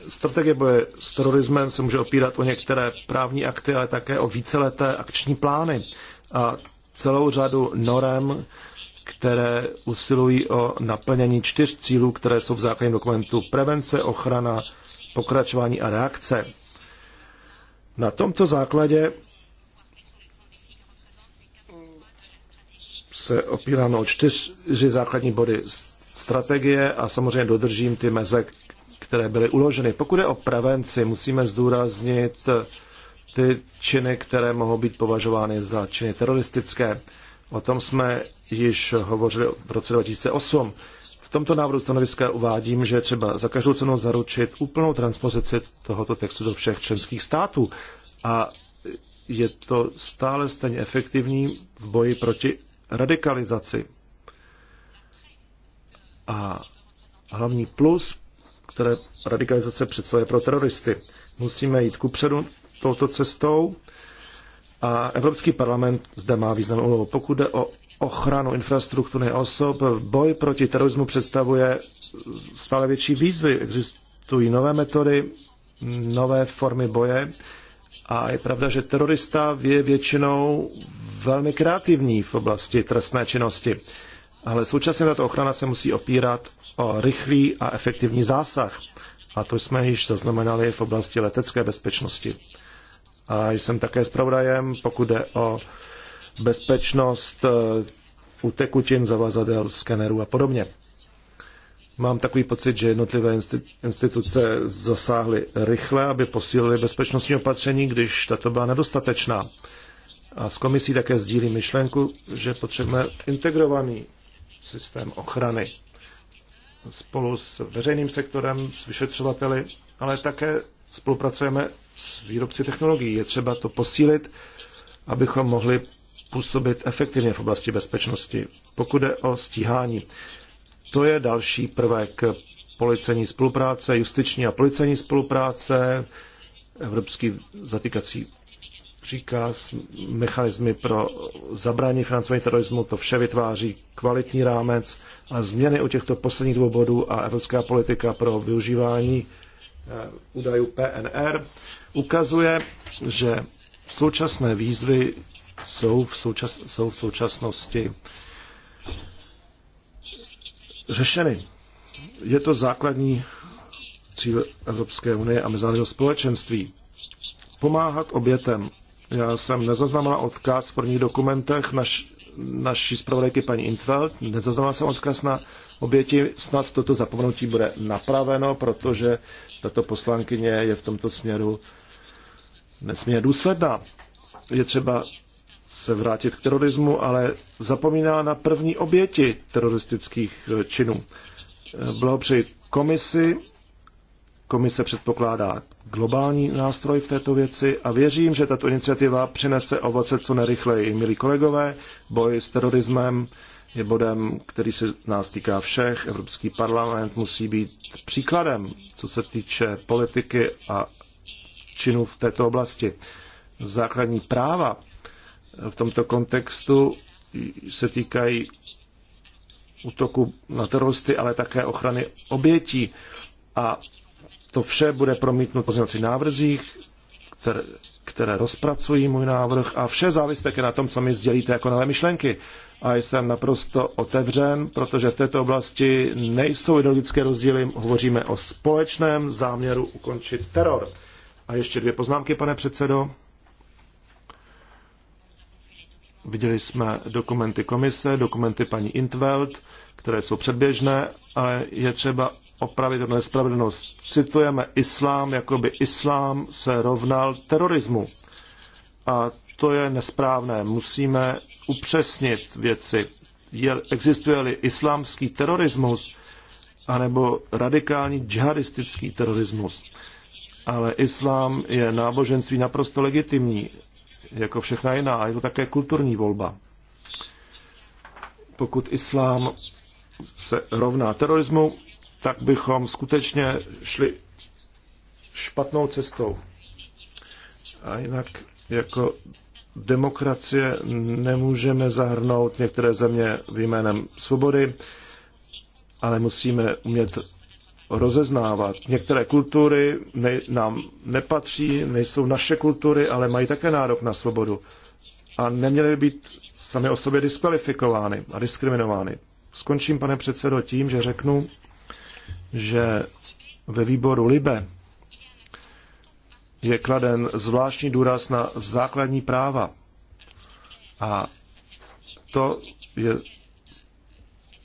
Strategie boje s terorismem se může opírat o některé právní akty, ale také o víceleté akční plány a celou řadu norem, které usilují o naplnění čtyř cílů, které jsou v základním dokumentu prevence, ochrana, pokračování a reakce. Na tomto základě se opírám o čtyři základní body strategie a samozřejmě dodržím ty meze, které byly uloženy. Pokud je o prevenci, musíme zdůraznit ty činy, které mohou být považovány za činy teroristické. O tom jsme již hovořili v roce 2008 tomto návrhu stanoviska uvádím, že je třeba za každou cenu zaručit úplnou transpozici tohoto textu do všech členských států. A je to stále stejně efektivní v boji proti radikalizaci. A hlavní plus, které radikalizace představuje pro teroristy. Musíme jít kupředu touto cestou a Evropský parlament zde má významnou úlohu. Pokud jde o ochranu infrastruktury osob. Boj proti terorismu představuje stále větší výzvy. Existují nové metody, nové formy boje a je pravda, že terorista je většinou velmi kreativní v oblasti trestné činnosti. Ale současně tato ochrana se musí opírat o rychlý a efektivní zásah. A to jsme již zaznamenali v oblasti letecké bezpečnosti. A jsem také zpravodajem, pokud jde o bezpečnost eh, u tekutin, zavazadel, skenerů a podobně. Mám takový pocit, že jednotlivé instituce zasáhly rychle, aby posílili bezpečnostní opatření, když tato byla nedostatečná. A s komisí také sdílí myšlenku, že potřebujeme integrovaný systém ochrany spolu s veřejným sektorem, s vyšetřovateli, ale také spolupracujeme s výrobci technologií. Je třeba to posílit, abychom mohli působit efektivně v oblasti bezpečnosti. Pokud je o stíhání, to je další prvek policení spolupráce, justiční a policení spolupráce, evropský zatýkací příkaz, mechanismy pro zabrání financování terorismu, to vše vytváří kvalitní rámec a změny u těchto posledních dvou bodů a evropská politika pro využívání eh, údajů PNR ukazuje, že současné výzvy jsou v, součas, jsou v současnosti řešeny. Je to základní cíl Evropské unie a mezinárodního společenství. Pomáhat obětem. Já jsem nezaznamenal odkaz v prvních dokumentech naš, naší zpravodajky paní Infeld. Nezaznamenal jsem odkaz na oběti. Snad toto zapomenutí bude napraveno, protože tato poslankyně je v tomto směru nesmírně důsledná. Je třeba se vrátit k terorismu, ale zapomíná na první oběti teroristických eh, činů. Eh, blahopřeji komisi. Komise předpokládá globální nástroj v této věci a věřím, že tato iniciativa přinese ovoce co nejrychleji. Milí kolegové, boj s terorismem je bodem, který se nás týká všech. Evropský parlament musí být příkladem, co se týče politiky a činů v této oblasti. Základní práva v tomto kontextu se týkají útoku na teroristy, ale také ochrany obětí. A to vše bude promítnuto v pozměňovacích návrzích, které, které rozpracují můj návrh a vše závisí také na tom, co mi sdělíte jako nové myšlenky. A jsem naprosto otevřen, protože v této oblasti nejsou ideologické rozdíly, hovoříme o společném záměru ukončit teror. A ještě dvě poznámky, pane předsedo. Viděli jsme dokumenty komise, dokumenty paní Intveld, které jsou předběžné, ale je třeba opravit nespravedlnost. Citujeme islám, jako by islám se rovnal terorismu. A to je nesprávné. Musíme upřesnit věci. Je, existuje-li islámský terorismus, anebo radikální džihadistický terorismus. Ale islám je náboženství naprosto legitimní jako všechna jiná. A je to také kulturní volba. Pokud islám se rovná terorismu, tak bychom skutečně šli špatnou cestou. A jinak jako demokracie nemůžeme zahrnout některé země v jménem svobody, ale musíme umět rozeznávat. Některé kultury ne, nám nepatří, nejsou naše kultury, ale mají také nárok na svobodu. A neměly by být sami o sobě diskvalifikovány a diskriminovány. Skončím, pane předsedo, tím, že řeknu, že ve výboru Libe je kladen zvláštní důraz na základní práva. A to je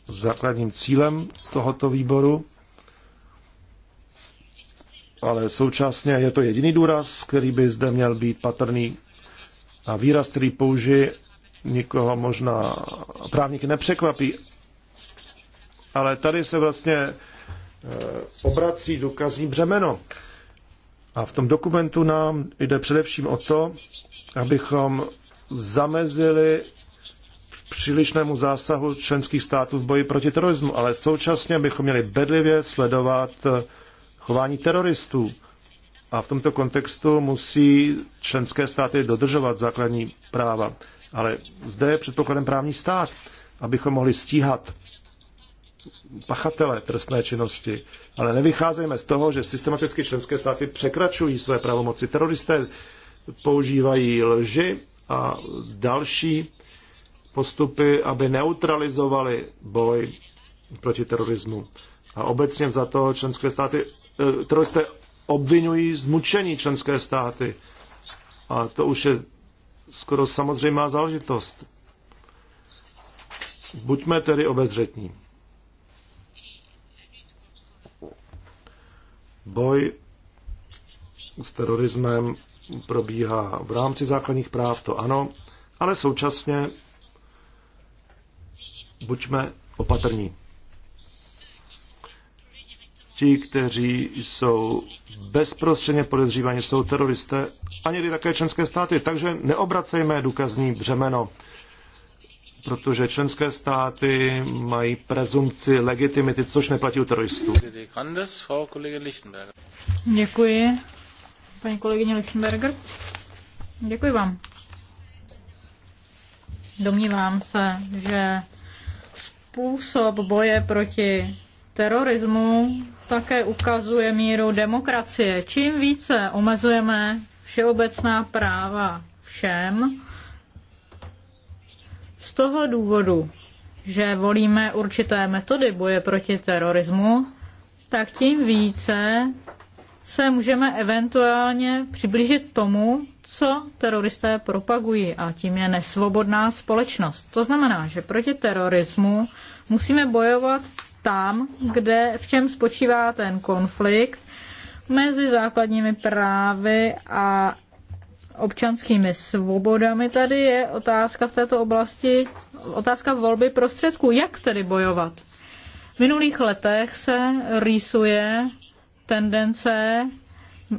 základním cílem tohoto výboru ale současně je to jediný důraz, který by zde měl být patrný a výraz, který použije, nikoho možná právníky nepřekvapí, ale tady se vlastně e, obrací důkazní břemeno. A v tom dokumentu nám jde především o to, abychom zamezili přílišnému zásahu členských států v boji proti terorismu, ale současně bychom měli bedlivě sledovat e, chování teroristů. A v tomto kontextu musí členské státy dodržovat základní práva. Ale zde je předpokladem právní stát, abychom mohli stíhat pachatele trestné činnosti. Ale nevycházejme z toho, že systematicky členské státy překračují své pravomoci. Teroristé používají lži a další postupy, aby neutralizovali boj proti terorismu. A obecně za to členské státy Eh, teroristé obvinují z mučení členské státy. A to už je skoro samozřejmá záležitost. Buďme tedy obezřetní. Boj s terorismem probíhá v rámci základních práv, to ano, ale současně buďme opatrní ti, kteří jsou bezprostředně podezřívaní, jsou teroristé, a někdy také členské státy. Takže neobracejme důkazní břemeno, protože členské státy mají prezumci legitimity, což neplatí u teroristů. Děkuji, paní kolegyně Lichtenberger. Děkuji vám. Domnívám se, že způsob boje proti terorismu také ukazuje míru demokracie. Čím více omezujeme všeobecná práva všem, z toho důvodu, že volíme určité metody boje proti terorismu, tak tím více se můžeme eventuálně přiblížit tomu, co teroristé propagují a tím je nesvobodná společnost. To znamená, že proti terorismu musíme bojovat tam, kde v čem spočívá ten konflikt mezi základními právy a občanskými svobodami. Tady je otázka v této oblasti, otázka volby prostředků. Jak tedy bojovat? V minulých letech se rýsuje tendence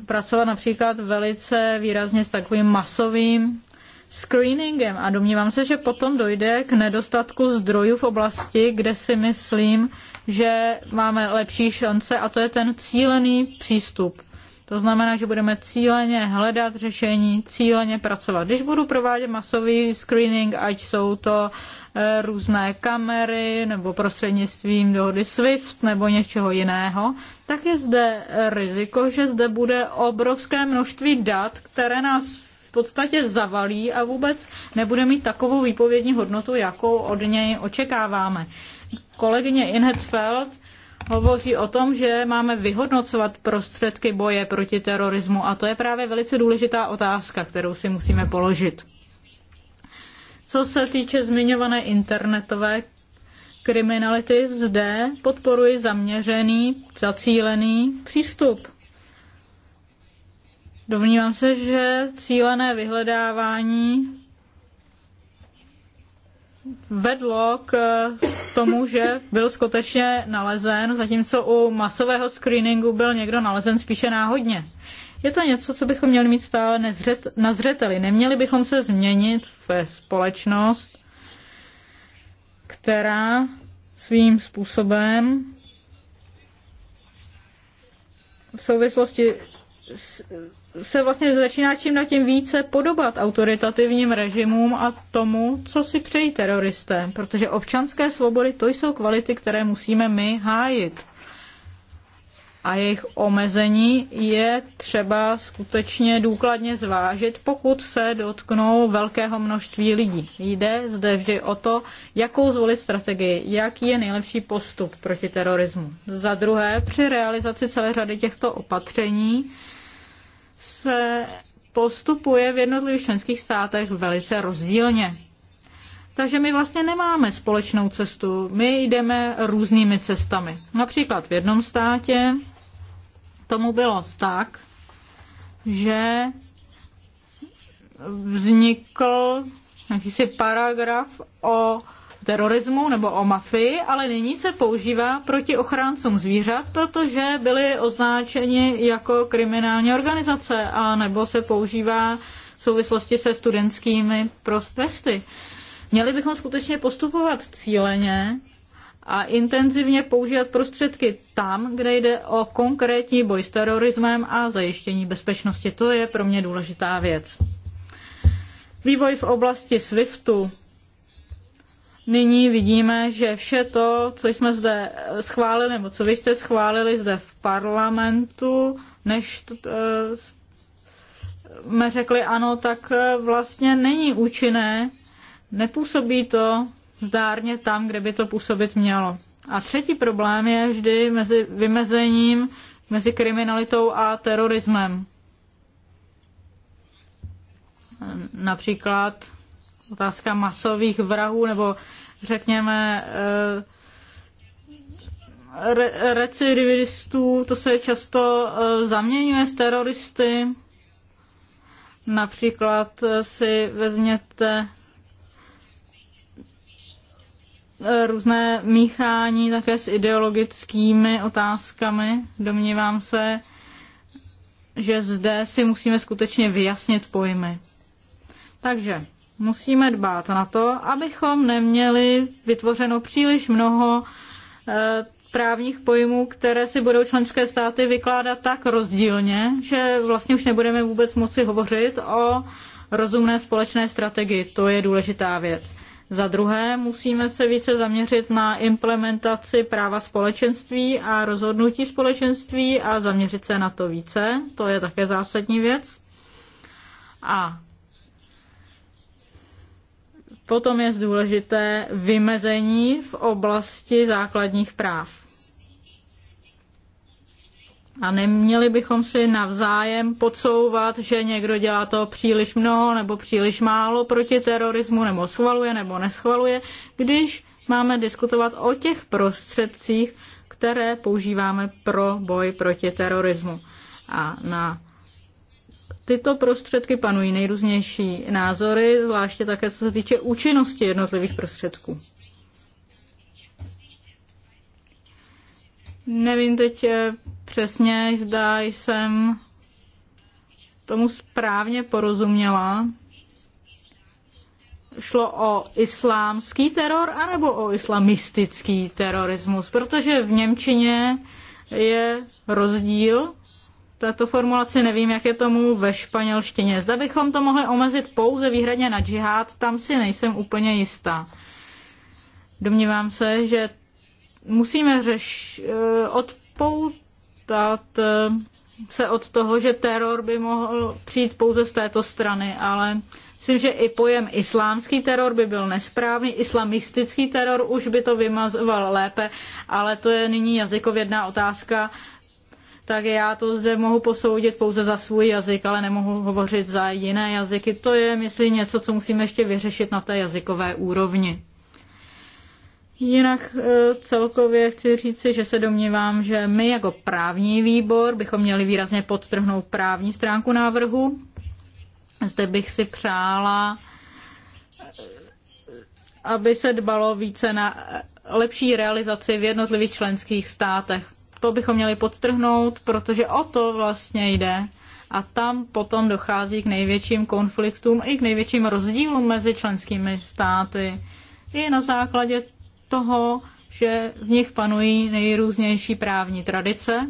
pracovat například velice výrazně s takovým masovým screeningem a domnívám se, že potom dojde k nedostatku zdrojů v oblasti, kde si myslím, že máme lepší šance a to je ten cílený přístup. To znamená, že budeme cíleně hledat řešení, cíleně pracovat. Když budu provádět masový screening, ať jsou to eh, různé kamery nebo prostřednictvím dohody SWIFT nebo něčeho jiného, tak je zde riziko, že zde bude obrovské množství dat, které nás v podstatě zavalí a vůbec nebude mít takovou výpovědní hodnotu, jakou od něj očekáváme. Kolegyně Inhetfeld hovoří o tom, že máme vyhodnocovat prostředky boje proti terorismu a to je právě velice důležitá otázka, kterou si musíme položit. Co se týče zmiňované internetové kriminality, zde podporuji zaměřený, zacílený přístup. Domnívám se, že cílené vyhledávání vedlo k eh, tomu, že byl skutečně nalezen, zatímco u masového screeningu byl někdo nalezen spíše náhodně. Je to něco, co bychom měli mít stále nezřet, na zřeteli. Neměli bychom se změnit ve společnost, která svým způsobem v souvislosti s, se vlastně začíná čím na tím více podobat autoritativním režimům a tomu, co si přejí teroristé, protože občanské svobody to jsou kvality, které musíme my hájit. A jejich omezení je třeba skutečně důkladně zvážit, pokud se dotknou velkého množství lidí. Jde zde vždy o to, jakou zvolit strategii, jaký je nejlepší postup proti terorismu. Za druhé, při realizaci celé řady těchto opatření se postupuje v jednotlivých členských státech velice rozdílně. Takže my vlastně nemáme společnou cestu, my jdeme různými cestami. Například v jednom státě tomu bylo tak, že vznikl jakýsi paragraf o terorismu nebo o mafii, ale nyní se používá proti ochráncům zvířat, protože byly označeni jako kriminální organizace a nebo se používá v souvislosti se studentskými protesty. Měli bychom skutečně postupovat cíleně a intenzivně používat prostředky tam, kde jde o konkrétní boj s terorismem a zajištění bezpečnosti. To je pro mě důležitá věc. Vývoj v oblasti SWIFTu nyní vidíme, že vše to, co jsme zde schválili, nebo co vy jste schválili zde v parlamentu, než jsme řekli ano, tak e, vlastně není účinné, nepůsobí to zdárně tam, kde by to působit mělo. A třetí problém je vždy mezi vymezením mezi kriminalitou a terorismem. Například otázka masových vrahů nebo řekněme eh, re- recidivistů, to se často eh, zaměňuje s teroristy. Například eh, si vezměte různé míchání také s ideologickými otázkami. Domnívám se, že zde si musíme skutečně vyjasnit pojmy. Takže musíme dbát na to, abychom neměli vytvořeno příliš mnoho eh, právních pojmů, které si budou členské státy vykládat tak rozdílně, že vlastně už nebudeme vůbec moci hovořit o rozumné společné strategii. To je důležitá věc. Za druhé, musíme se více zaměřit na implementaci práva společenství a rozhodnutí společenství a zaměřit se na to více. To je také zásadní věc. A Potom je důležité vymezení v oblasti základních práv. A neměli bychom si navzájem podsouvat, že někdo dělá to příliš mnoho nebo příliš málo proti terorismu, nebo schvaluje nebo neschvaluje, když máme diskutovat o těch prostředcích, které používáme pro boj proti terorismu. A na tyto prostředky panují nejrůznější názory, zvláště také co se týče účinnosti jednotlivých prostředků. Nevím teď eh, přesně, zda jsem tomu správně porozuměla. Šlo o islámský teror anebo o islamistický terorismus, protože v Němčině je rozdíl této formulaci, nevím, jak je tomu ve španělštině. Zda bychom to mohli omezit pouze výhradně na džihad, tam si nejsem úplně jistá. Domnívám se, že musíme řeš, eh, odpoutat eh, se od toho, že teror by mohl přijít pouze z této strany, ale myslím, že i pojem islámský teror by byl nesprávný, islamistický teror už by to vymazoval lépe, ale to je nyní jazykovědná otázka tak já to zde mohu posoudit pouze za svůj jazyk, ale nemohu hovořit za jiné jazyky. To je, myslím, něco, co musíme ještě vyřešit na té jazykové úrovni. Jinak e, celkově chci říci, že se domnívám, že my jako právní výbor bychom měli výrazně podtrhnout právní stránku návrhu. Zde bych si přála, e, aby se dbalo více na lepší realizaci v jednotlivých členských státech to bychom měli podtrhnout, protože o to vlastně jde. A tam potom dochází k největším konfliktům i k největším rozdílům mezi členskými státy. I na základě toho, že v nich panují nejrůznější právní tradice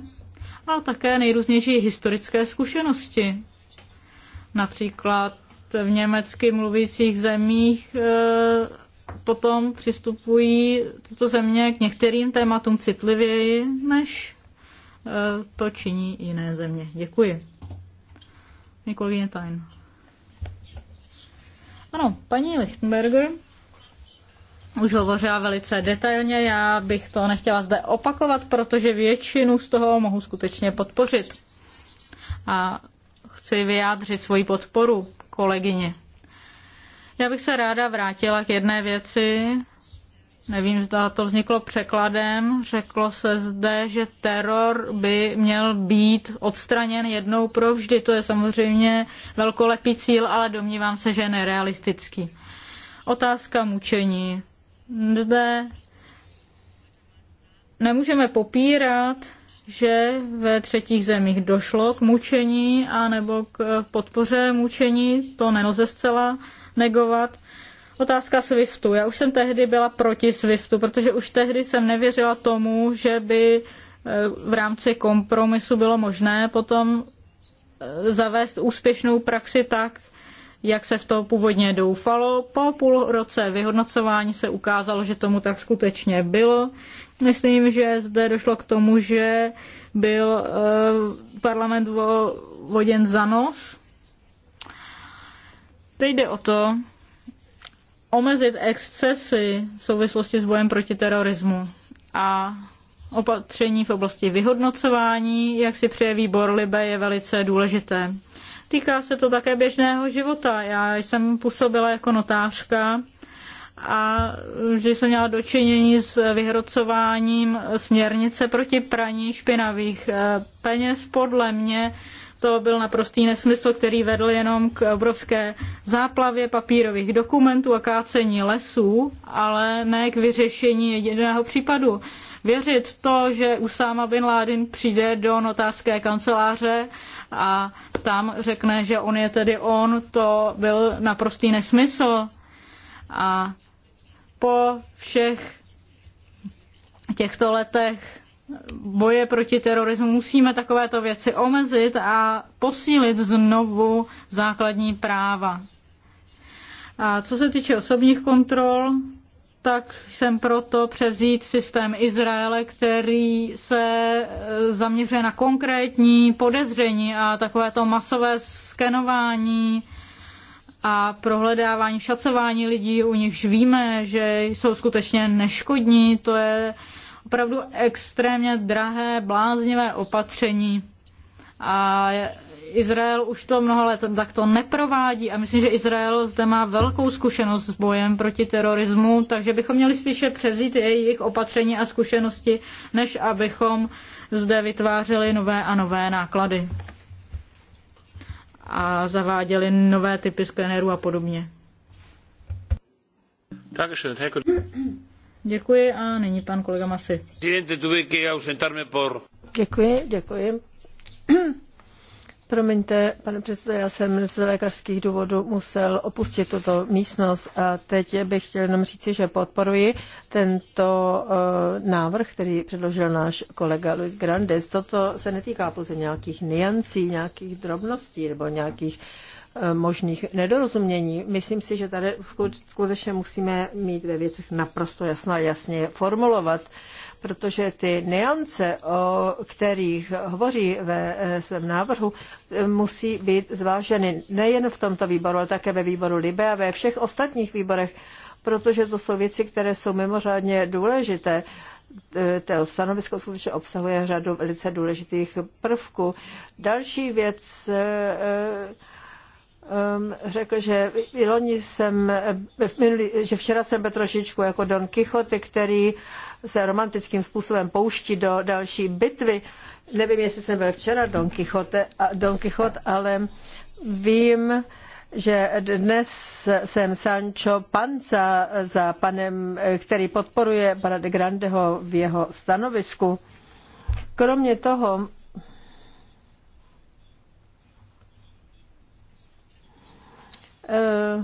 a také nejrůznější historické zkušenosti. Například v německy mluvících zemích e potom přistupují tyto země k některým tématům citlivěji, než eh, to činí jiné země. Děkuji. Nikolíně Tajn. Ano, paní Lichtenberger už hovořila velice detailně, já bych to nechtěla zde opakovat, protože většinu z toho mohu skutečně podpořit. A chci vyjádřit svoji podporu kolegyně. Já bych se ráda vrátila k jedné věci. Nevím, zda to vzniklo překladem. Řeklo se zde, že teror by měl být odstraněn jednou pro vždy. To je samozřejmě velkolepý cíl, ale domnívám se, že je nerealistický. Otázka mučení. Zde nemůžeme popírat, že ve třetích zemích došlo k mučení a nebo k podpoře mučení, to nelze zcela negovat. Otázka SWIFTu. Já už jsem tehdy byla proti SWIFTu, protože už tehdy jsem nevěřila tomu, že by eh, v rámci kompromisu bylo možné potom eh, zavést úspěšnou praxi tak, jak se v to původně doufalo. Po půl roce vyhodnocování se ukázalo, že tomu tak skutečně bylo. Myslím, že zde došlo k tomu, že byl eh, parlament voděn za nos Teď jde o to, omezit excesy v souvislosti s bojem proti terorismu a opatření v oblasti vyhodnocování, jak si přeje výbor Libe, je velice důležité. Týká se to také běžného života. Já jsem působila jako notářka a že jsem měla dočinění s vyhrocováním směrnice proti praní špinavých eh, peněz. Podle mě to byl naprostý nesmysl, který vedl jenom k obrovské záplavě papírových dokumentů a kácení lesů, ale ne k vyřešení jediného případu. Věřit to, že Usáma bin Laden přijde do notářské kanceláře a tam řekne, že on je tedy on, to byl naprostý nesmysl. A po všech těchto letech boje proti terorismu musíme takovéto věci omezit a posílit znovu základní práva. A co se týče osobních kontrol, tak jsem proto převzít systém Izraele, který se e, zaměřuje na konkrétní podezření a takovéto masové skenování a prohledávání, šacování lidí, u nichž víme, že jsou skutečně neškodní, to je uh, opravdu extrémně drahé, bláznivé opatření. A Izrael už to mnoho let takto neprovádí a myslím, že Izrael zde má velkou zkušenost s bojem proti terorismu, takže bychom měli spíše převzít jejich opatření a zkušenosti, než abychom zde vytvářeli nové a nové náklady a zaváděli nové typy skenerů a podobně. Děkuji a nyní pan kolega Masy. Děkuji, děkuji. Promiňte, pane předsedo, já jsem z lékařských důvodů musel opustit tuto místnost a teď bych chtěl jenom říci, že podporuji tento uh, návrh, který předložil náš kolega Luis Grandes. Toto se netýká pouze nějakých niancí, nějakých drobností nebo nějakých Eh, možných nedorozumění. Myslím si, že tady skutečně musíme mít ve věcech naprosto jasno a jasně formulovat, protože ty neance, o kterých hovoří ve eh, svém návrhu, eh, musí být zváženy nejen v tomto výboru, ale také ve výboru Libe a ve všech ostatních výborech, protože to jsou věci, které jsou mimořádně důležité to stanovisko skutečně obsahuje řadu velice důležitých prvků. Další věc, um, řekl, že jsem, eh, minulý, že včera jsem byl trošičku jako Don Quixote, který se romantickým způsobem pouští do další bitvy. Nevím, jestli jsem byl včera Don Quixote, Don Quixote ale vím, že dnes jsem Sancho Panza za panem, eh, který podporuje pana de Grandeho v jeho stanovisku. Kromě toho Eh,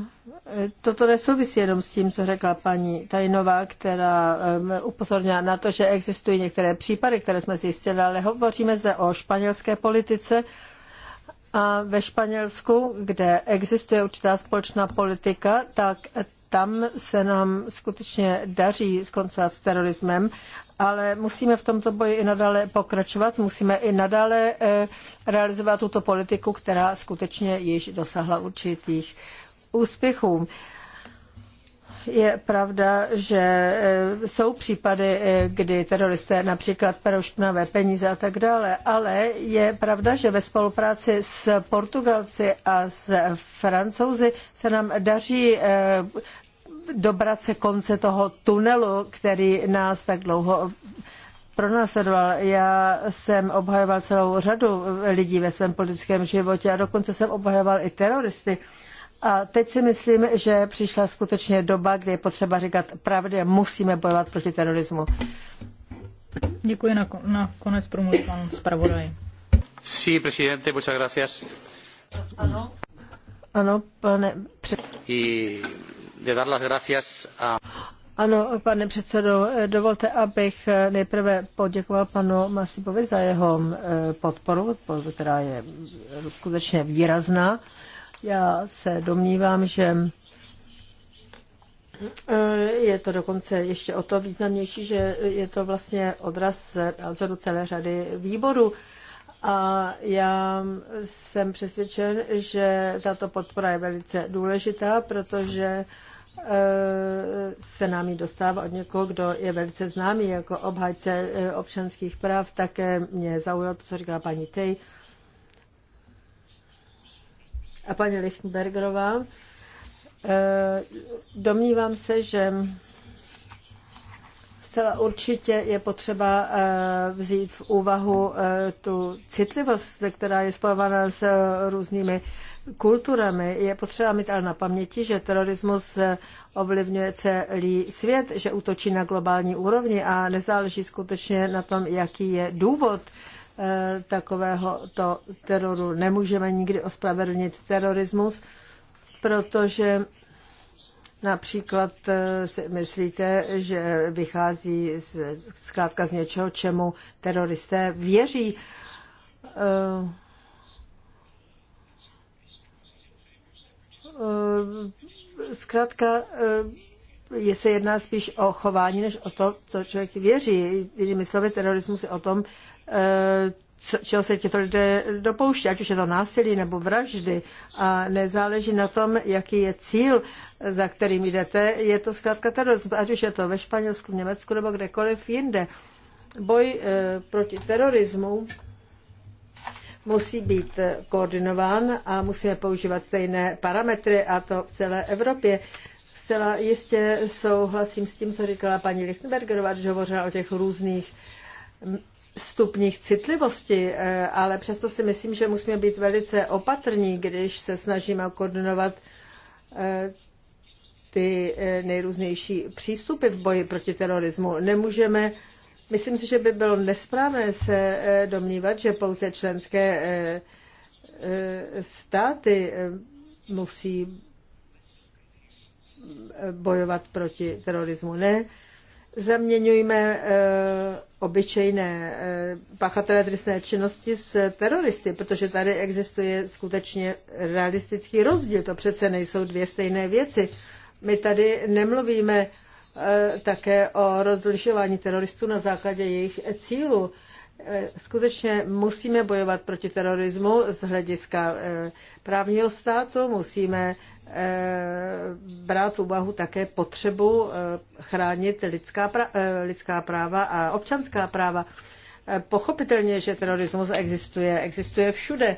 toto nesouvisí jenom s tím, co řekla paní Tajnová, která eh, upozornila na to, že existují některé případy, které jsme zjistili, ale hovoříme zde o španělské politice a ve Španělsku, kde existuje určitá společná politika, tak tam se nám skutečně daří skoncovat s terorismem ale musíme v tomto boji i nadále pokračovat, musíme i nadále eh, realizovat tuto politiku, která skutečně již dosáhla určitých úspěchů. Je pravda, že eh, jsou případy, eh, kdy teroristé například perou špinavé peníze a tak dále, ale je pravda, že ve spolupráci s Portugalci a s Francouzi se nám daří dobrat se konce toho tunelu, který nás tak dlouho pronásledoval. Já jsem obhajoval celou řadu lidí ve svém politickém životě a dokonce jsem obhajoval i teroristy. A teď si myslím, že přišla skutečně doba, kdy je potřeba říkat pravdy a musíme bojovat proti terorismu. Děkuji na, na konec promluví pan zpravodaj. Sí, presidente, muchas gracias. Ano, ano pane Pře- I pane předsedající dovolte, abych nejprve poděkoval panu Masipovi za jeho eh, podporu, která je skutečně výrazná. Já se domnívám, že eh, je to dokonce ještě o to významnější, že je to vlastně odraz názoru celé řady výborů. A já jsem přesvědčen, že tato podpora je velice důležitá, protože Eh, se nám ji dostává od někoho, kdo je velice známý jako obhajce eh, občanských práv. Také mě zaujalo to, co říká paní Tej a paní Lichtenbergerová. Eh, domnívám se, že zcela určitě je potřeba vzít v úvahu tu citlivost, která je spojována s různými kulturami, je potřeba mít ale na paměti, že terorismus ovlivňuje celý svět, že útočí na globální úrovni a nezáleží skutečně na tom, jaký je důvod eh, takového to teroru. Nemůžeme nikdy ospravedlnit terorismus, protože Například eh, si myslíte, že vychází z, zkrátka z něčeho, čemu teroristé věří. Eh, Eh, zkrátka eh, je se jedná spíš o chování, než o to, co člověk věří. Jinými slovy, terorismus je o tom, eh, čeho se těto lidé dopouští, ať už je to násilí nebo vraždy a nezáleží na tom, jaký je cíl, za kterým jdete, je to zkrátka terorismus, ať už je to ve Španělsku, v Německu nebo kdekoliv jinde. Boj e, proti terorismu musí být eh, koordinován a musíme používat stejné parametry a to v celé Evropě. Zcela jistě souhlasím s tím, co říkala paní Lichtenbergerová, že hovořila o těch různých mm, stupních citlivosti, eh, ale přesto si myslím, že musíme být velice opatrní, když se snažíme koordinovat eh, ty nejrůznější přístupy v boji proti terorismu. Nemůžeme Myslím si, že by bylo nesprávné se eh, domnívat, že pouze členské eh, eh, státy musí bojovat proti terorismu. Ne, zaměňujme obyčejné pachatele trestné činnosti s teroristy, protože tady existuje skutečně realistický rozdíl. To přece nejsou dvě stejné věci. My tady nemluvíme Eh, také o rozlišování teroristů na základě jejich cílů. Eh, skutečně musíme bojovat proti terorismu z hlediska eh, právního státu, musíme brát v úvahu také potřebu chránit lidská, lidská práva a občanská práva. Pochopitelně, že terorismus existuje, existuje všude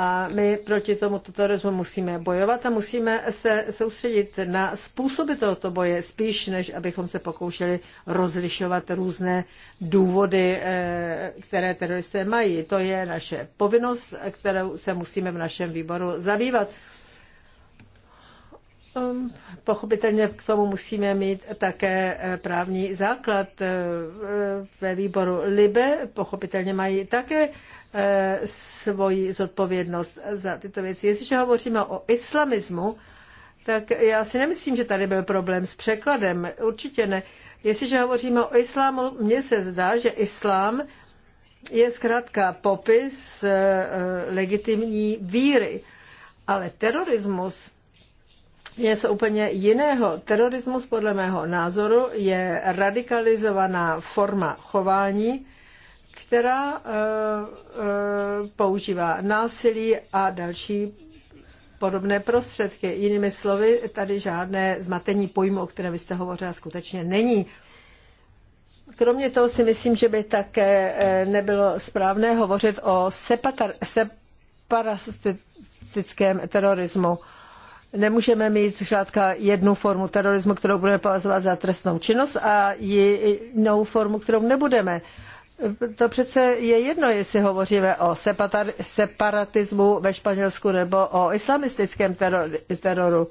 a my proti tomuto terorismu musíme bojovat a musíme se soustředit na způsoby tohoto boje, spíš než abychom se pokoušeli rozlišovat různé důvody, eh, které teroristé mají. To je naše povinnost, kterou se musíme v našem výboru zabývat. Um, pochopitelně k tomu musíme mít také eh, právní základ eh, ve výboru LIBE. Pochopitelně mají také Eh, svoji zodpovědnost za tyto věci. Jestliže hovoříme o islamismu, tak já si nemyslím, že tady byl problém s překladem. Určitě ne. Jestliže hovoříme o islámu, mně se zdá, že islám je zkrátka popis eh, eh, legitimní víry. Ale terorismus je něco úplně jiného. Terorismus podle mého názoru je radikalizovaná forma chování, která eh, eh, používá násilí a další podobné prostředky. Jinými slovy, tady žádné zmatení pojmu, o které vy jste hovořila, skutečně není. Kromě toho si myslím, že by také eh, nebylo správné hovořit o separatistickém terorismu. Nemůžeme mít zřádka jednu formu terorismu, kterou budeme považovat za trestnou činnost a jinou formu, kterou nebudeme. To přece je jedno, jestli hovoříme o separatismu ve Španělsku nebo o islamistickém teroru.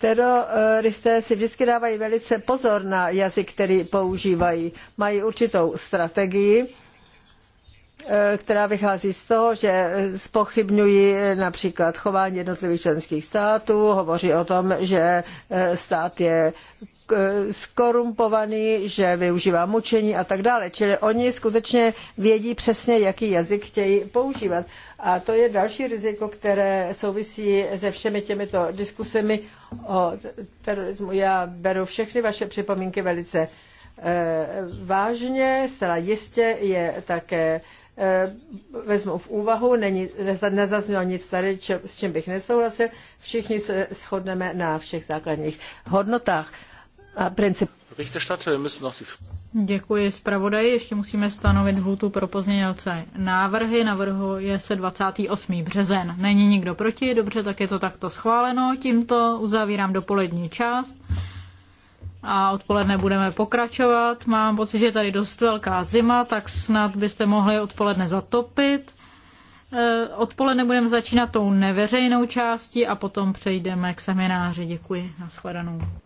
Teroristé si vždycky dávají velice pozor na jazyk, který používají. Mají určitou strategii, eh, která vychází z toho, že spochybňují například chování jednotlivých členských států, hovoří o tom, že eh, stát je skorumpovaný, že využívá mučení a tak dále. Čili oni skutečně vědí přesně, jaký jazyk chtějí používat. A to je další riziko, které souvisí se všemi těmito diskusemi o terorismu. Já beru všechny vaše připomínky velice eh, vážně, zcela jistě je také eh, vezmu v úvahu, není, nezaznělo nic tady, či, s čím bych nesouhlasil, všichni se shodneme na všech základních hodnotách princip. Děkuji zpravodaji. Ještě musíme stanovit hůtu pro pozměňovce návrhy. je se 28. březen. Není nikdo proti, dobře, tak je to takto schváleno. Tímto uzavírám dopolední část a odpoledne budeme pokračovat. Mám pocit, že je tady dost velká zima, tak snad byste mohli odpoledne zatopit. E, odpoledne budeme začínat tou neveřejnou částí a potom přejdeme k semináři. Děkuji, nashledanou.